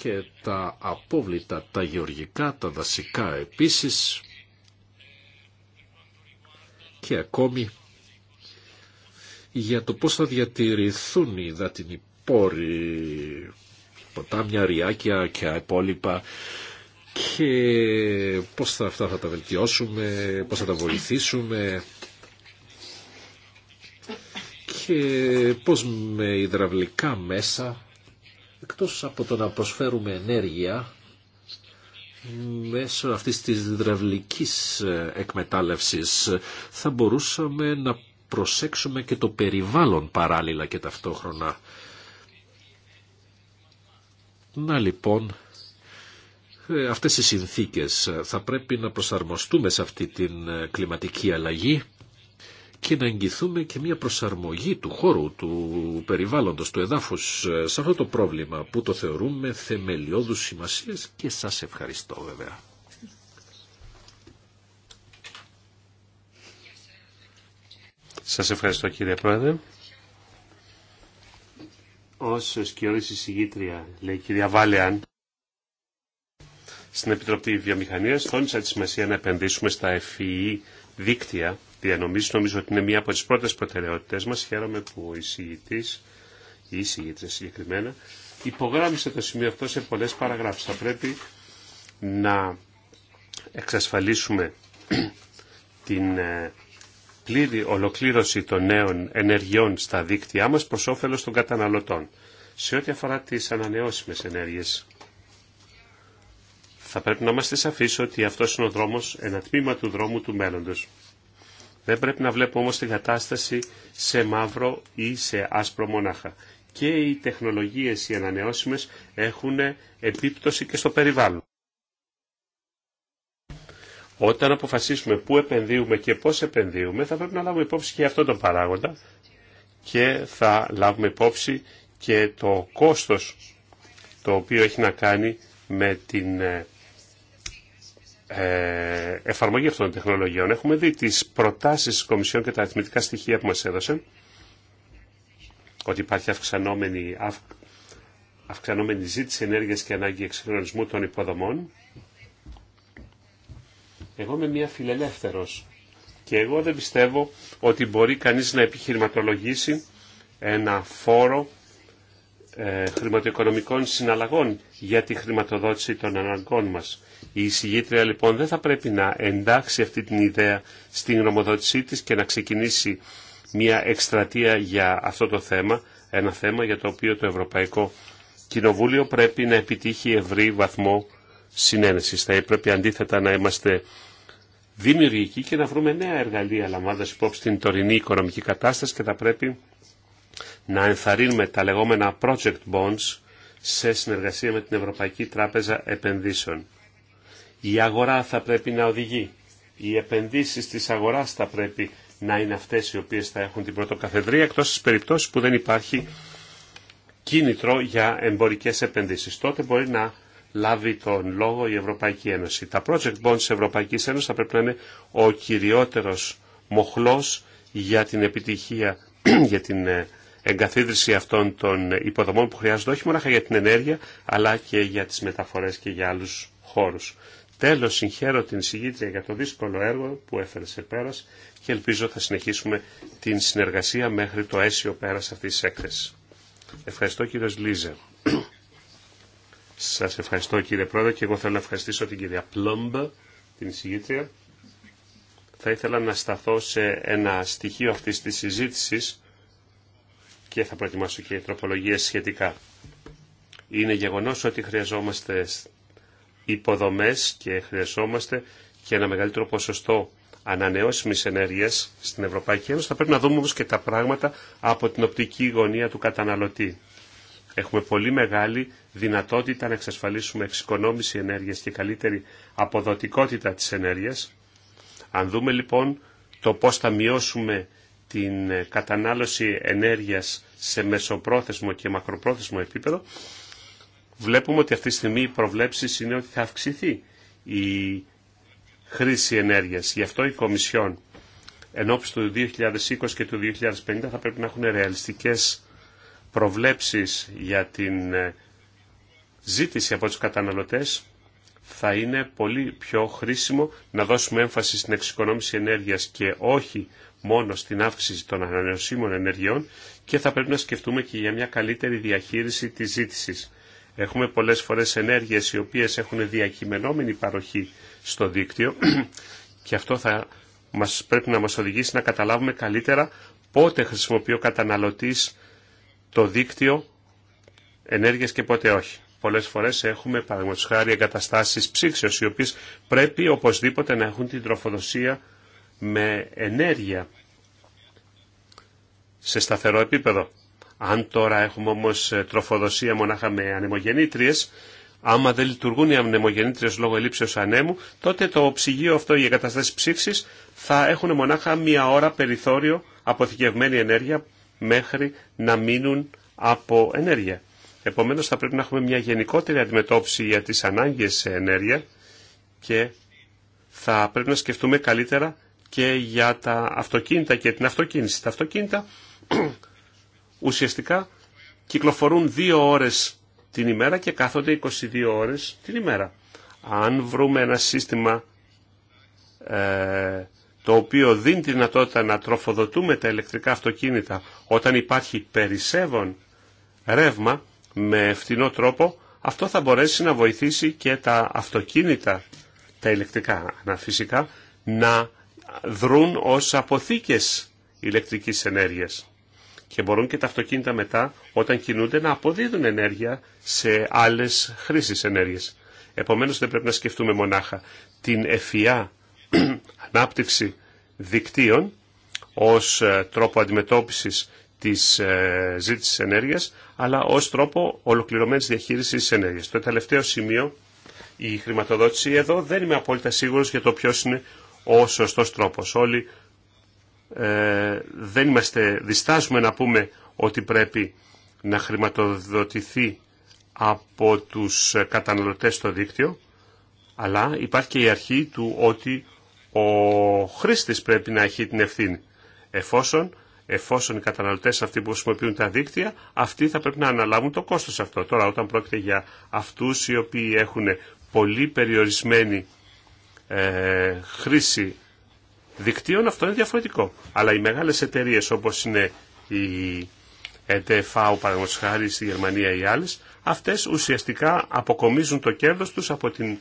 και τα απόβλητα, τα γεωργικά, τα δασικά επίσης και ακόμη για το πώς θα διατηρηθούν οι δατινοί πόροι, ποτάμια, ριάκια και υπόλοιπα και πώς θα, αυτά θα τα βελτιώσουμε, πώς θα τα βοηθήσουμε και πώς με υδραυλικά μέσα εκτός από το να προσφέρουμε ενέργεια μέσω αυτής της δραυλικής ε, εκμετάλλευσης θα μπορούσαμε να προσέξουμε και το περιβάλλον παράλληλα και ταυτόχρονα. Να λοιπόν, ε, αυτές οι συνθήκες ε, θα πρέπει να προσαρμοστούμε σε αυτή την κλιματική αλλαγή και να εγγυθούμε και μια προσαρμογή του χώρου, του περιβάλλοντος, του εδάφους ε, σε αυτό το πρόβλημα που το θεωρούμε θεμελιώδους σημασία και σας ευχαριστώ βέβαια. Σας ευχαριστώ κύριε Πρόεδρε. Ως η εισηγήτρια, λέει η κυρία Βάλεαν, στην Επιτροπή Βιομηχανίας τόνισα τη σημασία να επενδύσουμε στα FEE e δίκτυα διανομής νομίζω ότι είναι μία από τις πρώτες προτεραιότητες μας. Χαίρομαι που ο εισηγητής, η εισηγήτρια συγκεκριμένα, υπογράμμισε το σημείο αυτό σε πολλές παραγράφεις. Θα πρέπει να εξασφαλίσουμε την ε, πλήρη ολοκλήρωση των νέων ενεργειών στα δίκτυά μας προς όφελος των καταναλωτών. Σε ό,τι αφορά τις ανανεώσιμες ενέργειες, θα πρέπει να είμαστε σαφείς ότι αυτός είναι ο δρόμος, ένα τμήμα του δρόμου του μέλλοντος. Δεν πρέπει να βλέπουμε όμως την κατάσταση σε μαύρο ή σε άσπρο μονάχα. Και οι τεχνολογίες οι ανανεώσιμες έχουν επίπτωση και στο περιβάλλον. Όταν αποφασίσουμε πού επενδύουμε και πώς επενδύουμε, θα πρέπει να λάβουμε υπόψη και αυτό τον παράγοντα και θα λάβουμε υπόψη και το κόστος το οποίο έχει να κάνει με την ε, ε, εφαρμογή αυτών των τεχνολογιών. Έχουμε δει τις προτάσεις της Κομισιόν και τα αριθμητικά στοιχεία που μας έδωσε ότι υπάρχει αυξανόμενη, αυξανόμενη ζήτηση ενέργειας και ανάγκη εξυγχρονισμού των υποδομών. Εγώ είμαι μια φιλελεύθερος και εγώ δεν πιστεύω ότι μπορεί κανείς να επιχειρηματολογήσει ένα φόρο ε, χρηματοοικονομικών συναλλαγών για τη χρηματοδότηση των αναγκών μας. Η εισηγήτρια λοιπόν δεν θα πρέπει να εντάξει αυτή την ιδέα στην γνωμοδότησή της και να ξεκινήσει μια εκστρατεία για αυτό το θέμα, ένα θέμα για το οποίο το Ευρωπαϊκό Κοινοβούλιο πρέπει να επιτύχει ευρύ βαθμό συνένεσης. Θα πρέπει αντίθετα να είμαστε δημιουργικοί και να βρούμε νέα εργαλεία λαμβάνοντας υπόψη την τωρινή οικονομική κατάσταση και θα πρέπει να ενθαρρύνουμε τα λεγόμενα project bonds σε συνεργασία με την Ευρωπαϊκή Τράπεζα Επενδύσεων. Η αγορά θα πρέπει να οδηγεί. Οι επενδύσεις της αγοράς θα πρέπει να είναι αυτές οι οποίες θα έχουν την πρωτοκαθεδρία, εκτός της περιπτώσεις που δεν υπάρχει κίνητρο για εμπορικές επενδύσεις. Τότε μπορεί να λάβει τον λόγο η Ευρωπαϊκή Ένωση. Τα project bonds της Ευρωπαϊκής Ένωσης θα πρέπει να είναι ο κυριότερος μοχλός για την επιτυχία, για την ε, εγκαθίδρυση αυτών των υποδομών που χρειάζονται όχι μόνο για την ενέργεια, αλλά και για τις μεταφορές και για άλλους χώρους. Τέλος, συγχαίρω την συγκίτρια για το δύσκολο έργο που έφερε σε πέρας και ελπίζω θα συνεχίσουμε την συνεργασία μέχρι το αίσιο πέρας αυτής της έκθεσης. Ευχαριστώ κύριε Λίζερ. Σας ευχαριστώ κύριε Πρόεδρε και εγώ θέλω να ευχαριστήσω την κυρία Πλόμπα, την συγκίτρια Θα ήθελα να σταθώ σε ένα στοιχείο αυτής της συζήτησης και θα προετοιμάσω και τροπολογίες σχετικά. Είναι γεγονός ότι χρειαζόμαστε υποδομές και χρειαζόμαστε και ένα μεγαλύτερο ποσοστό ανανεώσιμης ενέργειας στην Ευρωπαϊκή Ένωση. Θα πρέπει να δούμε όμως και τα πράγματα από την οπτική γωνία του καταναλωτή. Έχουμε πολύ μεγάλη δυνατότητα να εξασφαλίσουμε εξοικονόμηση ενέργειας και καλύτερη αποδοτικότητα της ενέργειας. Αν δούμε λοιπόν το πώς θα μειώσουμε την ε, κατανάλωση ενέργειας σε μεσοπρόθεσμο και μακροπρόθεσμο επίπεδο, βλέπουμε ότι αυτή τη στιγμή οι προβλέψεις είναι ότι θα αυξηθεί η χρήση ενέργειας. Γι' αυτό η Κομισιόν ώψη του 2020 και του 2050 θα πρέπει να έχουν ρεαλιστικές προβλέψεις για την ε, ζήτηση από τους καταναλωτές θα είναι πολύ πιο χρήσιμο να δώσουμε έμφαση στην εξοικονόμηση ενέργειας και όχι μόνο στην αύξηση των ανανεωσίμων ενεργειών και θα πρέπει να σκεφτούμε και για μια καλύτερη διαχείριση της ζήτησης. Έχουμε πολλές φορές ενέργειες οι οποίες έχουν διακειμενόμενη παροχή στο δίκτυο και αυτό θα μας, πρέπει να μας οδηγήσει να καταλάβουμε καλύτερα πότε χρησιμοποιεί ο καταναλωτής το δίκτυο ενέργειες και πότε όχι. Πολλές φορές έχουμε παραδείγματος χάρη εγκαταστάσεις ψήξεως οι οποίες πρέπει οπωσδήποτε να έχουν την τροφοδοσία με ενέργεια σε σταθερό επίπεδο. Αν τώρα έχουμε όμως ε, τροφοδοσία μονάχα με ανεμογεννήτριες, άμα δεν λειτουργούν οι ανεμογεννήτριες λόγω ελήψεως ανέμου, τότε το ψυγείο αυτό, οι εγκαταστάσεις ψήξης, θα έχουν μονάχα μία ώρα περιθώριο αποθηκευμένη ενέργεια μέχρι να μείνουν από ενέργεια. Επομένως θα πρέπει να έχουμε μια γενικότερη αντιμετώπιση για τις ανάγκες σε ενέργεια και θα πρέπει να σκεφτούμε καλύτερα και για τα αυτοκίνητα και την αυτοκίνηση. Τα αυτοκίνητα ουσιαστικά κυκλοφορούν δύο ώρες την ημέρα και κάθονται 22 ώρες την ημέρα. Αν βρούμε ένα σύστημα ε, το οποίο δίνει τη δυνατότητα να τροφοδοτούμε τα ηλεκτρικά αυτοκίνητα όταν υπάρχει περισσεύον ρεύμα με φτηνό τρόπο, αυτό θα μπορέσει να βοηθήσει και τα αυτοκίνητα, τα ηλεκτρικά φυσικά, να δρούν ως αποθήκες ηλεκτρικής ενέργειας και μπορούν και τα αυτοκίνητα μετά όταν κινούνται να αποδίδουν ενέργεια σε άλλες χρήσεις ενέργειας. Επομένως δεν πρέπει να σκεφτούμε μονάχα την ευφυά ανάπτυξη δικτύων ως ε, τρόπο αντιμετώπισης της ε, ζήτησης ενέργειας, αλλά ως τρόπο ολοκληρωμένης διαχείρισης της ενέργειας. Το τελευταίο σημείο, η χρηματοδότηση εδώ, δεν είμαι απόλυτα σίγουρος για το ποιος είναι ο σωστός τρόπος. Όλοι ε, δεν είμαστε, διστάζουμε να πούμε ότι πρέπει να χρηματοδοτηθεί από τους καταναλωτές στο δίκτυο, αλλά υπάρχει και η αρχή του ότι ο χρήστης πρέπει να έχει την ευθύνη. Εφόσον, εφόσον οι καταναλωτές αυτοί που χρησιμοποιούν τα δίκτυα, αυτοί θα πρέπει να αναλάβουν το κόστος αυτό. Τώρα όταν πρόκειται για αυτούς οι οποίοι έχουν πολύ περιορισμένη ε, χρήση δικτύων, αυτό είναι διαφορετικό. Αλλά οι μεγάλες εταιρείες όπως είναι η ΕΤΕΦΑΟ, παραδείγματος χάρη η Γερμανία ή άλλες, αυτές ουσιαστικά αποκομίζουν το κέρδος τους από την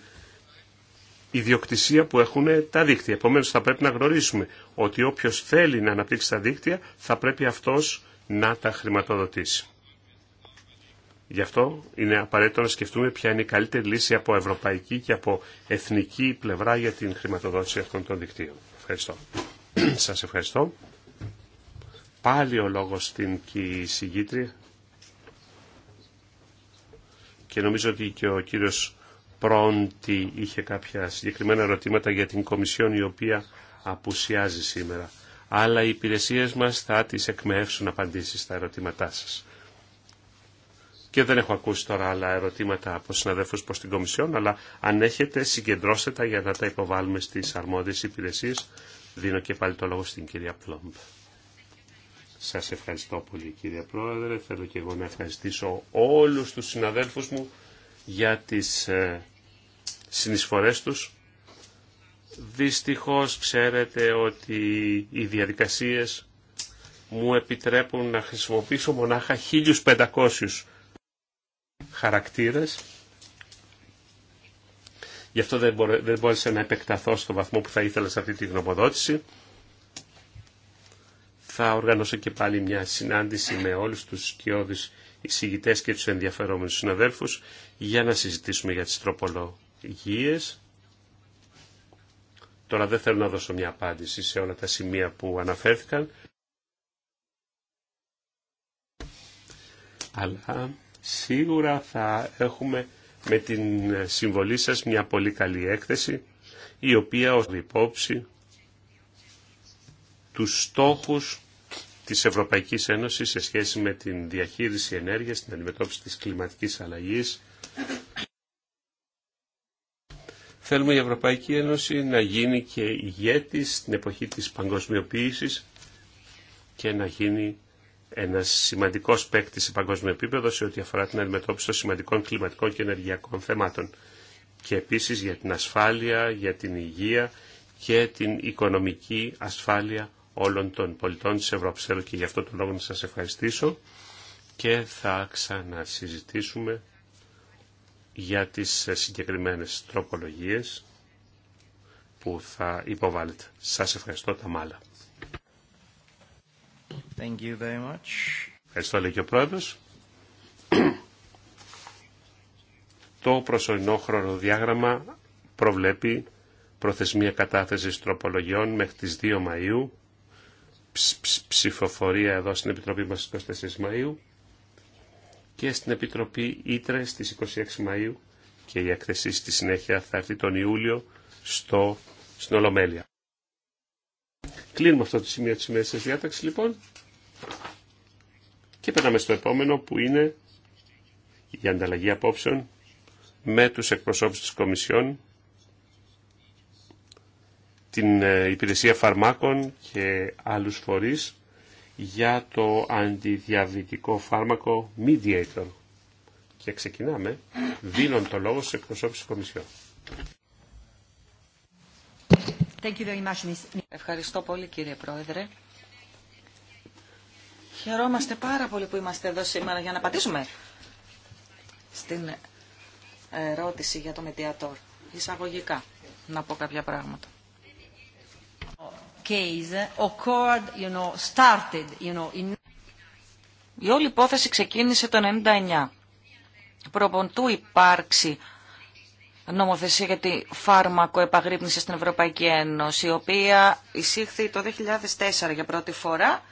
ιδιοκτησία που έχουν τα δίκτυα. Επομένως θα πρέπει να γνωρίσουμε ότι όποιος θέλει να αναπτύξει τα δίκτυα θα πρέπει αυτός να τα χρηματοδοτήσει. Γι' αυτό είναι απαραίτητο να σκεφτούμε ποια είναι η καλύτερη λύση από ευρωπαϊκή και από εθνική πλευρά για την χρηματοδότηση αυτών των δικτύων. Ευχαριστώ. Σας ευχαριστώ. Πάλι ο λόγος στην συγκήτρια. Και νομίζω ότι και ο κύριος Πρόντι είχε κάποια συγκεκριμένα ερωτήματα για την Κομισιόν η οποία απουσιάζει σήμερα. Αλλά οι υπηρεσίες μας θα τις εκμεύσουν απαντήσεις στα ερωτήματά σας και δεν έχω ακούσει τώρα άλλα ερωτήματα από συναδέλφους προς την Κομισιόν, αλλά αν έχετε συγκεντρώστε τα για να τα υποβάλουμε στις αρμόδιες υπηρεσίες. Δίνω και πάλι το λόγο στην κυρία Πλόμπ. Σας ευχαριστώ πολύ κύριε Πρόεδρε. Θέλω και εγώ να ευχαριστήσω όλους τους συναδέλφους μου για τις ε, συνεισφορές τους. Δυστυχώς ξέρετε ότι οι διαδικασίες μου επιτρέπουν να χρησιμοποιήσω μονάχα 1500 χαρακτήρες. Γι' αυτό δεν, μπορέ, δεν να επεκταθώ στο βαθμό που θα ήθελα σε αυτή τη γνωμοδότηση. Θα οργανώσω και πάλι μια συνάντηση με όλους τους σκιώδεις εισηγητές και τους ενδιαφερόμενους συναδέλφους για να συζητήσουμε για τις τροπολογίες. Τώρα δεν θέλω να δώσω μια απάντηση σε όλα τα σημεία που αναφέρθηκαν. Αλλά Σίγουρα θα έχουμε με την συμβολή σας μια πολύ καλή έκθεση η οποία ως υπόψη τους στόχους της Ευρωπαϊκής Ένωσης σε σχέση με την διαχείριση ενέργειας, την αντιμετώπιση της κλιματικής αλλαγής. Θέλουμε η Ευρωπαϊκή Ένωση να γίνει και ηγέτης στην εποχή της παγκοσμιοποίησης και να γίνει ένα σημαντικό παίκτη σε παγκόσμιο επίπεδο σε ό,τι αφορά την αντιμετώπιση των σημαντικών κλιματικών και ενεργειακών θεμάτων. Και επίση για την ασφάλεια, για την υγεία και την οικονομική ασφάλεια όλων των πολιτών της Ευρώπης. Θέλω και γι' αυτό τον λόγο να σας ευχαριστήσω και θα ξανασυζητήσουμε για τις συγκεκριμένες τροπολογίες που θα υποβάλλετε. Σας ευχαριστώ τα μάλα. Thank you Ευχαριστώ, λέει και ο πρόεδρο. Το προσωρινό χρονοδιάγραμμα προβλέπει προθεσμία κατάθεση τροπολογιών μέχρι τι 2 Μαου. ψηφοφορία εδώ στην Επιτροπή μας 24 Μαου και στην Επιτροπή Ήτρε στις 26 Μαΐου και η έκθεση στη συνέχεια θα έρθει τον Ιούλιο στο, στην Ολομέλεια. Κλείνουμε αυτό το σημείο της μέσης διάταξης λοιπόν και περνάμε στο επόμενο που είναι η ανταλλαγή απόψεων με τους εκπροσώπους της Κομισιόν, την ε, Υπηρεσία Φαρμάκων και άλλους φορείς για το αντιδιαβητικό φάρμακο Mediator. Και ξεκινάμε δίνοντο το λόγο στους εκπροσώπους της Κομισιόν. Ευχαριστώ πολύ κύριε Πρόεδρε. Χαιρόμαστε πάρα πολύ που είμαστε εδώ σήμερα για να πατήσουμε στην ερώτηση για το Μετιατόρ. Εισαγωγικά να πω κάποια πράγματα. you know, started, you know, in... Η όλη υπόθεση ξεκίνησε το 1999. Προποντού υπάρξει νομοθεσία για τη φάρμακο στην Ευρωπαϊκή Ένωση, η οποία εισήχθη το 2004 για πρώτη φορά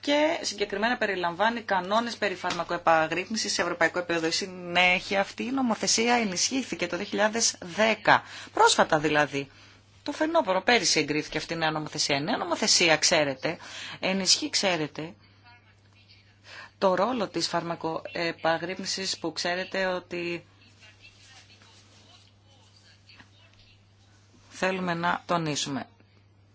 και συγκεκριμένα περιλαμβάνει κανόνε περί φαρμακοεπαγρύπνηση σε ευρωπαϊκό επίπεδο. Η συνέχεια αυτή η νομοθεσία ενισχύθηκε το 2010, πρόσφατα δηλαδή. Το φαινόμενο πέρυσι εγκρίθηκε αυτή η νέα νομοθεσία. Η νέα νομοθεσία, ξέρετε, ενισχύει, ξέρετε, το ρόλο της φαρμακοεπαγρύπνησης που ξέρετε ότι θέλουμε να τονίσουμε.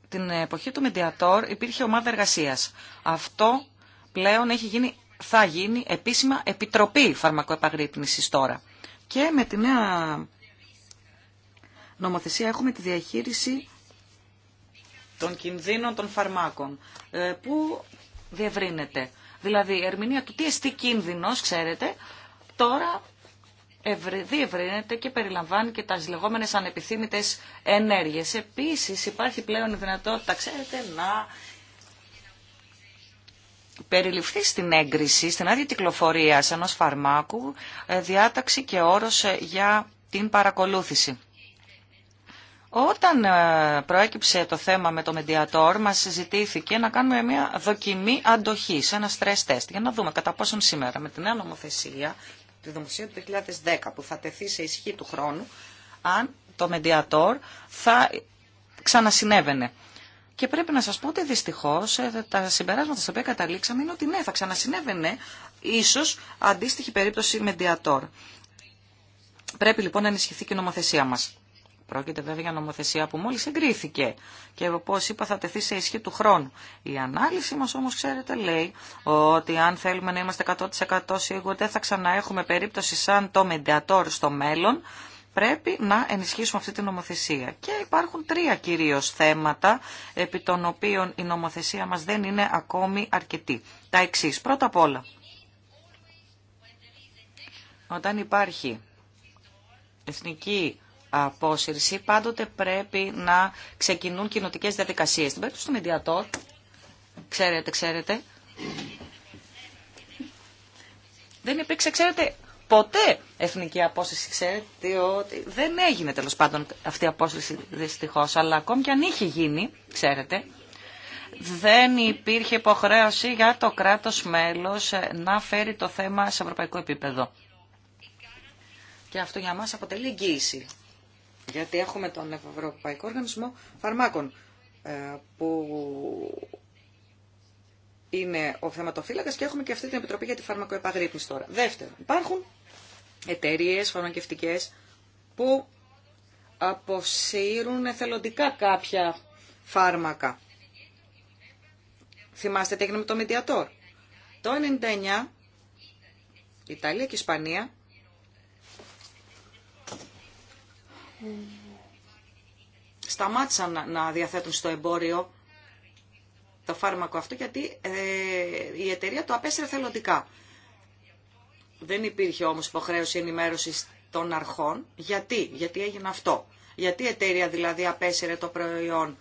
Την εποχή του Μεντιατόρ υπήρχε ομάδα εργασίας. Αυτό πλέον έχει γίνει, θα γίνει επίσημα επιτροπή φαρμακοεπαγρύπνησης τώρα. Και με τη νέα νομοθεσία έχουμε τη διαχείριση των κινδύνων των φαρμάκων ε, που διευρύνεται. Δηλαδή η ερμηνεία του τι εστί κίνδυνος, ξέρετε, τώρα διευρύνεται και περιλαμβάνει και τα λεγόμενες ανεπιθύμητες ενέργειες. Επίσης υπάρχει πλέον η δυνατότητα, ξέρετε, να περιληφθεί στην έγκριση, στην άδεια κυκλοφορία ενός φαρμάκου, ε, διάταξη και όρος ε, για την παρακολούθηση. Όταν ε, προέκυψε το θέμα με το Mediator, μας συζητήθηκε να κάνουμε μια δοκιμή αντοχής, ένα stress test, για να δούμε κατά πόσον σήμερα με την νέα νομοθεσία τη δομοσία του 2010 που θα τεθεί σε ισχύ του χρόνου αν το Μεντιατόρ θα ξανασυνέβαινε. Και πρέπει να σας πω ότι δυστυχώς ε, τα συμπεράσματα στα οποία καταλήξαμε είναι ότι ναι, θα ξανασυνέβαινε ίσως αντίστοιχη περίπτωση Μεντιατόρ. Πρέπει λοιπόν να ενισχυθεί και η νομοθεσία μας. Πρόκειται βέβαια για νομοθεσία που μόλις εγκρίθηκε και όπως είπα θα τεθεί σε ισχύ του χρόνου. Η ανάλυση μας όμως ξέρετε λέει ότι αν θέλουμε να είμαστε 100% σίγουροι δεν θα ξαναέχουμε περίπτωση σαν το Μεντεατόρ στο μέλλον πρέπει να ενισχύσουμε αυτή την νομοθεσία. Και υπάρχουν τρία κυρίως θέματα επί των οποίων η νομοθεσία μας δεν είναι ακόμη αρκετή. Τα εξής. Πρώτα απ' όλα, όταν υπάρχει εθνική απόσυρση, πάντοτε πρέπει να ξεκινούν κοινοτικές διαδικασίες. Στην περίπτωση του ξέρετε, ξέρετε, δεν υπήρξε, ξέρετε, ποτέ εθνική απόσυρση. Ξέρετε ότι δεν έγινε τέλος πάντων αυτή η απόσυρση δυστυχώς, αλλά ακόμη και αν είχε γίνει, ξέρετε, δεν υπήρχε υποχρέωση για το κράτος μέλος ε, να φέρει το θέμα σε ευρωπαϊκό επίπεδο. Και αυτό για μας αποτελεί εγγύηση γιατί έχουμε τον Ευρωπαϊκό Οργανισμό Φαρμάκων ε, που είναι ο θεματοφύλακας και έχουμε και αυτή την Επιτροπή για τη Φαρμακοεπαγρύπνηση τώρα. Δεύτερον, υπάρχουν εταιρείε φαρμακευτικές που αποσύρουν εθελοντικά κάποια φάρμακα. Θυμάστε τι έγινε με το Mediator. Το 99 Ιταλία και Ισπανία σταμάτησαν να διαθέτουν στο εμπόριο το φάρμακο αυτό γιατί ε, η εταιρεία το απέσυρε θελοντικά. Δεν υπήρχε όμως υποχρέωση ενημέρωσης των αρχών. Γιατί, γιατί έγινε αυτό. Γιατί η εταιρεία δηλαδή απέσυρε το προϊόν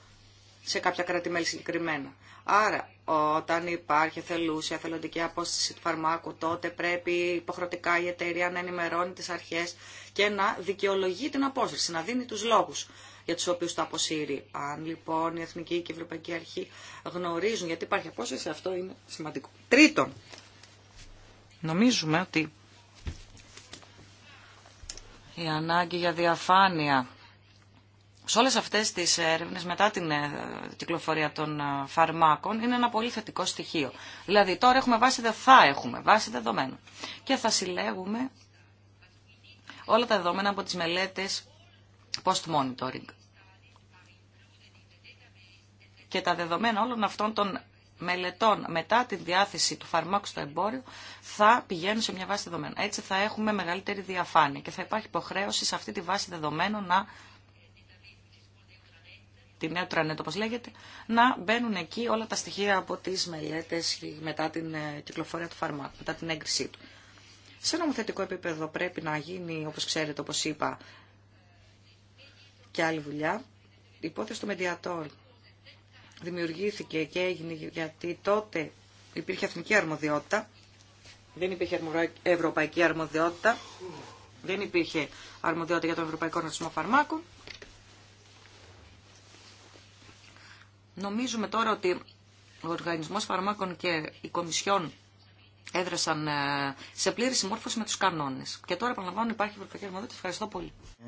σε κάποια κράτη-μέλη συγκεκριμένα. Άρα, όταν υπάρχει θελούσια, θελοντική απόσταση του φαρμάκου, τότε πρέπει υποχρεωτικά η εταιρεία να ενημερώνει τι αρχέ και να δικαιολογεί την απόσταση, να δίνει τους λόγους για τους οποίους το αποσύρει. Αν λοιπόν η Εθνική και η Ευρωπαϊκή Αρχή γνωρίζουν γιατί υπάρχει απόσταση, αυτό είναι σημαντικό. Τρίτον, νομίζουμε ότι η ανάγκη για διαφάνεια σε όλες αυτές τις έρευνες μετά την ε, κυκλοφορία των ε, φαρμάκων είναι ένα πολύ θετικό στοιχείο. Δηλαδή τώρα έχουμε βάση, θα έχουμε βάση δεδομένων και θα συλλέγουμε όλα τα δεδομένα από τις μελέτες post-monitoring. Και τα δεδομένα όλων αυτών των μελετών μετά τη διάθεση του φαρμάκου στο εμπόριο θα πηγαίνουν σε μια βάση δεδομένων. Έτσι θα έχουμε μεγαλύτερη διαφάνεια και θα υπάρχει υποχρέωση σε αυτή τη βάση δεδομένων να την Έτρανετ όπω λέγεται, να μπαίνουν εκεί όλα τα στοιχεία από τις μελέτε μετά την ε, κυκλοφορία του φαρμάκου, μετά την έγκρισή του. Σε νομοθετικό επίπεδο πρέπει να γίνει, όπως ξέρετε, όπως είπα, και άλλη δουλειά. Η υπόθεση του Μεντιατόρ δημιουργήθηκε και έγινε γιατί τότε υπήρχε εθνική αρμοδιότητα, δεν υπήρχε ευρωπαϊκή αρμοδιότητα, δεν υπήρχε αρμοδιότητα για τον Ευρωπαϊκό Οργανισμό Φαρμάκων Νομίζουμε τώρα ότι ο Οργανισμός Φαρμάκων και η Κομισιόν έδρασαν ε, σε πλήρη συμμόρφωση με τους κανόνες. Και τώρα, επαναλαμβάνω, υπάρχει η ευρωπαϊκή αρμοδότητα. Ευχαριστώ πολύ. E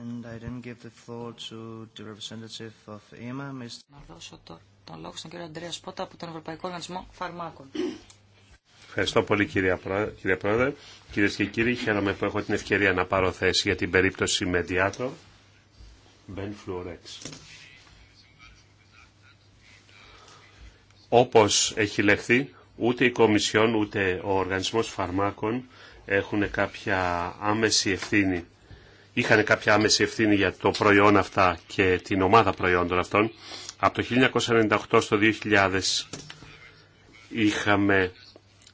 να δώσω το, τον λόγο στον κύριο Αντρέα Σπότα από τον Ευρωπαϊκό Οργανισμό Φαρμάκων. Ευχαριστώ πολύ κυρία Πρόεδρε. Κύριε Πρόεδρε. Κυρίες και κύριοι, χαίρομαι που έχω την ευκαιρία να πάρω θέση για την περίπτωση Mediator Ben Fluorex. όπως έχει λεχθεί, ούτε η Κομισιόν ούτε ο Οργανισμός Φαρμάκων έχουν κάποια άμεση ευθύνη. Είχαν κάποια άμεση ευθύνη για το προϊόν αυτά και την ομάδα προϊόντων αυτών. Από το 1998 στο 2000 είχαμε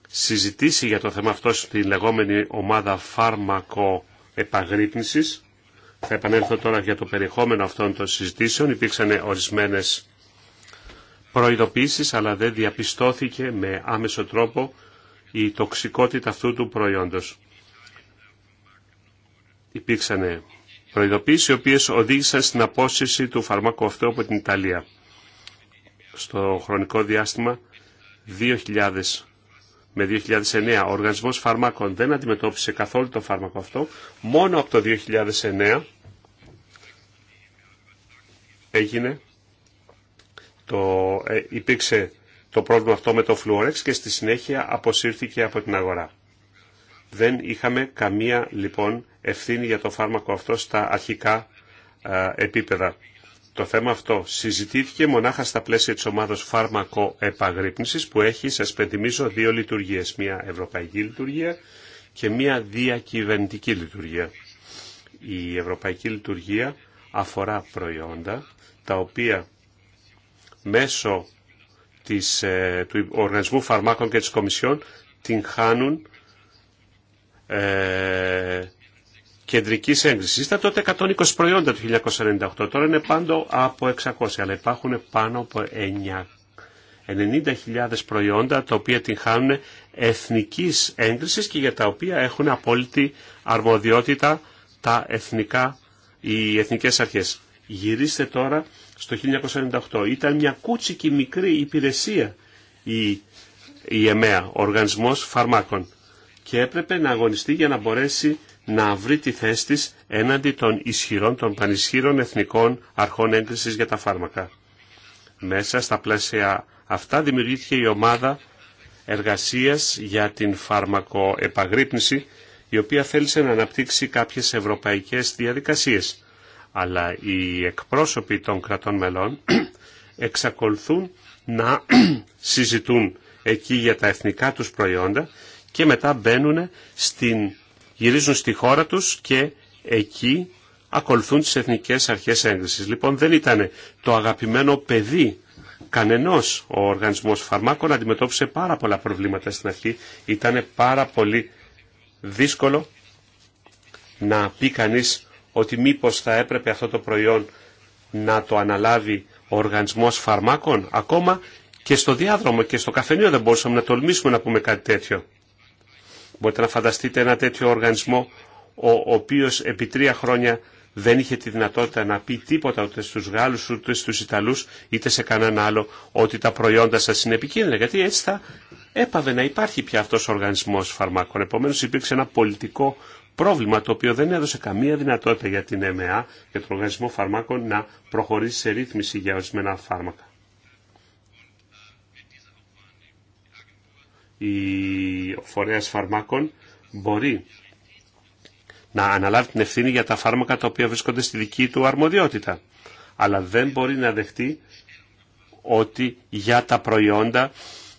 συζητήσει για το θέμα αυτό στην λεγόμενη ομάδα φάρμακο επαγρύπνησης. Θα επανέλθω τώρα για το περιεχόμενο αυτών των συζητήσεων. Υπήρξαν ορισμένες προειδοποίησης αλλά δεν διαπιστώθηκε με άμεσο τρόπο η τοξικότητα αυτού του προϊόντος. Υπήρξαν προειδοποίησεις οι οποίες οδήγησαν στην απόσυρση του φαρμάκου αυτού από την Ιταλία. Στο χρονικό διάστημα 2000 με 2009 ο Οργανισμός Φαρμάκων δεν αντιμετώπισε καθόλου το φάρμακο αυτό. Μόνο από το 2009 έγινε το, ε, υπήρξε το πρόβλημα αυτό με το Fluorex και στη συνέχεια αποσύρθηκε από την αγορά. Δεν είχαμε καμία λοιπόν ευθύνη για το φάρμακο αυτό στα αρχικά ε, επίπεδα. Το θέμα αυτό συζητήθηκε μονάχα στα πλαίσια της ομάδος φάρμακο επαγρύπνησης που έχει, σας πεντιμίζω, δύο λειτουργίες. Μία ευρωπαϊκή λειτουργία και μία διακυβερνητική λειτουργία. Η ευρωπαϊκή λειτουργία αφορά προϊόντα τα οποία μέσω της, ε, του Οργανισμού Φαρμάκων και της Κομισιόν την χάνουν ε, κεντρικής έγκρισης. Ήταν τότε 120 προϊόντα του 1998, τώρα είναι πάνω από 600, αλλά υπάρχουν πάνω από 90.000 προϊόντα τα οποία την χάνουν εθνικής έγκρισης και για τα οποία έχουν απόλυτη αρμοδιότητα τα εθνικά, οι εθνικές αρχές. Γυρίστε τώρα στο 1998. Ήταν μια κούτσικη μικρή υπηρεσία η, η ΕΜΕΑ, ο Οργανισμός Φαρμάκων και έπρεπε να αγωνιστεί για να μπορέσει να βρει τη θέση της έναντι των ισχυρών, των πανισχύρων εθνικών αρχών έγκρισης για τα φάρμακα. Μέσα στα πλαίσια αυτά δημιουργήθηκε η ομάδα εργασίας για την φάρμακοεπαγρύπνηση, η οποία θέλησε να αναπτύξει κάποιες ευρωπαϊκές διαδικασίες αλλά οι εκπρόσωποι των κρατών μελών εξακολουθούν να συζητούν εκεί για τα εθνικά τους προϊόντα και μετά μπαίνουν στην, γυρίζουν στη χώρα τους και εκεί ακολουθούν τις εθνικές αρχές έγκρισης. Λοιπόν δεν ήταν το αγαπημένο παιδί κανενός ο οργανισμός φαρμάκων αντιμετώπισε πάρα πολλά προβλήματα στην αρχή. Ήταν πάρα πολύ δύσκολο να πει κανείς ότι μήπως θα έπρεπε αυτό το προϊόν να το αναλάβει ο οργανισμός φαρμάκων. Ακόμα και στο διάδρομο και στο καφενείο δεν μπορούσαμε να τολμήσουμε να πούμε κάτι τέτοιο. Μπορείτε να φανταστείτε ένα τέτοιο οργανισμό ο οποίος επί τρία χρόνια δεν είχε τη δυνατότητα να πει τίποτα ούτε στους Γάλλους ούτε στους Ιταλούς είτε σε κανέναν άλλο ότι τα προϊόντα σας είναι επικίνδυνα γιατί έτσι θα έπαβε να υπάρχει πια αυτός ο οργανισμός φαρμάκων. Επομένως υπήρξε ένα πολιτικό πρόβλημα το οποίο δεν έδωσε καμία δυνατότητα για την ΕΜΕΑ, και τον Οργανισμό Φαρμάκων, να προχωρήσει σε ρύθμιση για ορισμένα φάρμακα. Η φορέα φαρμάκων μπορεί να αναλάβει την ευθύνη για τα φάρμακα τα οποία βρίσκονται στη δική του αρμοδιότητα. Αλλά δεν μπορεί να δεχτεί ότι για τα προϊόντα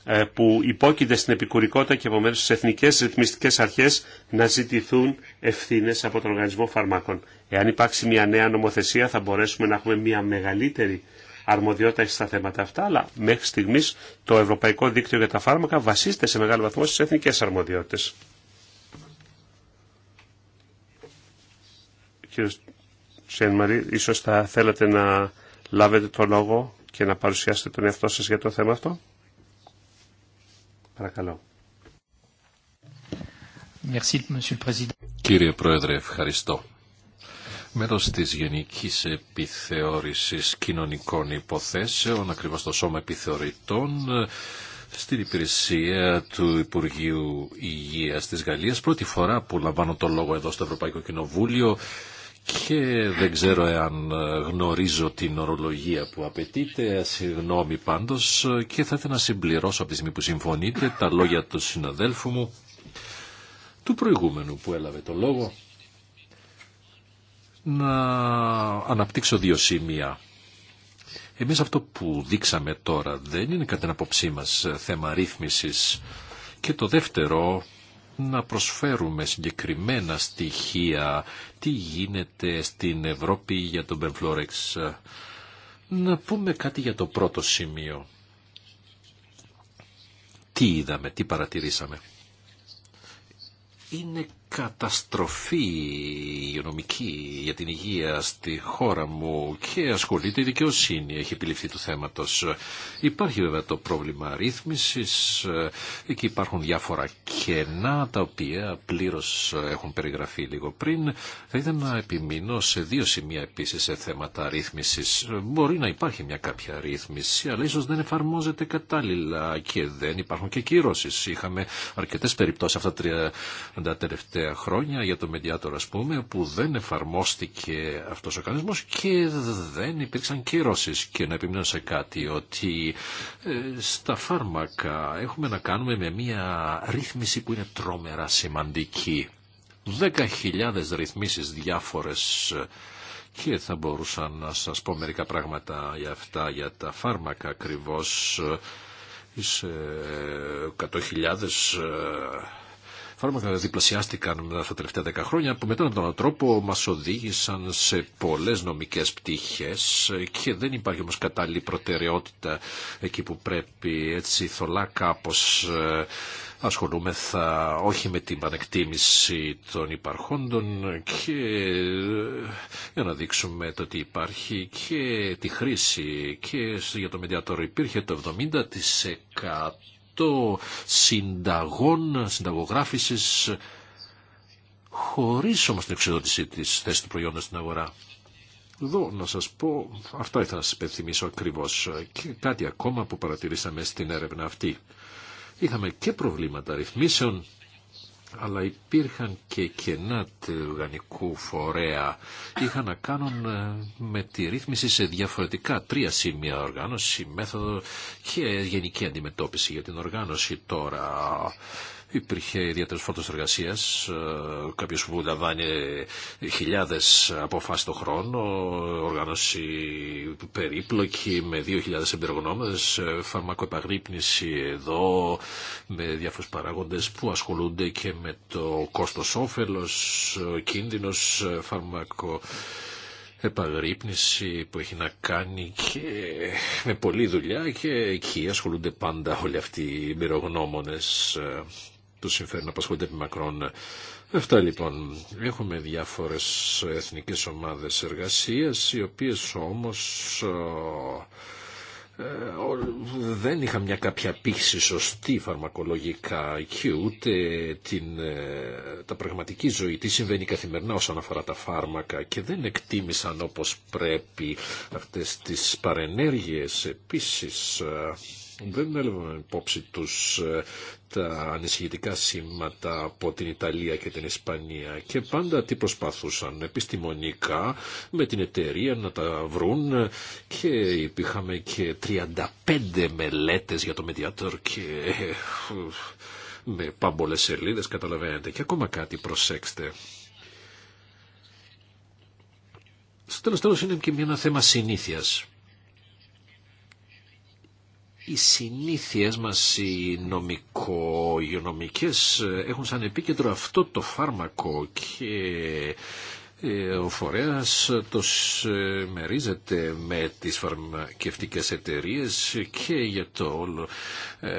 ε, που υπόκειται στην επικουρικότητα και επομένω στι εθνικές ρυθμιστικές αρχές να ζητηθούν ευθύνες από τον Οργανισμό Φαρμάκων. Εάν υπάρξει μια νέα νομοθεσία, θα μπορέσουμε να έχουμε μια μεγαλύτερη αρμοδιότητα στα θέματα αυτά, αλλά μέχρι στιγμής το Ευρωπαϊκό Δίκτυο για τα Φάρμακα βασίζεται σε μεγάλο βαθμό στι εθνικέ αρμοδιότητε. Κύριε Σένμαρη, ίσως θα θέλατε να λάβετε το λόγο και να παρουσιάσετε τον εαυτό σας για το θέμα αυτό. Παρακαλώ. Κύριε Πρόεδρε, ευχαριστώ. Μέρος της Γενικής Επιθεώρησης Κοινωνικών Υποθέσεων, ακριβώς το Σώμα Επιθεωρητών, στην υπηρεσία του Υπουργείου Υγείας της Γαλλίας. Πρώτη φορά που λαμβάνω το λόγο εδώ στο Ευρωπαϊκό Κοινοβούλιο και δεν ξέρω εάν ε, γνωρίζω την ορολογία που απαιτείται, συγγνώμη πάντως, και θα ήθελα να συμπληρώσω από τη στιγμή που συμφωνείτε τα λόγια του συναδέλφου μου, του προηγούμενου που έλαβε το λόγο, να αναπτύξω δύο σημεία. Εμείς αυτό που δείξαμε τώρα δεν είναι κατά την απόψή μας θέμα ρύθμισης και το δεύτερο να προσφέρουμε συγκεκριμένα στοιχεία τι γίνεται στην Ευρώπη για τον Μπενφλόρεξ. Να πούμε κάτι για το πρώτο σημείο. Τι είδαμε, τι παρατηρήσαμε. Είναι καταστροφή υγειονομική για την υγεία στη χώρα μου και ασχολείται η δικαιοσύνη, έχει επιληφθεί του θέματος. Υπάρχει βέβαια το πρόβλημα ρύθμισης, και υπάρχουν διάφορα κενά τα οποία πλήρως έχουν περιγραφεί λίγο πριν. Θα ήθελα να επιμείνω σε δύο σημεία επίσης σε θέματα ρύθμισης. Μπορεί να υπάρχει μια κάποια ρύθμιση, αλλά ίσως δεν εφαρμόζεται κατάλληλα και δεν υπάρχουν και κυρώσεις. Είχαμε αρκετές περιπτώσεις αυτά τα τελευταία τελευταία χρόνια για το Μεντιάτορ ας πούμε που δεν εφαρμόστηκε αυτός ο κανονισμός και δεν υπήρξαν κυρώσεις και να επιμείνω σε κάτι ότι ε, στα φάρμακα έχουμε να κάνουμε με μια ρύθμιση που είναι τρόμερα σημαντική. 10.000 ρυθμίσεις διάφορες και θα μπορούσα να σας πω μερικά πράγματα για αυτά, για τα φάρμακα ακριβώς. Είσαι 100.000 ε, φάρμακα διπλασιάστηκαν μετά τα τελευταία δέκα χρόνια που μετά από τον τρόπο μας οδήγησαν σε πολλές νομικές πτυχέ και δεν υπάρχει όμω κατάλληλη προτεραιότητα εκεί που πρέπει έτσι θολά κάπω ε, ασχολούμεθα όχι με την πανεκτίμηση των υπαρχόντων και ε, για να δείξουμε το υπάρχει και τη χρήση και για το μεντιατόρο υπήρχε το 70% το συνταγών, συνταγογράφησης, χωρίς όμως την εξοδότησή της θέσης του προϊόντος στην αγορά. Εδώ να σας πω, αυτό ήθελα να σας υπενθυμίσω ακριβώς και κάτι ακόμα που παρατηρήσαμε στην έρευνα αυτή. Είχαμε και προβλήματα ρυθμίσεων αλλά υπήρχαν και κενά του οργανικού φορέα. Είχαν να κάνουν ε, με τη ρύθμιση σε διαφορετικά τρία σημεία οργάνωση, μέθοδο και γενική αντιμετώπιση για την οργάνωση τώρα. Υπήρχε ιδιαίτερο φόρτο εργασία, ε, κάποιο που λαμβάνει χιλιάδε αποφάσει το χρόνο, οργάνωση περίπλοκη με 2.000 εμπειρογνώμε, φαρμακοεπαγρύπνηση εδώ, με διάφορου παράγοντε που ασχολούνται και με το κόστο όφελο, ε, κίνδυνο, ε, φαρμακο που έχει να κάνει και με πολλή δουλειά και εκεί ασχολούνται πάντα όλοι αυτοί οι μυρογνώμονες του συμφέρει να απασχολούνται επί μακρόν. Αυτά λοιπόν. Έχουμε διάφορε εθνικέ ομάδε εργασίας, οι οποίες όμως ε, ε, δεν είχαν μια κάποια πίξη σωστή φαρμακολογικά και ούτε την, ε, τα πραγματική ζωή, τι συμβαίνει καθημερινά όσον αφορά τα φάρμακα και δεν εκτίμησαν όπως πρέπει αυτές τις παρενέργειες. Επίσης, δεν έλαβαν υπόψη τους ε, τα ανησυχητικά σήματα από την Ιταλία και την Ισπανία και πάντα τι προσπαθούσαν επιστημονικά με την εταιρεία να τα βρουν και υπήρχαμε και 35 μελέτες για το Mediator και ε, με πάμπολε σελίδε καταλαβαίνετε και ακόμα κάτι προσέξτε στο τέλος τέλος είναι και μία θέμα συνήθειας οι συνήθειες μας οι νομικο έχουν σαν επίκεντρο αυτό το φάρμακο και ε, ο φορέας το μερίζεται με τις φαρμακευτικές εταιρείες και για το όλο ε,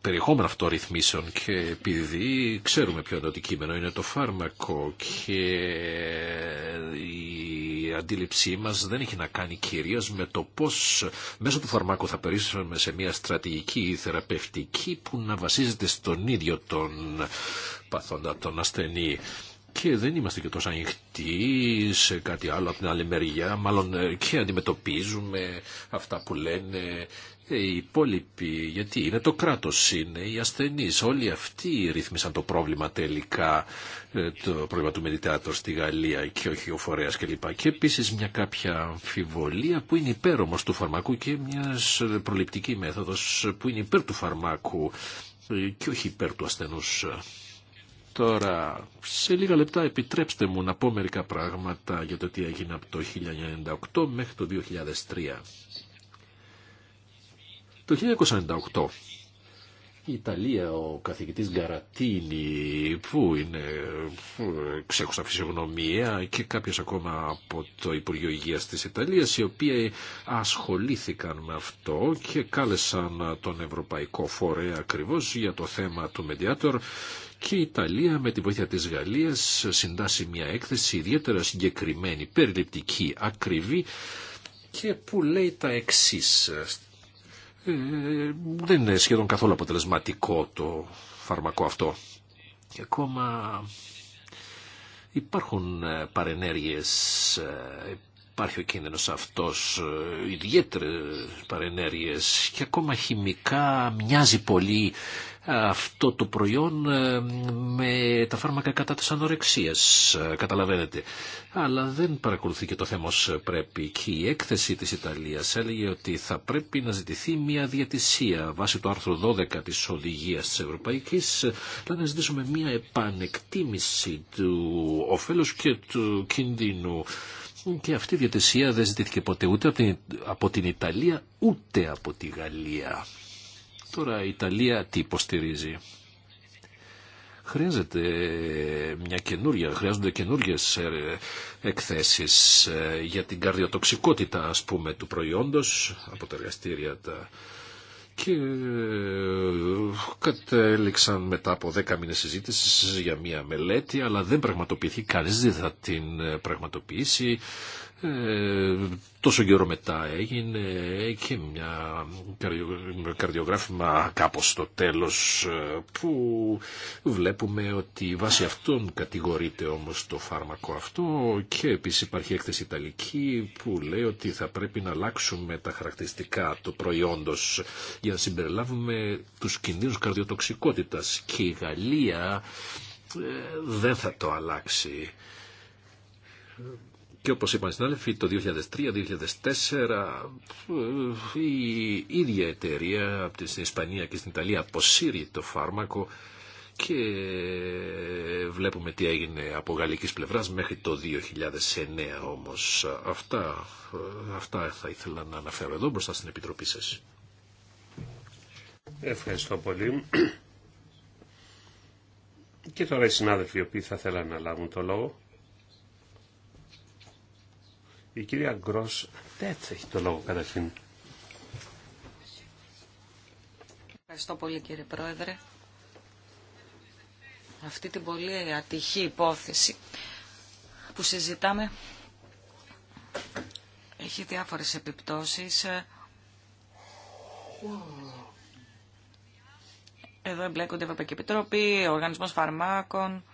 περιεχόμενο αυτορυθμίσεων και επειδή ξέρουμε ποιο είναι το κείμενο, είναι το φάρμακο και η αντίληψή μας δεν έχει να κάνει κυρίως με το πώς μέσω του φαρμάκου θα περίσσουμε σε μια στρατηγική θεραπευτική που να βασίζεται στον ίδιο τον παθόντα, τον ασθενή και δεν είμαστε και τόσο ανοιχτοί σε κάτι άλλο από την άλλη μεριά, μάλλον ε, και αντιμετωπίζουμε αυτά που λένε ε, οι υπόλοιποι, γιατί είναι το κράτος, είναι οι ασθενείς, όλοι αυτοί ρύθμισαν το πρόβλημα τελικά, ε, το πρόβλημα του Μεντιτάτορ στη Γαλλία και όχι ο φορέας κλπ. Και επίσης μια κάποια αμφιβολία που είναι υπέρ όμως του φαρμακού και μια προληπτική μέθοδος που είναι υπέρ του φαρμάκου και όχι υπέρ του ασθενούς. Τώρα, σε λίγα λεπτά επιτρέψτε μου να πω μερικά πράγματα για το τι έγινε από το 1998 μέχρι το 2003. Το 1998 η Ιταλία, ο καθηγητής Γκαρατίνη, που είναι ξέχουσα φυσιογνωμία και κάποιος ακόμα από το Υπουργείο Υγείας της Ιταλίας, οι οποίοι ασχολήθηκαν με αυτό και κάλεσαν τον Ευρωπαϊκό Φορέα ακριβώς για το θέμα του Mediator και η Ιταλία με τη βοήθεια της Γαλλίας συντάσσει μια έκθεση ιδιαίτερα συγκεκριμένη, περιληπτική, ακριβή και που λέει τα εξής. Ε, δεν είναι σχεδόν καθόλου αποτελεσματικό το φαρμακό αυτό. Και ακόμα υπάρχουν ε, παρενέργειες, ε, υπάρχει ο κίνδυνος αυτός, ιδιαίτερες παρενέργειες και ακόμα χημικά μοιάζει πολύ αυτό το προϊόν ε, με τα φάρμακα κατά της ανορεξίας, ε, καταλαβαίνετε. Αλλά δεν παρακολουθεί και το θέμα ως πρέπει. Και η έκθεση της Ιταλίας έλεγε ότι θα πρέπει να ζητηθεί μια διατησία βάσει του άρθρου 12 της Οδηγίας της Ευρωπαϊκής, δηλαδή να ζητήσουμε μια επανεκτίμηση του ωφέλους και του κινδύνου. Και αυτή η διατησία δεν ζητήθηκε ποτέ ούτε από την Ιταλία ούτε από τη Γαλλία. Τώρα η Ιταλία τι υποστηρίζει. Χρειάζεται μια καινούρια, χρειάζονται καινούργιες ε, εκθέσεις ε, για την καρδιοτοξικότητα ας πούμε του προϊόντος από τα εργαστήρια τα και ε, κατέληξαν μετά από δέκα μήνες συζήτηση για μια μελέτη αλλά δεν πραγματοποιηθεί κανείς δεν θα την πραγματοποιήσει ε, τόσο καιρό μετά έγινε και μια καρδιογράφημα κάπως στο τέλος ε, που βλέπουμε ότι βάσει αυτών κατηγορείται όμως το φάρμακο αυτό και επίσης υπάρχει έκθεση ιταλική που λέει ότι θα πρέπει να αλλάξουμε τα χαρακτηριστικά του προϊόντος για να συμπεριλάβουμε τους κινδύνους καρδιοτοξικότητας και η Γαλλία ε, δεν θα το αλλάξει και όπως είπαν οι συνάδελφοι, το 2003-2004 ε, η ίδια εταιρεία από την Ισπανία και στην Ιταλία αποσύρει το φάρμακο και βλέπουμε τι έγινε από γαλλικής πλευράς μέχρι το 2009 όμως. Αυτά, αυτά θα ήθελα να αναφέρω εδώ μπροστά στην Επιτροπή σας. Ευχαριστώ πολύ. Και τώρα οι συνάδελφοι οι οποίοι θα θέλανε να λάβουν το λόγο. Η κυρία Γκρός Τέτς έχει το λόγο καταρχήν. Ευχαριστώ πολύ κύριε Πρόεδρε. Αυτή την πολύ ατυχή υπόθεση που συζητάμε έχει διάφορες επιπτώσεις. Εδώ εμπλέκονται η Ευρωπαϊκή Επιτροπή, ο Οργανισμός Φαρμάκων,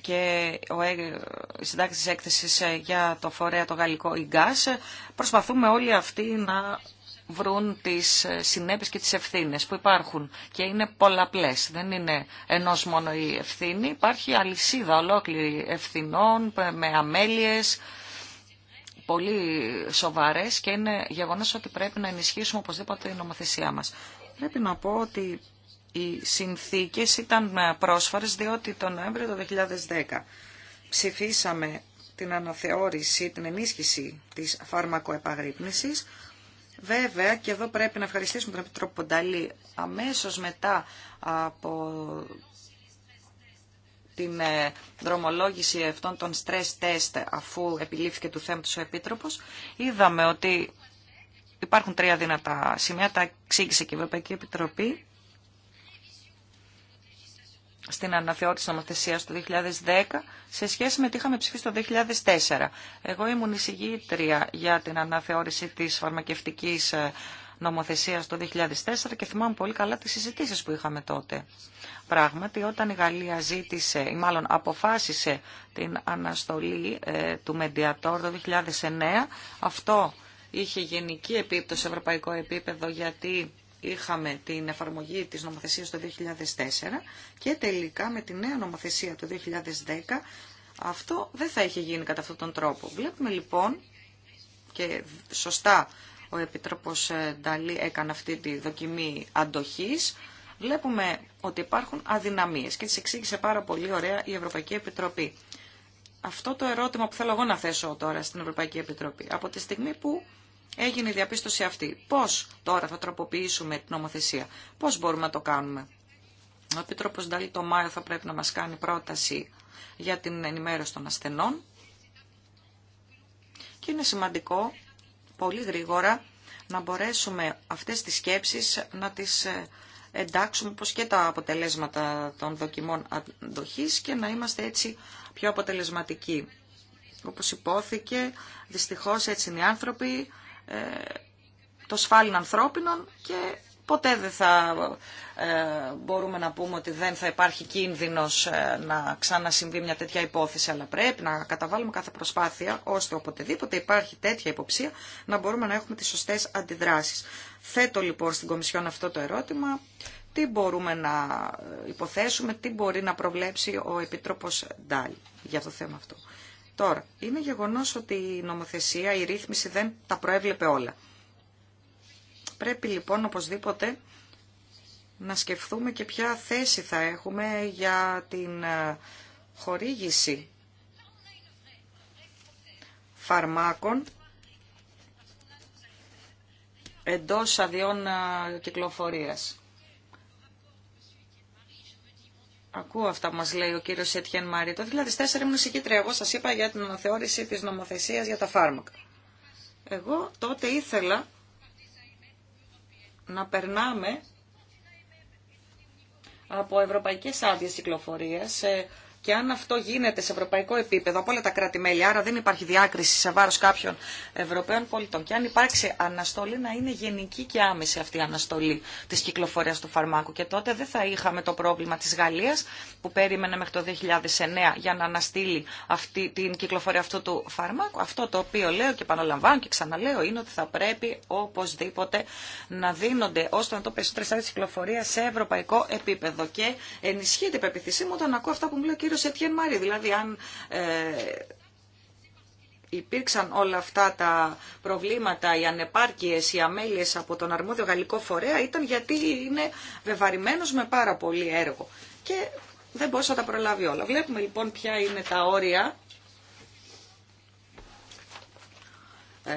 και ο, η ε, συντάξη έκθεσης ε, για το φορέα το γαλλικό ΙΓΚΑΣ, προσπαθούμε όλοι αυτοί να βρουν τις ε, συνέπειες και τις ευθύνες που υπάρχουν και είναι πολλαπλές. Δεν είναι ενός μόνο η ευθύνη, υπάρχει αλυσίδα ολόκληρη ευθυνών με αμέλειες, πολύ σοβαρές και είναι γεγονός ότι πρέπει να ενισχύσουμε οπωσδήποτε η νομοθεσία μας. Πρέπει να πω ότι οι συνθήκες ήταν πρόσφαρες διότι τον Νοέμβριο του 2010 ψηφίσαμε την αναθεώρηση, την ενίσχυση της φαρμακοεπαγρύπνησης. Βέβαια, και εδώ πρέπει να ευχαριστήσουμε τον Επιτρόπο Πονταλή, αμέσως μετά από την ε, δρομολόγηση αυτών των stress test, αφού επιλήφθηκε του θέματος ο Επίτροπος, είδαμε ότι υπάρχουν τρία δυνατά σημεία, τα εξήγησε και η Ευρωπαϊκή Επιτροπή, στην αναθεώρηση νομοθεσία του 2010 σε σχέση με τι είχαμε ψηφίσει το 2004. Εγώ ήμουν εισηγήτρια για την αναθεώρηση της φαρμακευτικής ε, νομοθεσίας το 2004 και θυμάμαι πολύ καλά τις συζητήσει που είχαμε τότε. Πράγματι, όταν η Γαλλία ζήτησε ή μάλλον αποφάσισε την αναστολή ε, του Μεντιατόρ το 2009, αυτό είχε γενική επίπτωση σε ευρωπαϊκό επίπεδο γιατί είχαμε την εφαρμογή της νομοθεσίας το 2004 και τελικά με τη νέα νομοθεσία το 2010 αυτό δεν θα είχε γίνει κατά αυτόν τον τρόπο. Βλέπουμε λοιπόν και σωστά ο Επίτροπος ε, Νταλή έκανε αυτή τη δοκιμή αντοχής. Βλέπουμε ότι υπάρχουν αδυναμίες και τις εξήγησε πάρα πολύ ωραία η Ευρωπαϊκή Επιτροπή. Αυτό το ερώτημα που θέλω εγώ να θέσω τώρα στην Ευρωπαϊκή Επιτροπή. Από τη στιγμή που Έγινε η διαπίστωση αυτή. Πώς τώρα θα τροποποιήσουμε την νομοθεσία. Πώς μπορούμε να το κάνουμε. Ο Επίτροπος Νταλή το Μάιο θα πρέπει να μας κάνει πρόταση για την ενημέρωση των ασθενών. Και είναι σημαντικό πολύ γρήγορα να μπορέσουμε αυτές τις σκέψεις να τις ε, εντάξουμε πως και τα αποτελέσματα των δοκιμών αντοχής και να είμαστε έτσι πιο αποτελεσματικοί. Όπως υπόθηκε, δυστυχώς έτσι είναι οι άνθρωποι, ε, το σφάλιν ανθρώπινων και ποτέ δεν θα ε, μπορούμε να πούμε ότι δεν θα υπάρχει κίνδυνος ε, να ξανασυμβεί μια τέτοια υπόθεση, αλλά πρέπει να καταβάλουμε κάθε προσπάθεια ώστε οποτεδήποτε υπάρχει τέτοια υποψία να μπορούμε να έχουμε τις σωστές αντιδράσεις. Θέτω λοιπόν στην Κομισιόν αυτό το ερώτημα. Τι μπορούμε να υποθέσουμε, τι μπορεί να προβλέψει ο Επίτροπος Ντάλι για το θέμα αυτό. Τώρα, είναι γεγονός ότι η νομοθεσία, η ρύθμιση δεν τα προέβλεπε όλα. Πρέπει λοιπόν οπωσδήποτε να σκεφτούμε και ποια θέση θα έχουμε για την ε, χορήγηση φαρμάκων εντός αδειών ε, κυκλοφορίας. Ακούω αυτά που μας λέει ο κύριος Σέτιεν Μαρή. Το 2004 ήμουν συγκίτρια, Εγώ σα είπα για την αναθεώρηση της νομοθεσίας για τα φάρμακα. Εγώ τότε ήθελα να περνάμε από ευρωπαϊκές άδειες κυκλοφορίας σε και αν αυτό γίνεται σε ευρωπαϊκό επίπεδο από όλα τα κράτη-μέλη, άρα δεν υπάρχει διάκριση σε βάρος κάποιων Ευρωπαίων πολιτών, και αν υπάρξει αναστολή να είναι γενική και άμεση αυτή η αναστολή τη κυκλοφορία του φαρμάκου. Και τότε δεν θα είχαμε το πρόβλημα τη Γαλλία που περίμενε μέχρι το 2009 για να αναστείλει αυτή, την κυκλοφορία αυτού του φαρμάκου. Αυτό το οποίο λέω και επαναλαμβάνω και ξαναλέω είναι ότι θα πρέπει οπωσδήποτε να δίνονται ώστε να το περισσότερο κυκλοφορία σε ευρωπαϊκό επίπεδο. Και ενισχύεται η πεποίθησή μου όταν ακούω αυτά που μου λέει Μαρή. Δηλαδή, αν ε, υπήρξαν όλα αυτά τα προβλήματα, οι ανεπάρκειες, οι αμέλειες από τον αρμόδιο γαλλικό φορέα, ήταν γιατί είναι βεβαρημένος με πάρα πολύ έργο. Και δεν μπορούσε να τα προλάβει όλα. Βλέπουμε λοιπόν ποια είναι τα όρια Ε,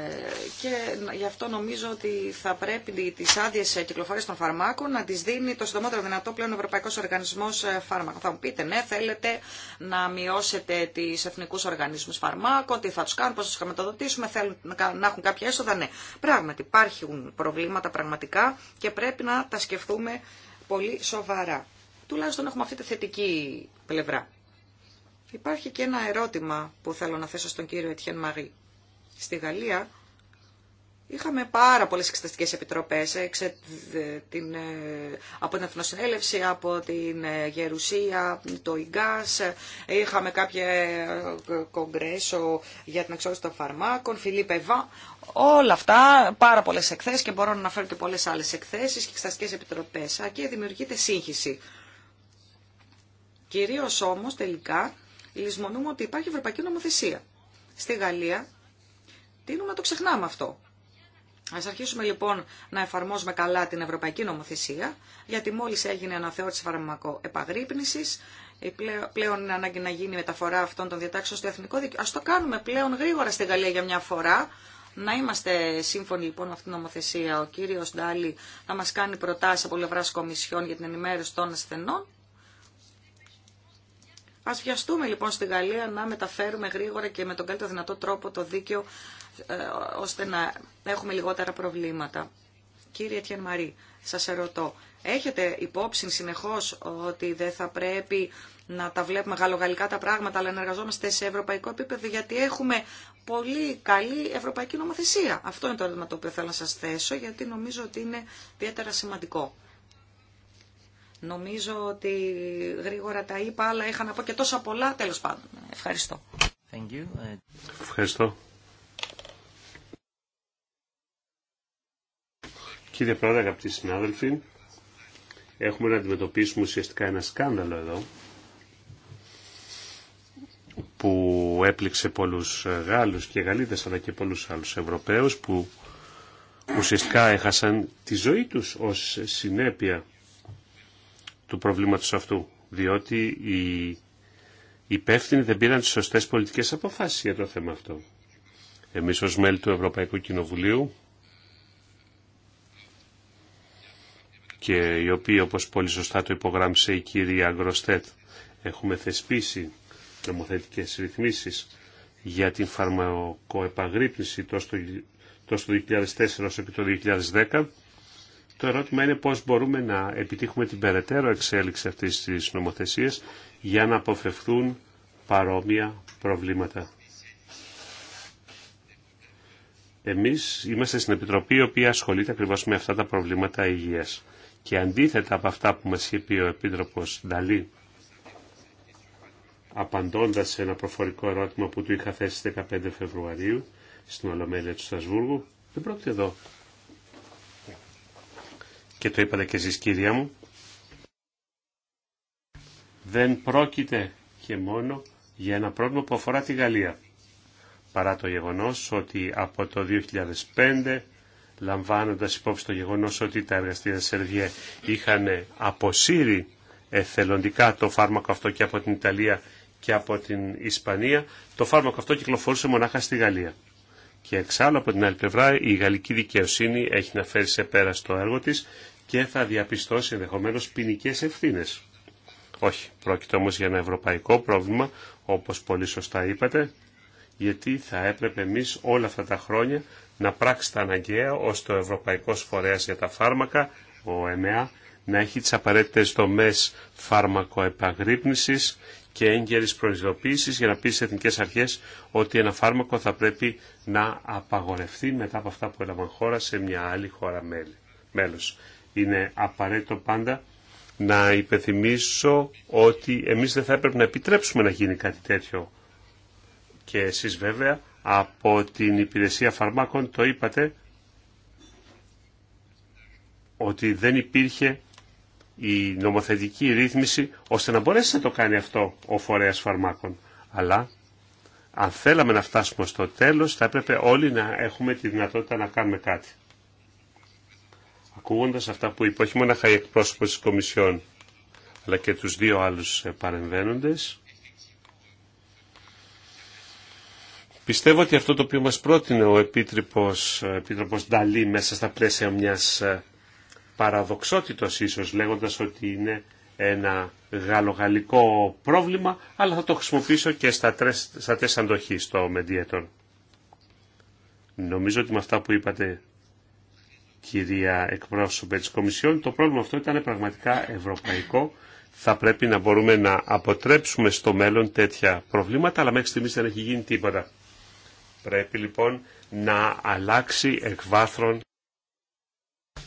και γι' αυτό νομίζω ότι θα πρέπει τι άδειε κυκλοφορία των φαρμάκων να τι δίνει το συντομότερο δυνατό πλέον ο Ευρωπαϊκό Οργανισμό ε, Φάρμακων. Θα μου πείτε, ναι, θέλετε να μειώσετε του εθνικού οργανισμού φαρμάκων, τι θα του κάνουν, πώ θα του χρηματοδοτήσουμε, θέλουν να έχουν κάποια έσοδα. Ναι, πράγματι υπάρχουν προβλήματα πραγματικά και πρέπει να τα σκεφτούμε πολύ σοβαρά. Τουλάχιστον έχουμε αυτή τη θετική πλευρά. Υπάρχει και ένα ερώτημα που θέλω να θέσω στον κύριο Ετιέν Μαρή Στη Γαλλία είχαμε πάρα πολλές εξεταστικές επιτροπές ε, εξε, την, ε, από την Εθνοσυνέλευση, από την ε, Γερουσία, το ΙΓΚΑΣ, είχαμε κάποιο κογκρέσο για την εξόρυξη των φαρμάκων, Φιλίπ Εβά. όλα αυτά, πάρα πολλές εκθέσεις και μπορώ να αναφέρω και πολλές άλλες εκθέσεις και εξεταστικές επιτροπές και δημιουργείται σύγχυση. Κυρίως όμως τελικά λησμονούμε ότι υπάρχει ευρωπαϊκή νομοθεσία. Στη Γαλλία Τίνουμε να το ξεχνάμε αυτό. Ας αρχίσουμε λοιπόν να εφαρμόζουμε καλά την ευρωπαϊκή νομοθεσία, γιατί μόλις έγινε αναθεώρηση φαρμακοεπαγρύπνησης, πλέον είναι ανάγκη να γίνει μεταφορά αυτών των διατάξεων στο εθνικό δίκαιο. Α το κάνουμε πλέον γρήγορα στη Γαλλία για μια φορά, να είμαστε σύμφωνοι λοιπόν με αυτήν την νομοθεσία. Ο κύριο Ντάλι θα μα κάνει προτάσει από πλευρά κομισιών για την ενημέρωση των ασθενών Ας βιαστούμε λοιπόν στην Γαλλία να μεταφέρουμε γρήγορα και με τον καλύτερο δυνατό τρόπο το δίκαιο ε, ώστε να έχουμε λιγότερα προβλήματα. Κύριε Τιεν Μαρή, σας ερωτώ, έχετε υπόψη συνεχώς ότι δεν θα πρέπει να τα βλέπουμε γαλλογαλλικά τα πράγματα, αλλά να εργαζόμαστε σε ευρωπαϊκό επίπεδο, γιατί έχουμε πολύ καλή ευρωπαϊκή νομοθεσία. Αυτό είναι το ερώτημα το οποίο θέλω να σας θέσω, γιατί νομίζω ότι είναι ιδιαίτερα σημαντικό. Νομίζω ότι γρήγορα τα είπα, αλλά είχα να πω και τόσα πολλά. Τέλος πάντων. Ευχαριστώ. Thank you. Ε, Ευχαριστώ. Κύριε Πρόεδρε, αγαπητοί συνάδελφοι, έχουμε να αντιμετωπίσουμε ουσιαστικά ένα σκάνδαλο εδώ που έπληξε πολλούς ε, Γάλλους και Γαλλίτες αλλά και πολλούς άλλους Ευρωπαίους που ουσιαστικά έχασαν τη ζωή τους ως συνέπεια του προβλήματος αυτού, διότι οι υπεύθυνοι δεν πήραν τις σωστές πολιτικές αποφάσεις για το θέμα αυτό. Εμείς ως μέλη του Ευρωπαϊκού Κοινοβουλίου και οι οποίοι όπως πολύ σωστά το υπογράμμισε η κυρία Γκροστέτ έχουμε θεσπίσει νομοθετικές ρυθμίσεις για την φαρμακοεπαγρύπνηση τόσο το 2004 όσο και το 2010 το ερώτημα είναι πώς μπορούμε να επιτύχουμε την περαιτέρω εξέλιξη αυτής της νομοθεσίας για να αποφευθούν παρόμοια προβλήματα. Εμείς είμαστε στην Επιτροπή η οποία ασχολείται ακριβώς με αυτά τα προβλήματα υγείας. Και αντίθετα από αυτά που μας είπε ο Επίτροπος Νταλή, απαντώντας σε ένα προφορικό ερώτημα που του είχα θέσει 15 Φεβρουαρίου στην Ολομέλεια του Στασβούργου, δεν πρόκειται εδώ και το είπατε και εσείς κυρία μου, δεν πρόκειται και μόνο για ένα πρόβλημα που αφορά τη Γαλλία. Παρά το γεγονός ότι από το 2005 λαμβάνοντας υπόψη το γεγονός ότι τα εργαστήρια Σερβιέ είχαν αποσύρει εθελοντικά το φάρμακο αυτό και από την Ιταλία και από την Ισπανία, το φάρμακο αυτό κυκλοφορούσε μονάχα στη Γαλλία. Και εξάλλου από την άλλη πλευρά η γαλλική δικαιοσύνη έχει να φέρει σε πέρα στο έργο της και θα διαπιστώσει ενδεχομένω ποινικέ ευθύνε. Όχι, πρόκειται όμω για ένα ευρωπαϊκό πρόβλημα, όπω πολύ σωστά είπατε, γιατί θα έπρεπε εμεί όλα αυτά τα χρόνια να πράξει τα αναγκαία ώστε ο Ευρωπαϊκό Φορέα για τα Φάρμακα, ο ΕΜΕΑ, να έχει τι απαραίτητε δομέ φαρμακοεπαγρύπνηση και έγκαιρη προειδοποίηση για να πει στι εθνικέ αρχές ότι ένα φάρμακο θα πρέπει να απαγορευτεί μετά από αυτά που έλαβαν χώρα σε μια άλλη χώρα μέλη. Μέλος είναι απαραίτητο πάντα να υπενθυμίσω ότι εμείς δεν θα έπρεπε να επιτρέψουμε να γίνει κάτι τέτοιο. Και εσείς βέβαια από την υπηρεσία φαρμάκων το είπατε ότι δεν υπήρχε η νομοθετική ρύθμιση ώστε να μπορέσει να το κάνει αυτό ο φορέας φαρμάκων. Αλλά αν θέλαμε να φτάσουμε στο τέλος θα έπρεπε όλοι να έχουμε τη δυνατότητα να κάνουμε κάτι ακούγοντα αυτά που είπε όχι μόνο η εκπρόσωπο της Κομισιόν αλλά και τους δύο άλλους παρεμβαίνοντες. Πιστεύω ότι αυτό το οποίο μας πρότεινε ο Επίτροπος, ε, Νταλή μέσα στα πλαίσια μιας ε, παραδοξότητος ίσως λέγοντας ότι είναι ένα γαλογαλικό πρόβλημα αλλά θα το χρησιμοποιήσω και στα, τέσσερα αντοχή στο Νομίζω ότι με αυτά που είπατε κυρία εκπρόσωπε της Κομισιόν, το πρόβλημα αυτό ήταν πραγματικά ευρωπαϊκό. Θα πρέπει να μπορούμε να αποτρέψουμε στο μέλλον τέτοια προβλήματα, αλλά μέχρι στιγμής δεν έχει γίνει τίποτα. Πρέπει λοιπόν να αλλάξει εκ βάθρων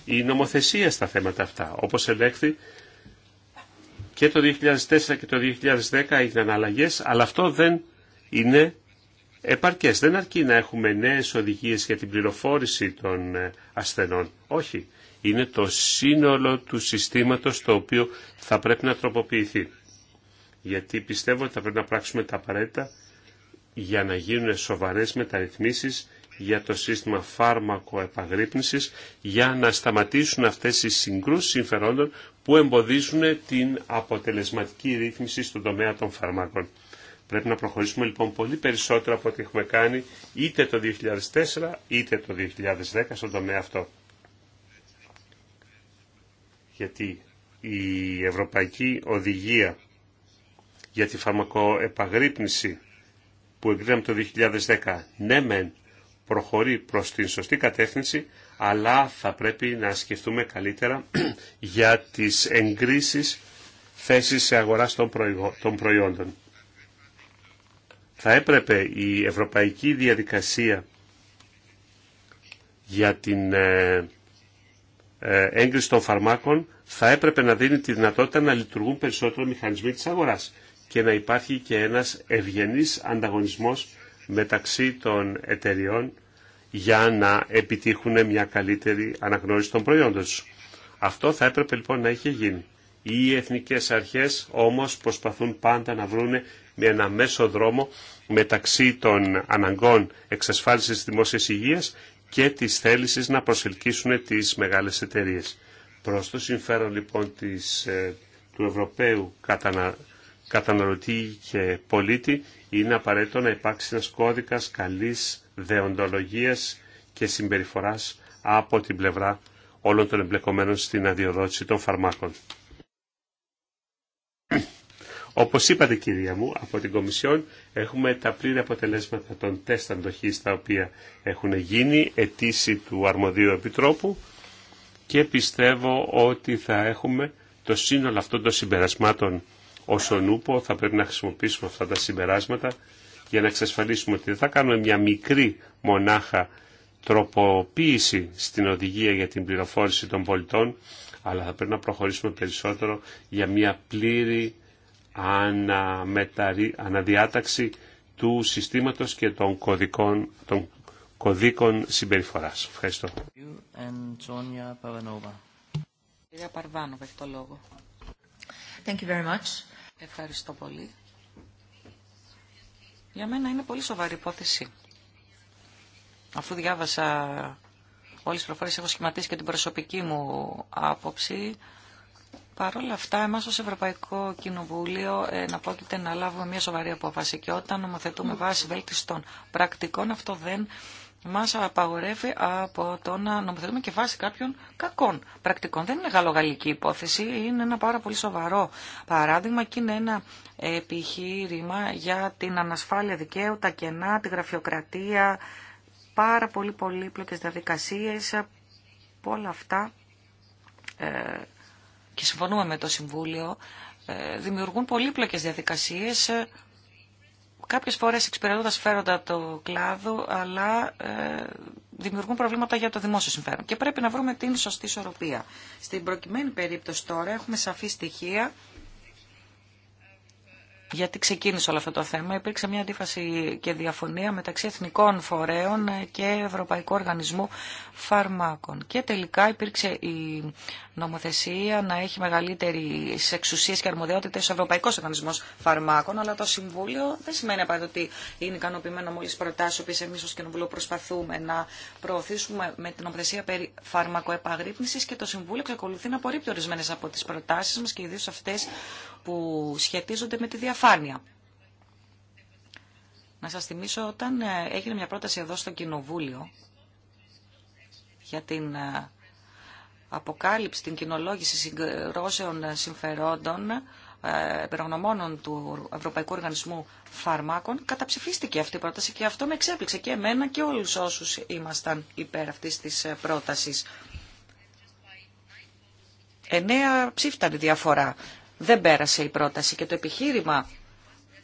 η νομοθεσία στα θέματα αυτά. Όπως ελέγχθη και το 2004 και το 2010 έγιναν αλλαγές, αλλά αυτό δεν είναι επαρκές. Δεν αρκεί να έχουμε νέες οδηγίες για την πληροφόρηση των ε, ασθενών. Όχι. Είναι το σύνολο του συστήματος το οποίο θα πρέπει να τροποποιηθεί. Γιατί πιστεύω ότι θα πρέπει να πράξουμε τα απαραίτητα για να γίνουν σοβαρές μεταρρυθμίσεις για το σύστημα φάρμακο επαγρύπνησης για να σταματήσουν αυτές οι συγκρούσεις συμφερόντων που εμποδίζουν την αποτελεσματική ρύθμιση στον τομέα των φαρμάκων. Πρέπει να προχωρήσουμε λοιπόν πολύ περισσότερο από ό,τι έχουμε κάνει είτε το 2004 είτε το 2010 στον τομέα αυτό. Γιατί η Ευρωπαϊκή Οδηγία για τη φαρμακοεπαγρύπνηση που εγκρίναμε το 2010, ναι μεν προχωρεί προς την σωστή κατεύθυνση, αλλά θα πρέπει να σκεφτούμε καλύτερα για τις εγκρίσεις θέσεις σε αγορά των προϊόντων θα έπρεπε η ευρωπαϊκή διαδικασία για την ε, ε, έγκριση των φαρμάκων θα έπρεπε να δίνει τη δυνατότητα να λειτουργούν περισσότερο μηχανισμοί της αγοράς και να υπάρχει και ένας ευγενής ανταγωνισμός μεταξύ των εταιριών για να επιτύχουν μια καλύτερη αναγνώριση των προϊόντων τους. Αυτό θα έπρεπε λοιπόν να είχε γίνει. Οι εθνικές αρχές όμως προσπαθούν πάντα να βρούνε με ένα μέσο δρόμο μεταξύ των αναγκών εξασφάλισης δημόσιας υγείας και της θέλησης να προσελκύσουν τις μεγάλες εταιρείε. Προς το συμφέρον λοιπόν ε, του Ευρωπαίου καταναλωτή και πολίτη είναι απαραίτητο να υπάρξει ένας κώδικας καλής δεοντολογίας και συμπεριφοράς από την πλευρά όλων των εμπλεκομένων στην αδειοδότηση των φαρμάκων. Όπως είπατε κυρία μου, από την Κομισιόν έχουμε τα πλήρη αποτελέσματα των τεστ αντοχής τα οποία έχουν γίνει, αιτήσει του Αρμοδίου Επιτρόπου και πιστεύω ότι θα έχουμε το σύνολο αυτών των συμπερασμάτων όσον ούπο θα πρέπει να χρησιμοποιήσουμε αυτά τα συμπεράσματα για να εξασφαλίσουμε ότι δεν θα κάνουμε μια μικρή μονάχα τροποποίηση στην οδηγία για την πληροφόρηση των πολιτών, αλλά θα πρέπει να προχωρήσουμε περισσότερο για μια πλήρη αναδιάταξη του συστήματος και των κωδικών, των κωδίκων συμπεριφοράς. Ευχαριστώ. Ευχαριστώ πολύ. Για μένα είναι πολύ σοβαρή υπόθεση. Αφού διάβασα όλες τις προφορές, έχω σχηματίσει και την προσωπική μου άποψη Παρ' όλα αυτά, εμάς ως Ευρωπαϊκό Κοινοβούλιο ε, να πρόκειται να λάβουμε μια σοβαρή απόφαση και όταν νομοθετούμε βάση βέλτιστων πρακτικών αυτό δεν μας απαγορεύει από το να νομοθετούμε και βάση κάποιων κακών πρακτικών. Δεν είναι γαλλογαλλική υπόθεση, είναι ένα πάρα πολύ σοβαρό παράδειγμα και είναι ένα επιχείρημα για την ανασφάλεια δικαίου, τα κενά, τη γραφειοκρατία, πάρα πολύ πολύπλοκες διαδικασίες, όλα αυτά ε, και συμφωνούμε με το Συμβούλιο, ε, δημιουργούν πολύπλοκες διαδικασίες, ε, κάποιες φορές εξυπηρετώντα φέροντα το κλάδο, αλλά ε, δημιουργούν προβλήματα για το δημόσιο συμφέρον. Και πρέπει να βρούμε την σωστή ισορροπία. Στην προκειμένη περίπτωση τώρα έχουμε σαφή στοιχεία γιατί ξεκίνησε όλο αυτό το θέμα. Υπήρξε μια αντίφαση και διαφωνία μεταξύ εθνικών φορέων και Ευρωπαϊκού Οργανισμού Φαρμάκων. Και τελικά υπήρξε η νομοθεσία να έχει μεγαλύτερη εξουσίες και αρμοδιότητε ο Ευρωπαϊκό Οργανισμό Φαρμάκων, αλλά το Συμβούλιο δεν σημαίνει απαραίτητο ότι είναι ικανοποιημένο με όλε τι προτάσει, οποίε εμεί ω Κοινοβούλιο προσπαθούμε να προωθήσουμε με την νομοθεσία περί φαρμακοεπαγρύπνηση και το Συμβούλιο εξακολουθεί να απορρίπτει ορισμένε από τι προτάσει μα και ιδίω αυτέ που σχετίζονται με τη διαφάνεια. Να σας θυμίσω όταν ε, έγινε μια πρόταση εδώ στο Κοινοβούλιο για την ε, αποκάλυψη, την κοινολόγηση συγκρόσεων συμφερόντων υπερογνωμόνων ε, του Ευρωπαϊκού Οργανισμού Φαρμάκων, καταψηφίστηκε αυτή η πρόταση και αυτό με εξέπληξε και εμένα και όλους όσους ήμασταν υπέρ αυτής της πρότασης. Εννέα ψήφταν διαφορά δεν πέρασε η πρόταση και το επιχείρημα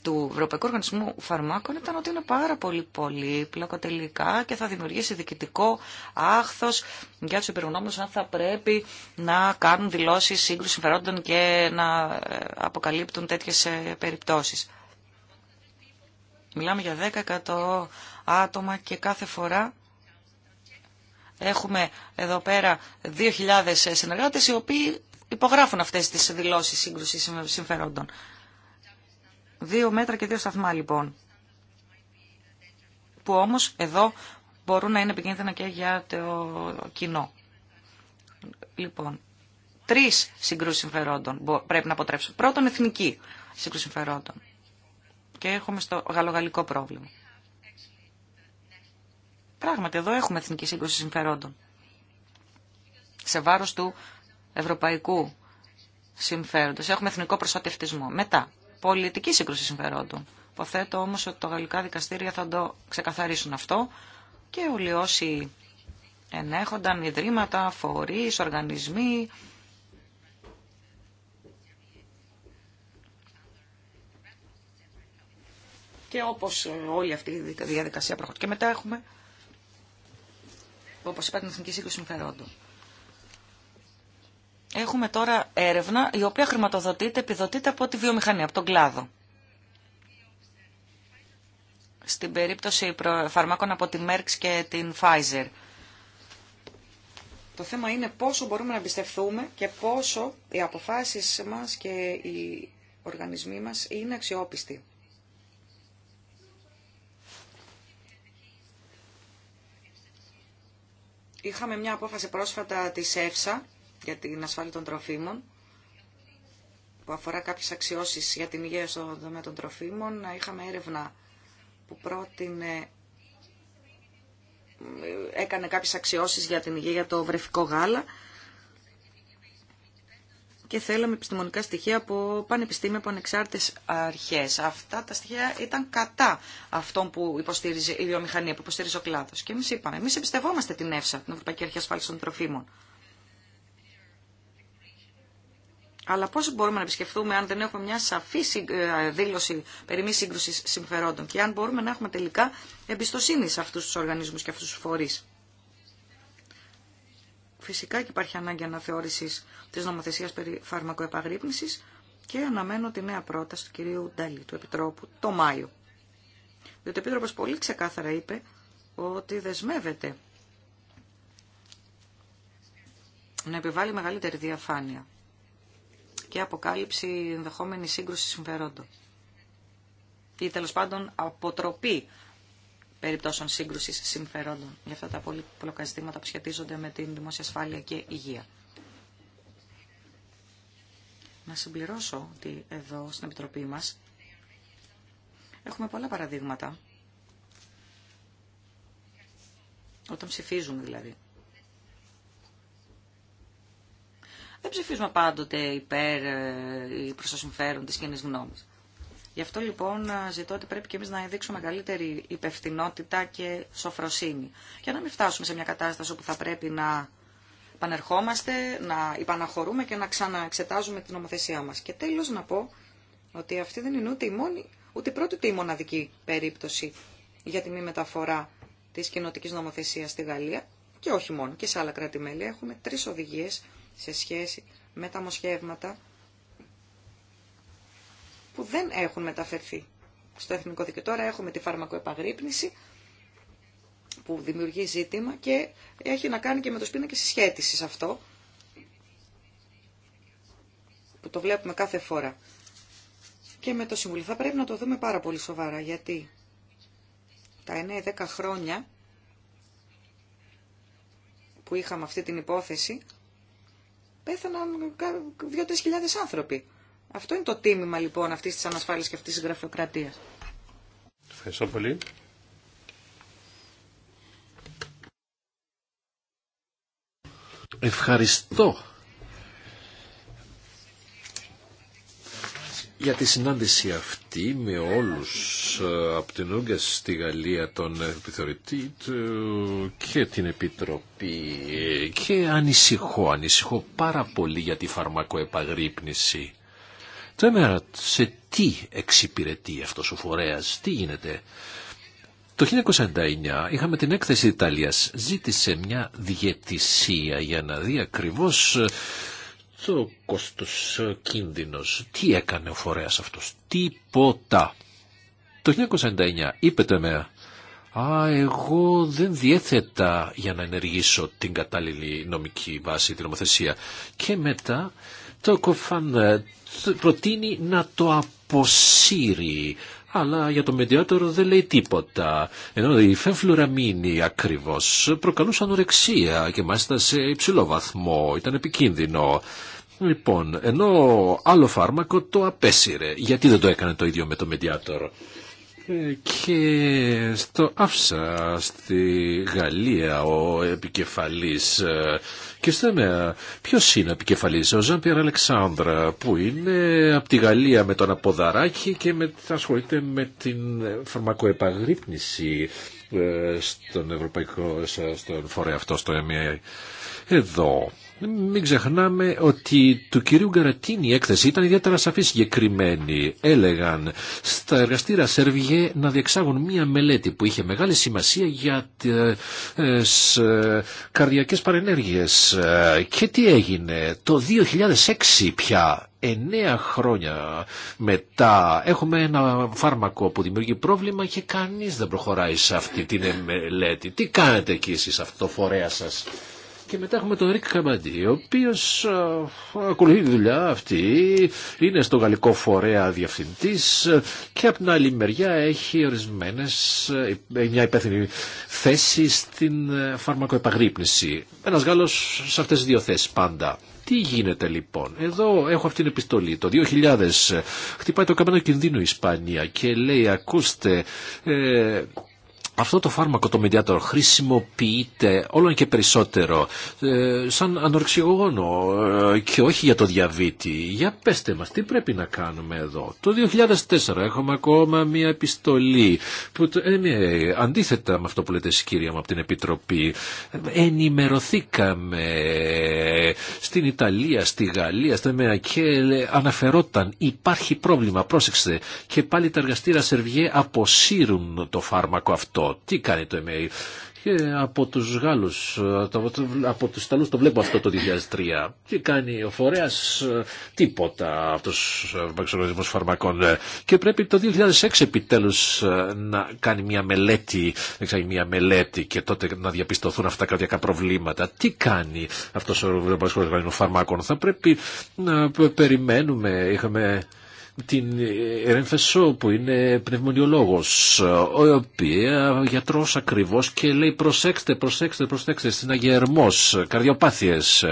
του Ευρωπαϊκού Οργανισμού Φαρμάκων ήταν ότι είναι πάρα πολύ πολύ τελικά και θα δημιουργήσει διοικητικό άχθο για του υπεργονόμενου αν θα πρέπει να κάνουν δηλώσει σύγκρουση συμφερόντων και να ε, αποκαλύπτουν τέτοιε περιπτώσει. Μιλάμε για 10% άτομα και κάθε φορά έχουμε εδώ πέρα 2.000 ε, συνεργάτες οι οποίοι υπογράφουν αυτές τις δηλώσεις σύγκρουση συμφερόντων. Δύο μέτρα και δύο σταθμά λοιπόν, που όμως εδώ μπορούν να είναι επικίνδυνα και για το κοινό. Λοιπόν, τρεις συγκρούσεις συμφερόντων πρέπει να αποτρέψουμε. Πρώτον, εθνική σύγκρουση συμφερόντων. Και έχουμε στο γαλλογαλλικό πρόβλημα. Πράγματι, εδώ έχουμε εθνική σύγκρουση συμφερόντων. Σε βάρος του ευρωπαϊκού συμφέροντος. Έχουμε εθνικό προστατευτισμό. Μετά, πολιτική σύγκρουση συμφερόντων. Υποθέτω όμως ότι τα γαλλικά δικαστήρια θα το ξεκαθαρίσουν αυτό και όλοι όσοι ενέχονταν ιδρύματα, φορείς, οργανισμοί, και όπως όλη αυτή η διαδικασία προχωρεί. Και μετά έχουμε, όπως είπα, την Εθνική Σύγκρουση Συμφερόντων. Έχουμε τώρα έρευνα η οποία χρηματοδοτείται, επιδοτείται από τη βιομηχανία, από τον κλάδο. Στην περίπτωση φαρμάκων από τη Merck και την Pfizer. Το θέμα είναι πόσο μπορούμε να εμπιστευτούμε και πόσο οι αποφάσεις μας και οι οργανισμοί μας είναι αξιόπιστοι. Είχαμε μια απόφαση πρόσφατα της ΕΦΣΑ για την ασφάλεια των τροφίμων που αφορά κάποιες αξιώσεις για την υγεία στον δομέα των τροφίμων. Είχαμε έρευνα που πρότεινε, έκανε κάποιες αξιώσεις για την υγεία για το βρεφικό γάλα και θέλαμε επιστημονικά στοιχεία από πανεπιστήμια, από ανεξάρτητες αρχές. Αυτά τα στοιχεία ήταν κατά αυτών που υποστήριζε η βιομηχανία, που υποστήριζε ο κλάδος. Και εμείς είπαμε, εμείς εμπιστευόμαστε την ΕΦΣΑ, την Ευρωπαϊκή Αρχή Ασφάλισης των Τροφίμων. Αλλά πώς μπορούμε να επισκεφθούμε αν δεν έχουμε μια σαφή ε, δήλωση περί μη σύγκρουση συμφερόντων και αν μπορούμε να έχουμε τελικά εμπιστοσύνη σε αυτούς τους οργανισμούς και αυτούς τους φορείς. Φυσικά και υπάρχει ανάγκη αναθεώρησης της νομοθεσίας περί φαρμακοεπαγρύπνησης και αναμένω τη νέα πρόταση του κυρίου Νταλή, του Επιτρόπου, το Μάιο. Διότι ο Επίτροπο πολύ ξεκάθαρα είπε ότι δεσμεύεται να επιβάλλει μεγαλύτερη διαφάνεια και αποκάλυψη ενδεχόμενη σύγκρουση συμφερόντων ή τέλο πάντων αποτροπή περιπτώσεων σύγκρουση συμφερόντων για αυτά τα πολύπλοκα ζητήματα που σχετίζονται με την δημόσια ασφάλεια και υγεία. Να συμπληρώσω ότι εδώ στην Επιτροπή μας έχουμε πολλά παραδείγματα όταν ψηφίζουμε δηλαδή δεν ψηφίζουμε πάντοτε υπέρ ε, ή προς το συμφέρον τη κοινή γνώμη. Γι' αυτό λοιπόν ε, ζητώ ότι πρέπει και εμεί να δείξουμε μεγαλύτερη υπευθυνότητα και σοφροσύνη. Για να μην φτάσουμε σε μια κατάσταση όπου θα πρέπει να πανερχόμαστε, να υπαναχωρούμε και να ξαναεξετάζουμε την νομοθεσία μα. Και τέλο να πω ότι αυτή δεν είναι ούτε η μόνη, ούτε η πρώτη ούτε η μοναδική περίπτωση για τη μη μεταφορά τη κοινοτική νομοθεσία στη Γαλλία και όχι μόνο και σε άλλα κράτη-μέλη. Έχουμε τρει οδηγίε σε σχέση με τα μοσχεύματα που δεν έχουν μεταφερθεί στο εθνικό δίκαιο. Τώρα έχουμε τη φαρμακοεπαγρύπνηση που δημιουργεί ζήτημα και έχει να κάνει και με το τους πίνακες σε αυτό που το βλέπουμε κάθε φορά. Και με το Συμβουλίο θα πρέπει να το δούμε πάρα πολύ σοβαρά γιατί τα 9-10 χρόνια που είχαμε αυτή την υπόθεση πέθαναν δύο-τρει χιλιάδε άνθρωποι. Αυτό είναι το τίμημα λοιπόν αυτή τη ανασφάλεια και αυτή τη γραφειοκρατία. Ευχαριστώ πολύ. Ευχαριστώ για τη συνάντηση αυτή με όλους ε, από την Ούγκα στη Γαλλία τον επιθεωρητή και την Επιτροπή ε, και ανησυχώ, ανησυχώ πάρα πολύ για τη φαρμακοεπαγρύπνηση. Τώρα σε τι εξυπηρετεί αυτός ο φορέας, τι γίνεται. Το 1999 είχαμε την έκθεση Ιταλίας, ζήτησε μια διαιτησία για να δει ακριβώς ε, το κόστος ε, κίνδυνος. Τι έκανε ο φορέας αυτός. Τίποτα. Το 1999 είπε το ΕΜΕΑ, Α, εγώ δεν διέθετα για να ενεργήσω την κατάλληλη νομική βάση, την νομοθεσία. Και μετά το κοφάν ε, προτείνει να το αποσύρει αλλά για το Μεντιάτορο δεν λέει τίποτα. Ενώ η φεμφλουραμίνοι ακριβώς προκαλούσε ανορεξία και μάλιστα σε υψηλό βαθμό, ήταν επικίνδυνο. Λοιπόν, ενώ άλλο φάρμακο το απέσυρε. Γιατί δεν το έκανε το ίδιο με το Μεντιάτορο. Και στο Άφσα, στη Γαλλία, ο επικεφαλής ε, και στο ΕΜΕΑ, ποιος είναι ο επικεφαλής, ο Ζαμπιερ Αλεξάνδρα, που είναι από τη Γαλλία με τον Αποδαράκη και με, ασχολείται με την φαρμακοεπαγρύπνηση ε, στον, ευρωπαϊκό, στον φορέα αυτό, στο ΕΜΕΑ. Εδώ μην ξεχνάμε ότι του κυρίου Γκαρατίνη η έκθεση ήταν ιδιαίτερα σαφή συγκεκριμένη. Έλεγαν στα εργαστήρα Σερβιέ να διεξάγουν μία μελέτη που είχε μεγάλη σημασία για τις ε, καρδιακές παρενέργειες. Και τι έγινε το 2006 πια εννέα χρόνια μετά έχουμε ένα φάρμακο που δημιουργεί πρόβλημα και κανείς δεν προχωράει σε αυτή την μελέτη. Τι κάνετε εκεί εσείς αυτό το φορέα σας. Και μετά έχουμε τον Ρίκ Καμπαντή, ο οποίος ακολουθεί τη δουλειά αυτή, είναι στο γαλλικό φορέα διευθυντής και από την άλλη μεριά έχει ορισμένες, ε, μια υπεύθυνη θέση στην ε, φαρμακοεπαγρύπνηση. Ένας Γάλλος σε αυτές τις δύο θέσεις πάντα. Τι γίνεται λοιπόν. Εδώ έχω αυτήν την επιστολή. Το 2000 ε, χτυπάει το καμένο κινδύνου η Ισπανία και λέει ακούστε αυτό το φάρμακο το Mediator χρησιμοποιείται όλο και περισσότερο ε, σαν ανορξιογόνο ε, και όχι για το διαβήτη. Για πέστε μας τι πρέπει να κάνουμε εδώ. Το 2004 έχουμε ακόμα μια επιστολή που ε, ναι, αντίθετα με αυτό που λέτε εσείς κύριε μου από την Επιτροπή ενημερωθήκαμε στην Ιταλία, στη Γαλλία, στα ΜΕΑ και αναφερόταν υπάρχει πρόβλημα, πρόσεξε και πάλι τα εργαστήρα Σερβιέ αποσύρουν το φάρμακο αυτό τι κάνει το MA. Και από τους Γάλλους, από τους Ιταλούς το βλέπω αυτό το 2003. Τι κάνει ο φορέας, τίποτα αυτός ο εξοργασμός φαρμακών. Και πρέπει το 2006 επιτέλους ε, να κάνει μια μελέτη, μια μελέτη και τότε να διαπιστωθούν αυτά τα καρδιακά προβλήματα. Τι κάνει αυτός ο εξοργασμός φαρμακών. Θα πρέπει να περιμένουμε, είχαμε την Ερενφεσό που είναι πνευμονιολόγος, ο οποίος γιατρός ακριβώς και λέει προσέξτε, προσέξτε, προσέξτε στην αγερμός, καρδιοπάθειες.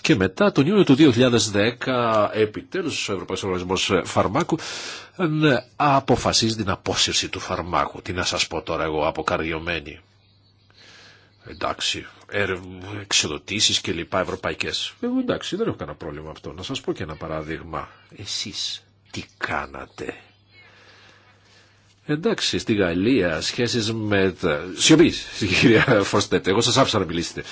Και μετά τον Ιούνιο του 2010 επιτέλους ο Ευρωπαϊκός Οργανισμός Φαρμάκου ε, αποφασίζει την απόσυρση του φαρμάκου. Τι να σας πω τώρα εγώ αποκαρδιωμένη. Εντάξει, εξοδοτήσει και λοιπά ευρωπαϊκές. Εγώ εντάξει δεν έχω κανένα πρόβλημα αυτό. Να σας πω και ένα παράδειγμα. Εσείς τι κάνατε. Εντάξει, στη Γαλλία σχέσεις με τα... Σιωπή, κυρία Φωστέτ, εγώ σα άφησα να μιλήσετε.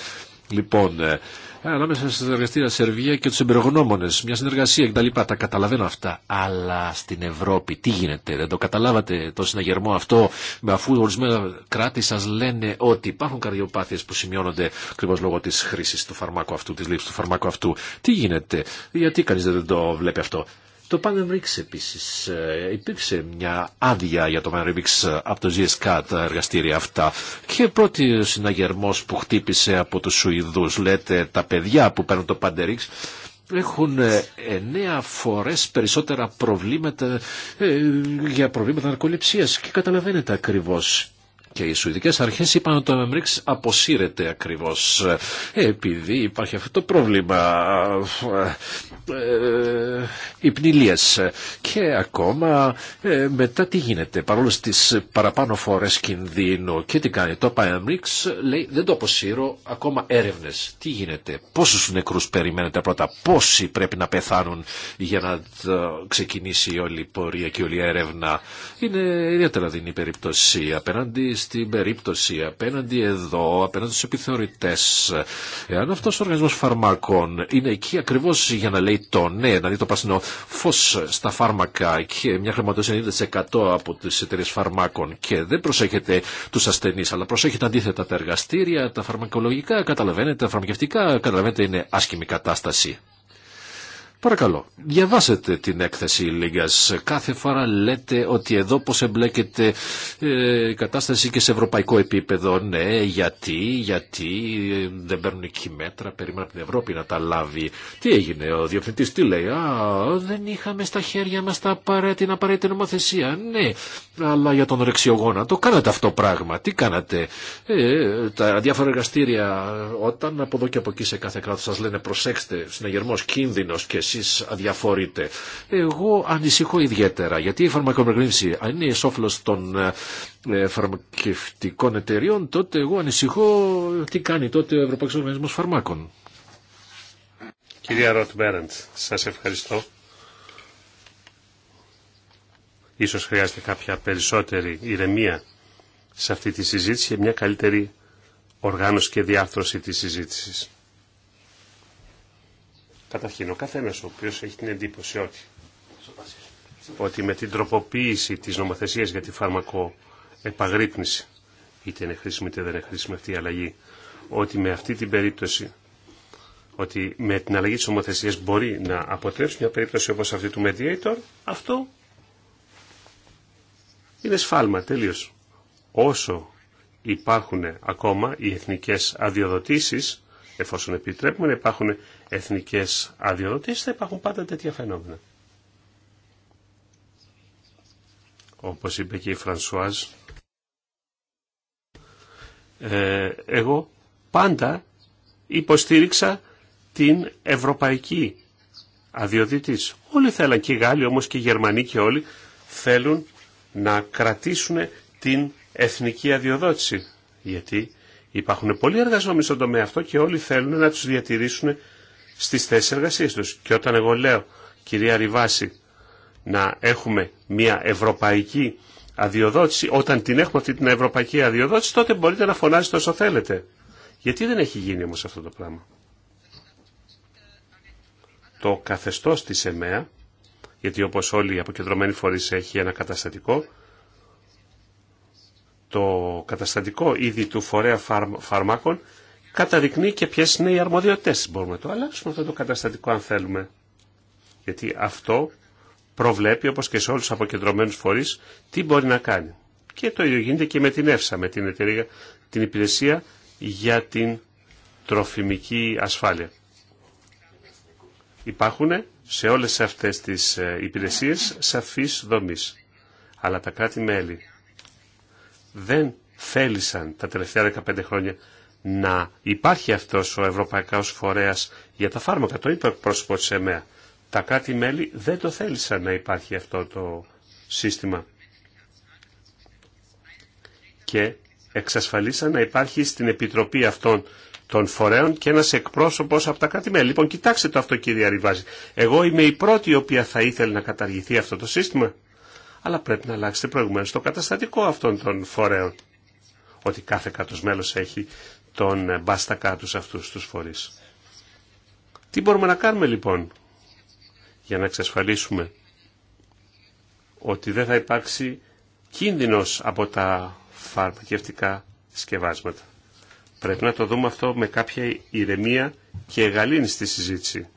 Λοιπόν, ε, ανάμεσα στα εργαστήρια Σερβία και τους εμπειρογνώμονε, μια συνεργασία κτλ. Τα καταλαβαίνω αυτά. Αλλά στην Ευρώπη τι γίνεται, δεν το καταλάβατε το συναγερμό αυτό, με αφού ορισμένα κράτη σα λένε ότι υπάρχουν καρδιοπάθειες που σημειώνονται ακριβώ λόγω της χρήσης του φαρμάκου αυτού, της λήψη του φαρμάκου αυτού. Τι γίνεται, γιατί κανείς δεν το βλέπει αυτό. Το πάντεριξ επίση. Ε, υπήρξε μια άδεια για το πάντεριξ από το GSK τα εργαστήρια αυτά και πρώτη συναγερμό που χτύπησε από τους Σουηδού, λέτε τα παιδιά που παίρνουν το πάντεριξ έχουν ε, εννέα φορές περισσότερα προβλήματα ε, για προβλήματα ναρκοληψίας και καταλαβαίνετε ακριβώς και οι Σουηδικές αρχές είπαν ότι το Μεμρίξ αποσύρεται ακριβώς επειδή υπάρχει αυτό το πρόβλημα υπνηλίας ε, και ακόμα ε, μετά τι γίνεται παρόλο στις παραπάνω φορές κινδύνου και τι κάνει το Παεμρίξ λέει δεν το αποσύρω ακόμα έρευνες τι γίνεται πόσους νεκρούς περιμένετε πρώτα πόσοι πρέπει να πεθάνουν για να ξεκινήσει η όλη πορεία και η έρευνα είναι ιδιαίτερα δίνει η περίπτωση απέναντι στην περίπτωση απέναντι εδώ απέναντι στους επιθεωρητές εάν αυτός ο οργανισμός φαρμάκων είναι εκεί ακριβώς για να λέει το ναι, δηλαδή το πράσινο φως στα φάρμακα και μια χρηματοδότηση 90% από τι εταιρείε φαρμάκων και δεν προσέχετε του ασθενεί, αλλά προσέχετε αντίθετα τα εργαστήρια, τα φαρμακολογικά, καταλαβαίνετε, τα φαρμακευτικά, καταλαβαίνετε είναι άσχημη κατάσταση. Παρακαλώ, διαβάσετε την έκθεση Λίγκας. Κάθε φορά λέτε ότι εδώ πώς εμπλέκεται ε, η κατάσταση και σε ευρωπαϊκό επίπεδο. Ναι, γιατί, γιατί ε, δεν παίρνουν εκεί μέτρα, περίμενα την Ευρώπη να τα λάβει. Τι έγινε, ο διευθυντής τι λέει, α, δεν είχαμε στα χέρια μας τα την απαραίτητη νομοθεσία. Ναι, αλλά για τον ρεξιογόνα το κάνατε αυτό πράγμα. Τι κάνατε, ε, τα διάφορα εργαστήρια όταν από εδώ και από εκεί σε κάθε κράτος σας λένε προσέξτε, συναγερμός κίνδυνο και εσείς αδιαφορείτε. Εγώ ανησυχώ ιδιαίτερα γιατί η φαρμακοπρεκρίνηση αν είναι εσόφλος των ε, ε, φαρμακευτικών εταιριών τότε εγώ ανησυχώ τι κάνει τότε ο Ευρωπαϊκός Οργανισμός Φαρμάκων. Κυρία Ροτ Μπέραντ, σας ευχαριστώ. Ίσως χρειάζεται κάποια περισσότερη ηρεμία σε αυτή τη συζήτηση και μια καλύτερη οργάνωση και διάρθρωση της συζήτησης. Καταρχήν, ο καθένα ο οποίο έχει την εντύπωση ότι, ότι με την τροποποίηση τη νομοθεσία για τη φάρμακο επαγρύπνηση, είτε είναι χρήσιμη είτε δεν είναι χρήσιμη αυτή η αλλαγή, ότι με αυτή την περίπτωση, ότι με την αλλαγή τη νομοθεσία μπορεί να αποτρέψει μια περίπτωση όπω αυτή του Mediator, αυτό είναι σφάλμα τελείω. Όσο υπάρχουν ακόμα οι εθνικές αδειοδοτήσεις, εφόσον επιτρέπουμε να υπάρχουν εθνικές αδειοδοτήσεις θα υπάρχουν πάντα τέτοια φαινόμενα. Όπως είπε και η Φρανσουάζ, ε, εγώ πάντα υποστήριξα την ευρωπαϊκή αδειοδοτήσεις. Όλοι θέλαν και οι Γάλλοι όμως και οι Γερμανοί και όλοι θέλουν να κρατήσουν την εθνική αδειοδότηση. Γιατί υπάρχουν πολλοί εργαζόμενοι στον τομέα αυτό και όλοι θέλουν να τους διατηρήσουν στις θέσεις εργασίας τους. Και όταν εγώ λέω, κυρία Ριβάση, να έχουμε μια ευρωπαϊκή αδειοδότηση, όταν την έχουμε αυτή την ευρωπαϊκή αδειοδότηση, τότε μπορείτε να φωνάζετε όσο θέλετε. Γιατί δεν έχει γίνει όμως αυτό το πράγμα. Το καθεστώς της ΕΜΕΑ, γιατί όπως όλοι οι αποκεντρωμένοι φορείς έχει ένα καταστατικό, το καταστατικό ήδη του φορέα φαρμάκων καταδεικνύει και ποιες είναι οι αρμοδιότητες Μπορούμε να το αλλάξουμε αυτό το καταστατικό αν θέλουμε. Γιατί αυτό προβλέπει όπως και σε όλους τους αποκεντρωμένους φορείς τι μπορεί να κάνει. Και το ίδιο γίνεται και με την ΕΦΣΑ, με την εταιρεία, την υπηρεσία για την τροφιμική ασφάλεια. Υπάρχουν σε όλες αυτές τις ε, υπηρεσίες σαφής δομής. Αλλά τα κράτη-μέλη δεν θέλησαν τα τελευταία 15 χρόνια να υπάρχει αυτός ο Ευρωπαϊκός Φορέας για τα φάρμακα. Το είπε ο πρόσωπο της ΕΜΕΑ. Τα κράτη-μέλη δεν το θέλησαν να υπάρχει αυτό το σύστημα. Και εξασφαλίσαν να υπάρχει στην Επιτροπή αυτών των φορέων και ένας εκπρόσωπος από τα κράτη-μέλη. Λοιπόν, κοιτάξτε το αυτό κύριε Αριβάζη. Εγώ είμαι η πρώτη η οποία θα ήθελε να καταργηθεί αυτό το σύστημα. Αλλά πρέπει να αλλάξετε προηγουμένως το καταστατικό αυτών των φορέων. Ότι κάθε κράτος μέλος έχει τον ε, μπάστακά τους αυτούς τους φορείς. Τι μπορούμε να κάνουμε λοιπόν για να εξασφαλίσουμε ότι δεν θα υπάρξει κίνδυνος από τα φαρμακευτικά σκευάσματα. Πρέπει να το δούμε αυτό με κάποια ηρεμία και γαλήνη στη συζήτηση.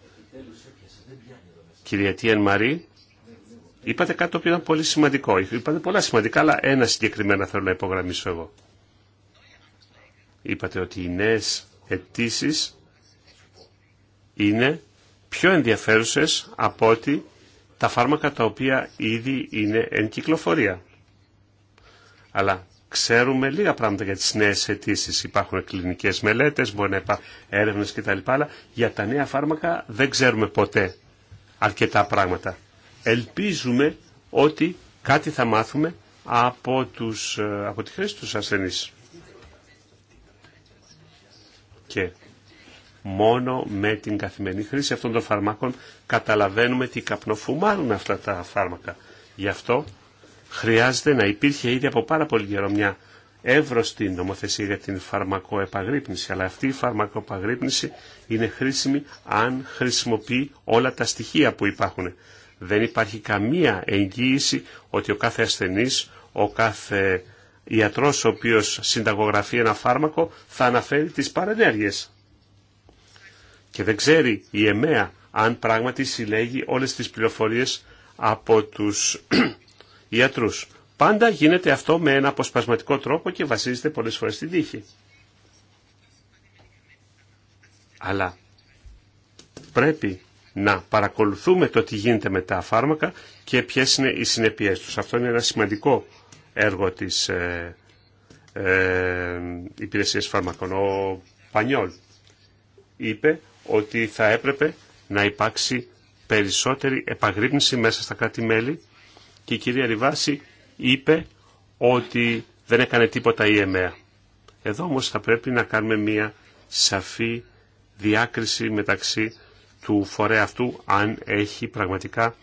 Κυρία Τιεν Μαρή, είπατε κάτι το οποίο ήταν πολύ σημαντικό. Είπατε πολλά σημαντικά, αλλά ένα συγκεκριμένα θέλω να υπογραμμίσω εγώ. Είπατε ότι οι νέες αιτήσει είναι πιο ενδιαφέρουσες από ότι τα φάρμακα τα οποία ήδη είναι εν κυκλοφορία. Αλλά ξέρουμε λίγα πράγματα για τις νέες αιτήσει. Υπάρχουν κλινικές μελέτες, μπορεί να υπάρχουν έρευνες κτλ. Αλλά για τα νέα φάρμακα δεν ξέρουμε ποτέ αρκετά πράγματα. Ελπίζουμε ότι κάτι θα μάθουμε από, τους, ε, από τη χρήση τους ασθενείς και μόνο με την καθημερινή χρήση αυτών των φαρμάκων καταλαβαίνουμε τι καπνοφουμάρουν αυτά τα φάρμακα. Γι' αυτό χρειάζεται να υπήρχε ήδη από πάρα πολύ καιρό μια εύρωστη νομοθεσία για την φαρμακοεπαγρύπνηση, αλλά αυτή η φαρμακοεπαγρύπνηση είναι χρήσιμη αν χρησιμοποιεί όλα τα στοιχεία που υπάρχουν. Δεν υπάρχει καμία εγγύηση ότι ο κάθε ασθενής, ο κάθε ιατρός ο οποίος συνταγογραφεί ένα φάρμακο θα αναφέρει τις παρενέργειες. Και δεν ξέρει η ΕΜΕΑ αν πράγματι συλλέγει όλες τις πληροφορίες από τους ιατρούς. Πάντα γίνεται αυτό με ένα αποσπασματικό τρόπο και βασίζεται πολλές φορές στην τύχη. Αλλά πρέπει να παρακολουθούμε το τι γίνεται με τα φάρμακα και ποιες είναι οι συνέπειές τους. Αυτό είναι ένα σημαντικό έργο της ε, ε, υπηρεσίας φαρμακών. Ο Πανιόλ είπε ότι θα έπρεπε να υπάρξει περισσότερη επαγρύπνηση μέσα στα κράτη-μέλη και η κυρία Ριβάση είπε ότι δεν έκανε τίποτα η ΕΜΕΑ. Εδώ όμως θα πρέπει να κάνουμε μια σαφή διάκριση μεταξύ του φορέα αυτού αν έχει πραγματικά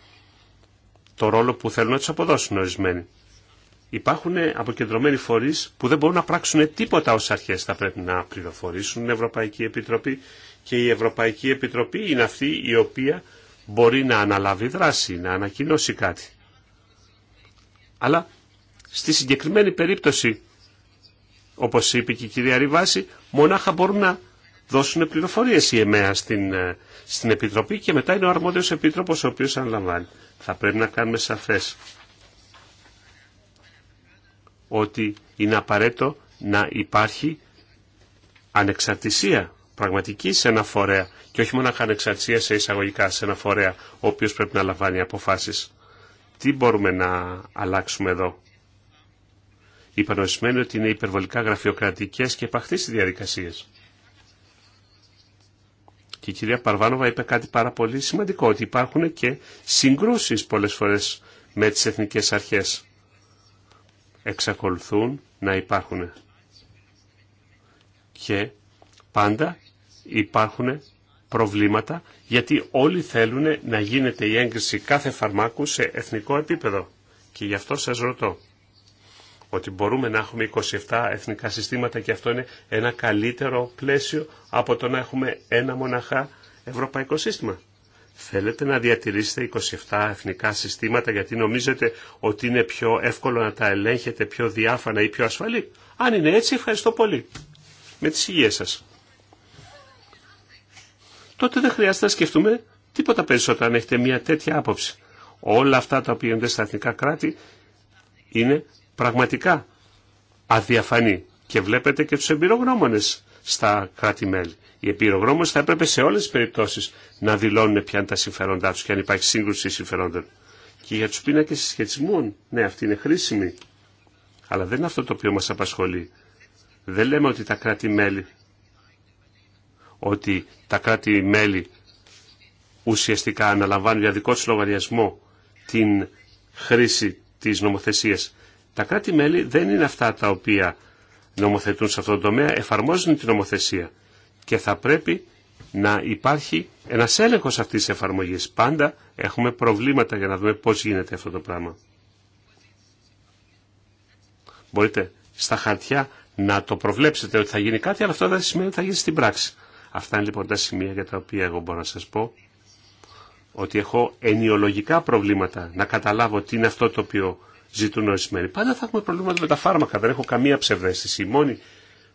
το ρόλο που θέλουν να τους αποδώσουν ορισμένοι. Υπάρχουν αποκεντρωμένοι φορεί που δεν μπορούν να πράξουν τίποτα ω αρχέ. Θα πρέπει να πληροφορήσουν την Ευρωπαϊκή Επιτροπή και η Ευρωπαϊκή Επιτροπή είναι αυτή η οποία μπορεί να αναλάβει δράση, να ανακοινώσει κάτι. Αλλά στη συγκεκριμένη περίπτωση, όπως είπε και η κυρία Ριβάση, μονάχα μπορούν να δώσουν πληροφορίε η ΕΜΕΑ στην, ε, στην Επιτροπή και μετά είναι ο αρμόδιο επίτροπο, ο οποίο αναλαμβάνει. Θα πρέπει να κάνουμε σαφέ ότι είναι απαραίτητο να υπάρχει ανεξαρτησία πραγματική σε ένα φορέα και όχι μόνο ανεξαρτησία σε εισαγωγικά σε ένα φορέα ο οποίος πρέπει να λαμβάνει αποφάσεις. Τι μπορούμε να αλλάξουμε εδώ. Είπαν ότι είναι υπερβολικά γραφειοκρατικές και επαχθείς οι διαδικασίες. Και η κυρία Παρβάνοβα είπε κάτι πάρα πολύ σημαντικό, ότι υπάρχουν και συγκρούσεις πολλές φορές με τις εθνικές αρχές εξακολουθούν να υπάρχουν και πάντα υπάρχουν προβλήματα γιατί όλοι θέλουν να γίνεται η έγκριση κάθε φαρμάκου σε εθνικό επίπεδο. Και γι' αυτό σας ρωτώ ότι μπορούμε να έχουμε 27 εθνικά συστήματα και αυτό είναι ένα καλύτερο πλαίσιο από το να έχουμε ένα μοναχά ευρωπαϊκό σύστημα. Θέλετε να διατηρήσετε 27 εθνικά συστήματα γιατί νομίζετε ότι είναι πιο εύκολο να τα ελέγχετε πιο διάφανα ή πιο ασφαλή. Αν είναι έτσι, ευχαριστώ πολύ. Με τις υγεία σας. Τότε δεν χρειάζεται να σκεφτούμε τίποτα περισσότερο αν έχετε μια τέτοια άποψη. Όλα αυτά τα οποία είναι στα εθνικά κράτη είναι πραγματικά αδιαφανή. Και βλέπετε και τους εμπειρογνώμονες στα κράτη-μέλη. Οι επιρρογνώμε θα έπρεπε σε όλε τι περιπτώσει να δηλώνουν ποια είναι τα συμφέροντά του και αν υπάρχει σύγκρουση συμφερόντων. Και για του πίνακε συσχετισμών, ναι, αυτή είναι χρήσιμη. Αλλά δεν είναι αυτό το οποίο μα απασχολεί. Δεν λέμε ότι τα κράτη-μέλη ότι τα κράτη-μέλη ουσιαστικά αναλαμβάνουν για δικό του λογαριασμό την χρήση της νομοθεσίας. Τα κράτη-μέλη δεν είναι αυτά τα οποία νομοθετούν σε αυτό το τομέα, εφαρμόζουν την νομοθεσία και θα πρέπει να υπάρχει ένας έλεγχος αυτής της εφαρμογής. Πάντα έχουμε προβλήματα για να δούμε πώς γίνεται αυτό το πράγμα. Μπορείτε στα χαρτιά να το προβλέψετε ότι θα γίνει κάτι, αλλά αυτό δεν σημαίνει ότι θα γίνει στην πράξη. Αυτά είναι λοιπόν τα σημεία για τα οποία εγώ μπορώ να σας πω ότι έχω ενοιολογικά προβλήματα να καταλάβω τι είναι αυτό το οποίο ζητούν ορισμένοι. Πάντα θα έχουμε προβλήματα με τα φάρμακα, δεν έχω καμία ψευδέστηση. Η μόνη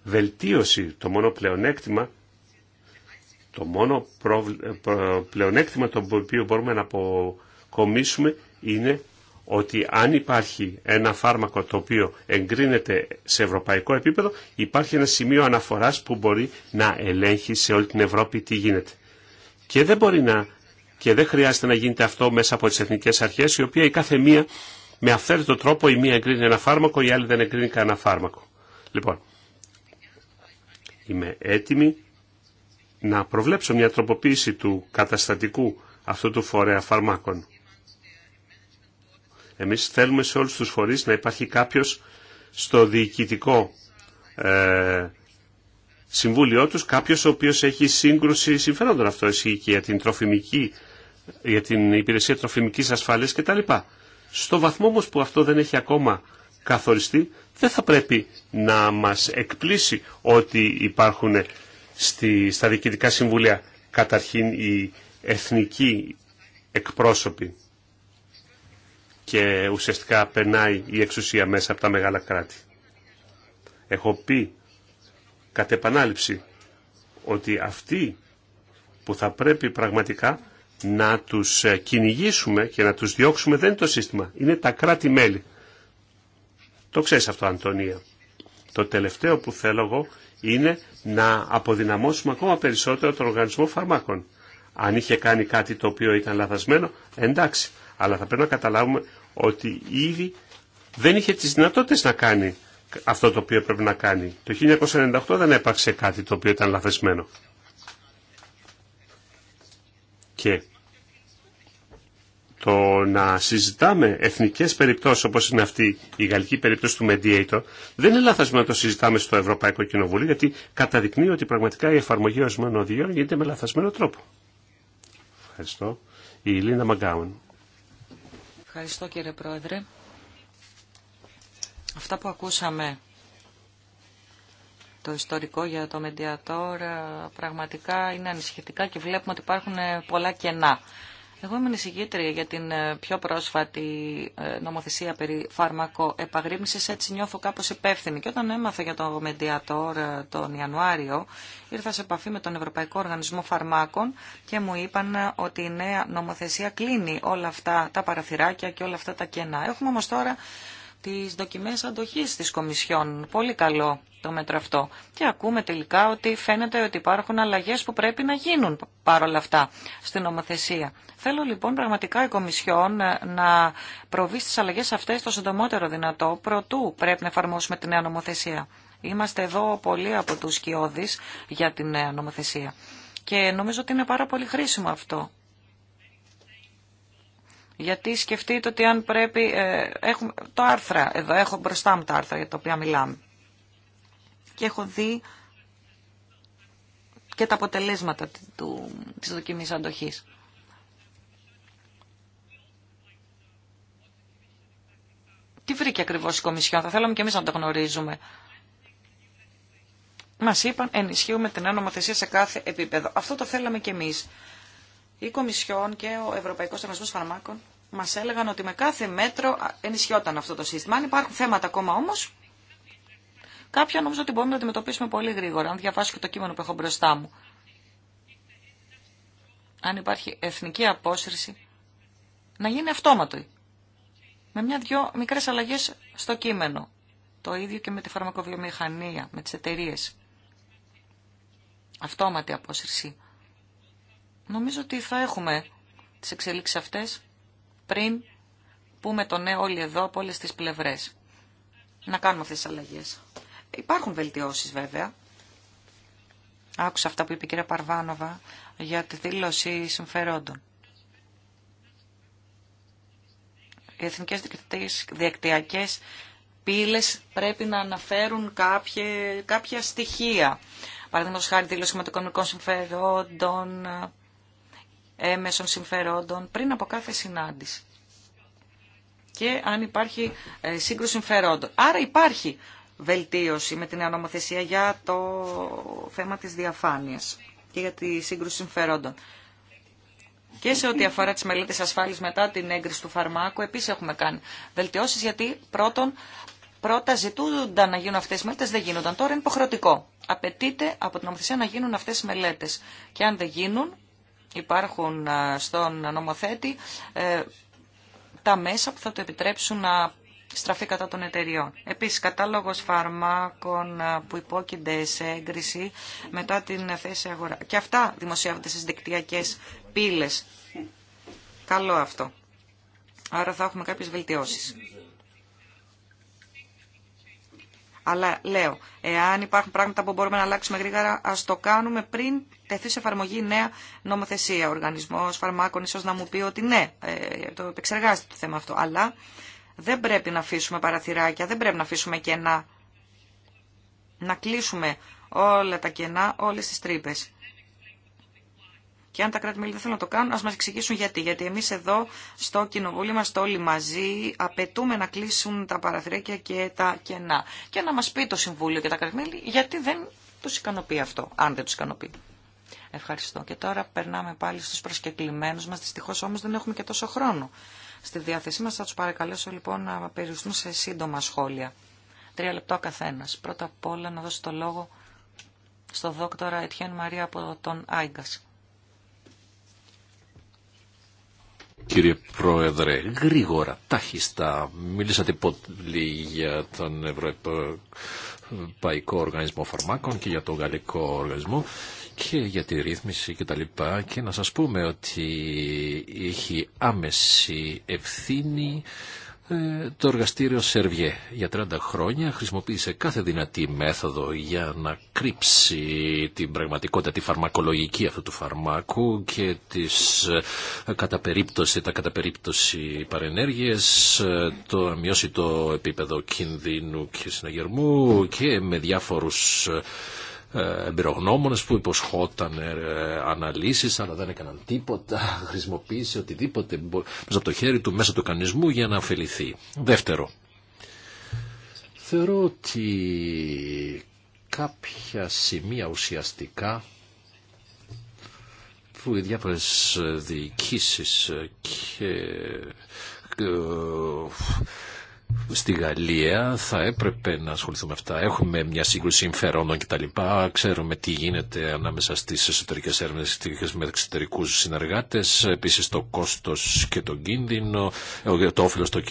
βελτίωση, το μόνο πλεονέκτημα το μόνο ε, πλεονέκτημα το οποίο μπορούμε να αποκομίσουμε είναι ότι αν υπάρχει ένα φάρμακο το οποίο εγκρίνεται σε ευρωπαϊκό επίπεδο, υπάρχει ένα σημείο αναφοράς που μπορεί να ελέγχει σε όλη την Ευρώπη τι γίνεται. Και δεν μπορεί να και δεν χρειάζεται να γίνεται αυτό μέσα από τις εθνικές αρχές, η οποία η κάθε μία με αυθαίρετο τρόπο η μία εγκρίνει ένα φάρμακο, η άλλη δεν εγκρίνει κανένα φάρμακο. Λοιπόν, είμαι έτοιμη να προβλέψω μια τροποποίηση του καταστατικού αυτού του φορέα φαρμάκων. Εμείς θέλουμε σε όλους τους φορείς να υπάρχει κάποιος στο διοικητικό ε, συμβούλιο τους, κάποιος ο οποίος έχει σύγκρουση συμφερόντων. Αυτό ισχύει και για την, τροφιμική, για την υπηρεσία τροφιμικής ασφάλειας κτλ. Στο βαθμό όμως που αυτό δεν έχει ακόμα καθοριστεί, δεν θα πρέπει να μας εκπλήσει ότι υπάρχουν στη, στα διοικητικά συμβούλια καταρχήν οι εθνικοί εκπρόσωποι και ουσιαστικά περνάει η εξουσία μέσα από τα μεγάλα κράτη. Έχω πει κατ' επανάληψη ότι αυτοί που θα πρέπει πραγματικά να τους ε, κυνηγήσουμε και να τους διώξουμε δεν είναι το σύστημα, είναι τα κράτη-μέλη. Το ξέρεις αυτό Αντωνία. Το τελευταίο που θέλω εγώ είναι να αποδυναμώσουμε ακόμα περισσότερο τον οργανισμό φαρμάκων. Αν είχε κάνει κάτι το οποίο ήταν λαθασμένο, εντάξει. Αλλά θα πρέπει να καταλάβουμε ότι ήδη δεν είχε τις δυνατότητες να κάνει αυτό το οποίο πρέπει να κάνει. Το 1998 δεν έπαξε κάτι το οποίο ήταν λαθασμένο. Και το να συζητάμε εθνικές περιπτώσεις όπως είναι αυτή η γαλλική περίπτωση του Mediator δεν είναι λάθο να το συζητάμε στο Ευρωπαϊκό Κοινοβούλιο γιατί καταδεικνύει ότι πραγματικά η εφαρμογή ορισμένων οδηγιών γίνεται με λαθασμένο τρόπο. Ευχαριστώ. Η Ελίνα Μαγκάουν. Ευχαριστώ κύριε Πρόεδρε. Αυτά που ακούσαμε το ιστορικό για το Mediator πραγματικά είναι ανησυχητικά και βλέπουμε ότι υπάρχουν πολλά κενά εγώ είμαι εισηγήτρια για την ε, πιο πρόσφατη ε, νομοθεσία περί φάρμακο έτσι νιώθω κάπως υπεύθυνη. Και όταν έμαθα για το Μεντιατόρ τον Ιανουάριο, ήρθα σε επαφή με τον Ευρωπαϊκό Οργανισμό Φαρμάκων και μου είπαν ε, ότι η νέα νομοθεσία κλείνει όλα αυτά τα παραθυράκια και όλα αυτά τα κενά. Έχουμε όμως τώρα τις δοκιμές αντοχής της Κομισιόν. Πολύ καλό το μέτρο αυτό. Και ακούμε τελικά ότι φαίνεται ότι υπάρχουν αλλαγές που πρέπει να γίνουν παρόλα αυτά στην νομοθεσία. Θέλω λοιπόν πραγματικά η Κομισιόν ε, να προβεί στις αλλαγές αυτές το συντομότερο δυνατό. Προτού πρέπει να εφαρμόσουμε τη νέα νομοθεσία. Είμαστε εδώ πολλοί από τους σκιώδεις για τη νέα νομοθεσία. Και νομίζω ότι είναι πάρα πολύ χρήσιμο αυτό. Γιατί σκεφτείτε ότι αν πρέπει... Ε, έχουμε, το άρθρα εδώ, έχω μπροστά μου τα άρθρα για τα οποία μιλάμε. Και έχω δει και τα αποτελέσματα του, της δοκιμής αντοχής. Τι βρήκε ακριβώς η Κομισιόν, θα θέλαμε και εμείς να το γνωρίζουμε. Μας είπαν ενισχύουμε την νομοθεσία σε κάθε επίπεδο. Αυτό το θέλαμε και εμείς. Η Κομισιόν και ο Ευρωπαϊκός Οργανισμός Φαρμάκων Μα έλεγαν ότι με κάθε μέτρο ενισχυόταν αυτό το σύστημα. Αν υπάρχουν θέματα ακόμα όμως, κάποια νομίζω ότι μπορούμε να αντιμετωπίσουμε πολύ γρήγορα, αν διαβάσω και το κείμενο που έχω μπροστά μου. Αν υπάρχει εθνική απόσυρση, να γίνει αυτόματο. Με μια-δυο μικρές αλλαγές στο κείμενο. Το ίδιο και με τη φαρμακοβιομηχανία, με τι εταιρείε. Αυτόματη απόσυρση. Νομίζω ότι θα έχουμε τις εξελίξεις αυτές πριν πούμε το ναι όλοι εδώ από όλες τις πλευρές. Να κάνουμε αυτές τις αλλαγές. Υπάρχουν βελτιώσεις βέβαια. Άκουσα αυτά που είπε η κυρία Παρβάνοβα για τη δήλωση συμφερόντων. Οι εθνικές διεκτυακές πύλες πρέπει να αναφέρουν κάποια, κάποια στοιχεία. Παραδείγματος χάρη δήλωση με το οικονομικό συμφερόντων, έμεσων συμφερόντων πριν από κάθε συνάντηση και αν υπάρχει ε, σύγκρουση συμφερόντων. Άρα υπάρχει βελτίωση με την νέα νομοθεσία για το θέμα της διαφάνειας και για τη σύγκρουση συμφερόντων. Και σε ό,τι αφορά τις μελέτες ασφάλειας μετά την έγκριση του φαρμάκου, επίσης έχουμε κάνει βελτιώσεις γιατί πρώτον, πρώτα ζητούνταν να γίνουν αυτές οι μελέτες, δεν γίνονταν. Τώρα είναι υποχρεωτικό. Απαιτείται από την νομοθεσία να γίνουν αυτές οι μελέτες. Και αν δεν γίνουν, υπάρχουν στον νομοθέτη ε, τα μέσα που θα του επιτρέψουν να στραφεί κατά των εταιριών. Επίσης, κατάλογος φαρμάκων που υπόκεινται σε έγκριση μετά την θέση αγορά. Και αυτά δημοσιεύονται στις δικτυακές πύλες. Καλό αυτό. Άρα θα έχουμε κάποιες βελτιώσεις. Αλλά λέω, εάν υπάρχουν πράγματα που μπορούμε να αλλάξουμε γρήγορα, α το κάνουμε πριν τεθεί σε εφαρμογή νέα νομοθεσία. Ο οργανισμό φαρμάκων ίσω να μου πει ότι ναι, ε, το επεξεργάζεται το θέμα αυτό. Αλλά δεν πρέπει να αφήσουμε παραθυράκια, δεν πρέπει να αφήσουμε κενά. Να κλείσουμε όλα τα κενά, όλες τι τρύπε. Και αν τα κράτη-μέλη δεν θέλουν να το κάνουν, α μα εξηγήσουν γιατί. Γιατί εμεί εδώ στο κοινοβούλιο είμαστε όλοι μαζί, απαιτούμε να κλείσουν τα παραθυράκια και τα κενά. Και να μα πει το Συμβούλιο και τα κράτη-μέλη γιατί δεν του ικανοποιεί αυτό, αν δεν του ικανοποιεί. Ευχαριστώ. Και τώρα περνάμε πάλι στου προσκεκλημένους μα, δυστυχώ όμω δεν έχουμε και τόσο χρόνο στη διάθεσή μα Θα του παρακαλέσω λοιπόν να περιουστούν σε σύντομα σχόλια. Τρία λεπτό καθένα. Πρώτα απ' όλα να δώσω το λόγο στο δόκτωρα Ετιέν Μαρία από τον Άγκας. Κύριε Πρόεδρε, γρήγορα, τάχιστα, μίλησατε πολύ για τον Ευρωπαϊκό Οργανισμό Φαρμάκων και για τον Γαλλικό Οργανισμό και για τη ρύθμιση και και να σας πούμε ότι έχει άμεση ευθύνη ε, το εργαστήριο Σερβιέ για 30 χρόνια χρησιμοποίησε κάθε δυνατή μέθοδο για να κρύψει την πραγματικότητα, τη φαρμακολογική αυτού του φαρμάκου και τις ε, περίπτωση, τα καταπερίπτωση παρενέργειες, ε, το μειώσει το επίπεδο κινδύνου και συναγερμού και με διάφορους ε, εμπειρογνώμονες που υποσχόταν ε, αναλύσεις αλλά δεν έκαναν τίποτα, χρησιμοποίησε οτιδήποτε μέσα από το χέρι του, μέσα του κανισμού για να αφεληθεί. Δεύτερο, θεωρώ ότι κάποια σημεία ουσιαστικά που οι διάφορες διοικήσεις και ε, στη Γαλλία θα έπρεπε να ασχοληθούμε αυτά. Έχουμε μια σύγκρουση συμφερόντων κτλ. Ξέρουμε τι γίνεται ανάμεσα στι εσωτερικέ έρευνε με εξωτερικού συνεργάτε. Επίση το κόστο και το κίνδυνο, το όφελο το,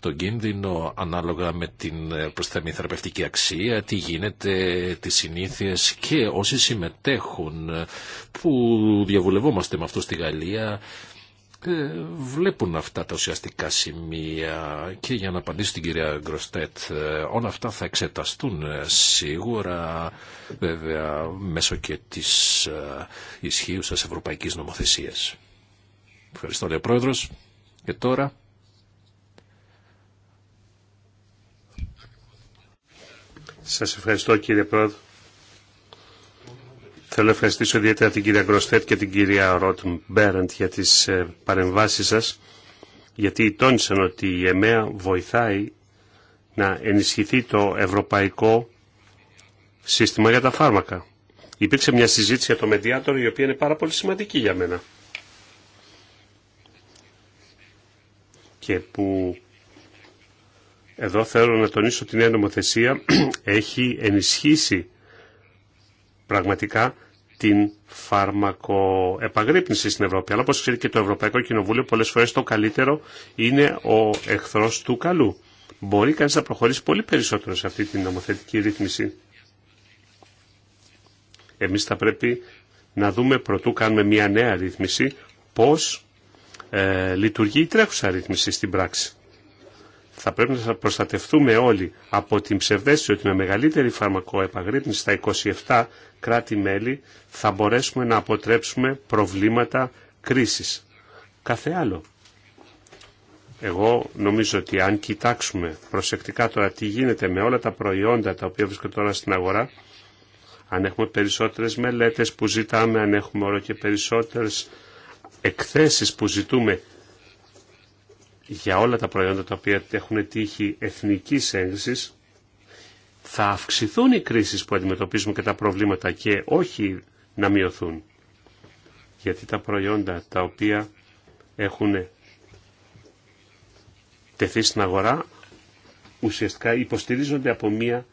το κίνδυνο ανάλογα με την ε, προσθέμενη θεραπευτική αξία, τι γίνεται, τι συνήθειε και όσοι συμμετέχουν ε, που διαβουλευόμαστε με αυτό στη Γαλλία ε, βλέπουν αυτά τα ουσιαστικά σημεία και για να απαντήσω την κυρία Γκροστέτ ε, όλα αυτά θα εξεταστούν ε, σίγουρα βέβαια μέσω και της ισχύουσας ευρωπαϊκής νομοθεσίας. Ευχαριστώ λέει ο Πρόεδρος. Και τώρα... Σας ευχαριστώ κύριε Πρόεδρο. Θέλω να ευχαριστήσω ιδιαίτερα την κυρία Γκροστέτ και την κυρία Ρότ Μπέραντ για τις ε, παρεμβάσεις σας, γιατί τόνισαν ότι η ΕΜΕΑ βοηθάει να ενισχυθεί το ευρωπαϊκό σύστημα για τα φάρμακα. Υπήρξε μια συζήτηση για το Μεδιάτορ η οποία είναι πάρα πολύ σημαντική για μένα. Και που εδώ θέλω να τονίσω ότι η νέα νομοθεσία έχει ενισχύσει πραγματικά την φαρμακοεπαγρύπνηση στην Ευρώπη. Αλλά όπως ξέρει και το Ευρωπαϊκό Κοινοβούλιο πολλές φορές το καλύτερο είναι ο εχθρός του καλού. Μπορεί κανείς να προχωρήσει πολύ περισσότερο σε αυτή την νομοθετική ρύθμιση. Εμείς θα πρέπει να δούμε πρωτού κάνουμε μια νέα ρύθμιση πώς ε, λειτουργεί η τρέχουσα ρύθμιση στην πράξη. Θα πρέπει να προστατευτούμε όλοι από την ψευδέστηση ότι με μεγαλύτερη φαρμακοεπαγρύπνηση στα 27 κράτη-μέλη θα μπορέσουμε να αποτρέψουμε προβλήματα κρίσης. Κάθε άλλο. Εγώ νομίζω ότι αν κοιτάξουμε προσεκτικά τώρα τι γίνεται με όλα τα προϊόντα τα οποία βρίσκονται τώρα στην αγορά, αν έχουμε περισσότερες μελέτες που ζητάμε, αν έχουμε όλο και περισσότερες εκθέσεις που ζητούμε για όλα τα προϊόντα τα οποία έχουν τύχει εθνικής έγκρισης, θα αυξηθούν οι κρίσεις που αντιμετωπίζουμε και τα προβλήματα και όχι να μειωθούν. Γιατί τα προϊόντα τα οποία έχουν τεθεί στην αγορά ουσιαστικά υποστηρίζονται από μία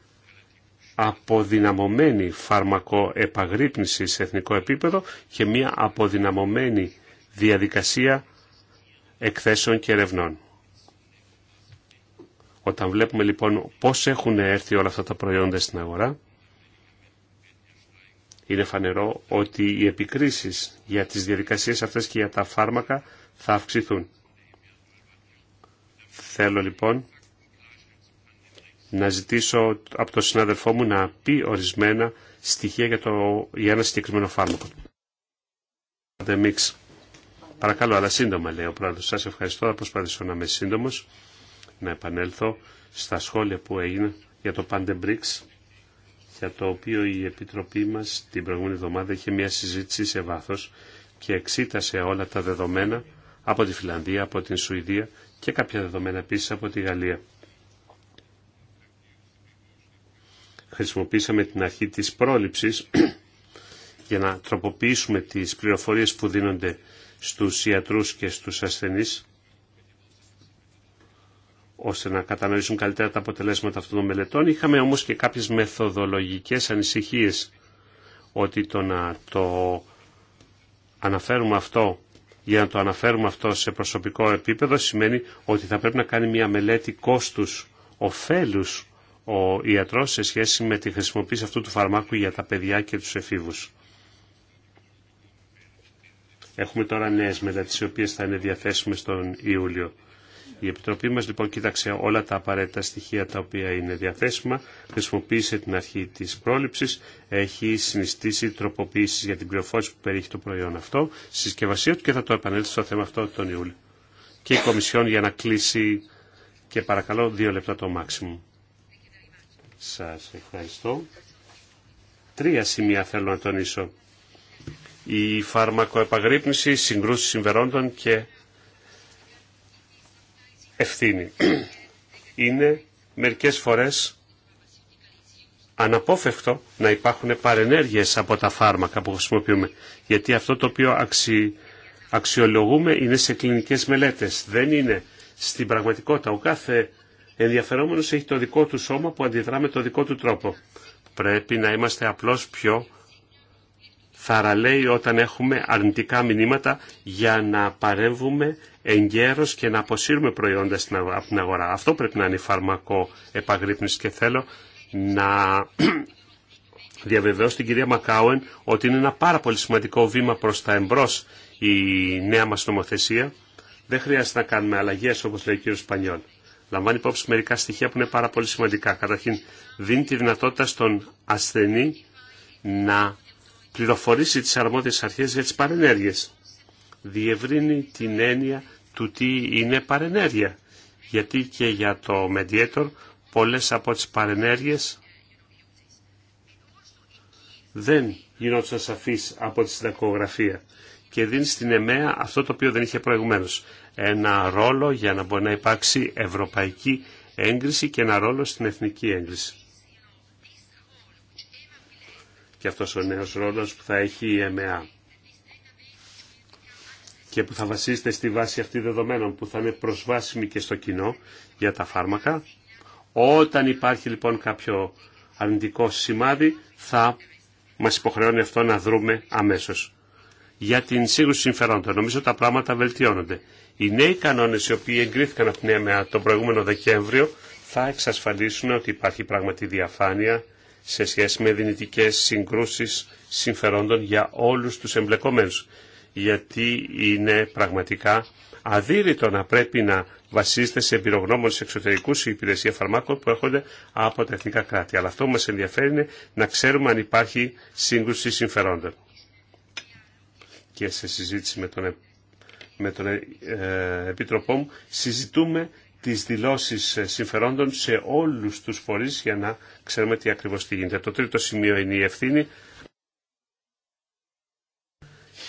αποδυναμωμένη φαρμακοεπαγρύπνηση σε εθνικό επίπεδο και μία αποδυναμωμένη διαδικασία εκθέσεων και ερευνών. Όταν βλέπουμε λοιπόν πώς έχουν έρθει όλα αυτά τα προϊόντα στην αγορά, είναι φανερό ότι οι επικρίσεις για τις διαδικασίες αυτές και για τα φάρμακα θα αυξηθούν. Θέλω λοιπόν να ζητήσω από τον συνάδελφό μου να πει ορισμένα στοιχεία για, το, για ένα συγκεκριμένο φάρμακο. Παρακαλώ, αλλά σύντομα λέει ο πρόεδρος. Σας ευχαριστώ, θα προσπαθήσω να είμαι σύντομος να επανέλθω στα σχόλια που έγιναν για το Μπρίξ, για το οποίο η Επιτροπή μας την προηγούμενη εβδομάδα είχε μια συζήτηση σε βάθος και εξήτασε όλα τα δεδομένα από τη Φιλανδία, από την Σουηδία και κάποια δεδομένα επίσης από τη Γαλλία. Χρησιμοποίησαμε την αρχή της πρόληψης για να τροποποιήσουμε τις πληροφορίες που δίνονται στους ιατρούς και στους ασθενείς ώστε να κατανοήσουν καλύτερα τα αποτελέσματα αυτών των μελετών. Είχαμε όμως και κάποιες μεθοδολογικές ανησυχίες ότι το να το αναφέρουμε αυτό για να το αναφέρουμε αυτό σε προσωπικό επίπεδο σημαίνει ότι θα πρέπει να κάνει μια μελέτη κόστους ωφέλους ο ιατρός σε σχέση με τη χρησιμοποίηση αυτού του φαρμάκου για τα παιδιά και τους εφήβους. Έχουμε τώρα νέες μελέτες οι οποίες θα είναι διαθέσιμες τον Ιούλιο. Η Επιτροπή μας λοιπόν κοίταξε όλα τα απαραίτητα στοιχεία τα οποία είναι διαθέσιμα, χρησιμοποίησε την αρχή της πρόληψης, έχει συνιστήσει τροποποίησεις για την πληροφόρηση που περιέχει το προϊόν αυτό συσκευασία του και θα το επανέλθει στο θέμα αυτό τον Ιούλιο. Και η Κομισιόν για να κλείσει και παρακαλώ δύο λεπτά το μάξιμο. Σας ευχαριστώ. Τρία σημεία θέλω να τονίσω. Η φαρμακοεπαγρύπνηση, συγκρούσεις συμφερόντων και ευθύνη. Είναι μερικές φορές αναπόφευκτο να υπάρχουν παρενέργειες από τα φάρμακα που χρησιμοποιούμε. Γιατί αυτό το οποίο αξιολογούμε είναι σε κλινικές μελέτες. Δεν είναι στην πραγματικότητα. Ο κάθε ενδιαφερόμενος έχει το δικό του σώμα που αντιδρά με το δικό του τρόπο. Πρέπει να είμαστε απλώς πιο Θαραλέει όταν έχουμε αρνητικά μηνύματα για να παρέμβουμε εγκαίρως και να αποσύρουμε προϊόντα από την αγορά. Αυτό πρέπει να είναι φαρμακό επαγρύπνηση και θέλω να διαβεβαιώ στην κυρία Μακάουεν ότι είναι ένα πάρα πολύ σημαντικό βήμα προς τα εμπρός η νέα μας νομοθεσία. Δεν χρειάζεται να κάνουμε αλλαγές όπως λέει ο κύριος Σπανιόλ. Λαμβάνει υπόψη μερικά στοιχεία που είναι πάρα πολύ σημαντικά. Καταρχήν δίνει τη δυνατότητα στον ασθενή να πληροφορήσει τις αρμόδιες αρχές για τις παρενέργειες. Διευρύνει την έννοια του τι είναι παρενέργεια. Γιατί και για το Mediator πολλές από τις παρενέργειες δεν γινόντουσαν σαφείς από τη συντακογραφία και δίνει στην ΕΜΕΑ αυτό το οποίο δεν είχε προηγουμένως. Ένα ρόλο για να μπορεί να υπάρξει ευρωπαϊκή έγκριση και ένα ρόλο στην εθνική έγκριση και αυτός ο νέος ρόλος που θα έχει η ΕΜΕΑ και που θα βασίζεται στη βάση αυτή δεδομένων που θα είναι προσβάσιμη και στο κοινό για τα φάρμακα. Όταν υπάρχει λοιπόν κάποιο αρνητικό σημάδι θα μας υποχρεώνει αυτό να δρούμε αμέσως. Για την σύγκρουση συμφερόντων νομίζω τα πράγματα βελτιώνονται. Οι νέοι κανόνες οι οποίοι εγκρίθηκαν από την ΕΜΕΑ τον προηγούμενο Δεκέμβριο θα εξασφαλίσουν ότι υπάρχει πραγματική διαφάνεια σε σχέση με δυνητικές συγκρούσεις συμφερόντων για όλους τους εμπλεκομένους. Γιατί είναι πραγματικά αδύρυτο να πρέπει να βασίζεται σε εμπειρογνώμονε εξωτερικού η υπηρεσία φαρμάκων που έρχονται από τα εθνικά κράτη. Αλλά αυτό που μα ενδιαφέρει είναι να ξέρουμε αν υπάρχει σύγκρουση συμφερόντων. Και σε συζήτηση με τον, ε, με τον ε, ε, Επίτροπό μου συζητούμε τις δηλώσεις συμφερόντων σε όλους τους φορείς για να ξέρουμε τι ακριβώς τι γίνεται. Το τρίτο σημείο είναι η ευθύνη.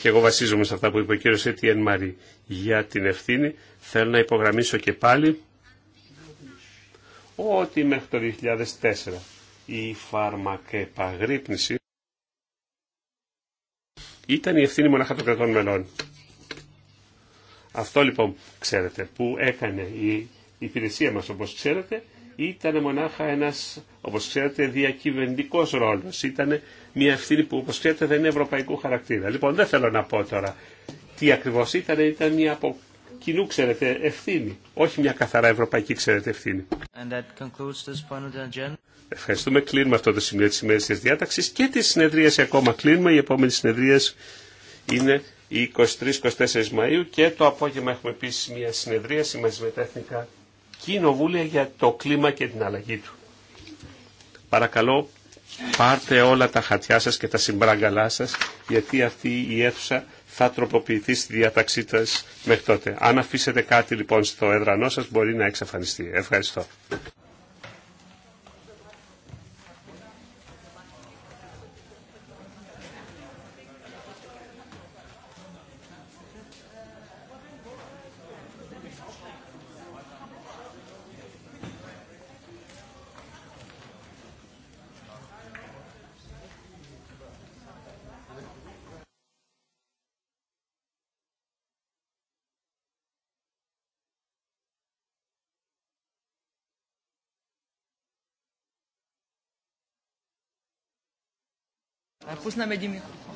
Και εγώ βασίζομαι σε αυτά που είπε ο κύριος Ετιέν Μαρή για την ευθύνη. Θέλω να υπογραμμίσω και πάλι ότι μέχρι το 2004 η φαρμακεπαγρύπνηση ήταν η ευθύνη μονάχα των κρατών μελών. Αυτό λοιπόν, ξέρετε, που έκανε η η υπηρεσία μας όπως ξέρετε ήταν μονάχα ένας, όπως ξέρετε, διακυβερνητικός ρόλος. Ήταν μια ευθύνη που, όπως ξέρετε, δεν είναι ευρωπαϊκού χαρακτήρα. Λοιπόν, δεν θέλω να πω τώρα τι ακριβώς ήταν, ήταν μια από κοινού, ξέρετε, ευθύνη. Όχι μια καθαρά ευρωπαϊκή, ξέρετε, ευθύνη. Ευχαριστούμε. Κλείνουμε αυτό το σημείο της ημέρας της διάταξης και τη συνεδρία ακόμα κλείνουμε. Η επόμενη συνεδρία είναι 23-24 Μαΐου και το απόγευμα έχουμε επίσης μια συνεδρίαση μαζί με κοινοβούλια για το κλίμα και την αλλαγή του. Παρακαλώ πάρτε όλα τα χατιά σας και τα συμπράγκαλά σας γιατί αυτή η αίθουσα θα τροποποιηθεί στη διαταξή σας μέχρι τότε. Αν αφήσετε κάτι λοιπόν στο έδρανό σας μπορεί να εξαφανιστεί. Ευχαριστώ. Πού να με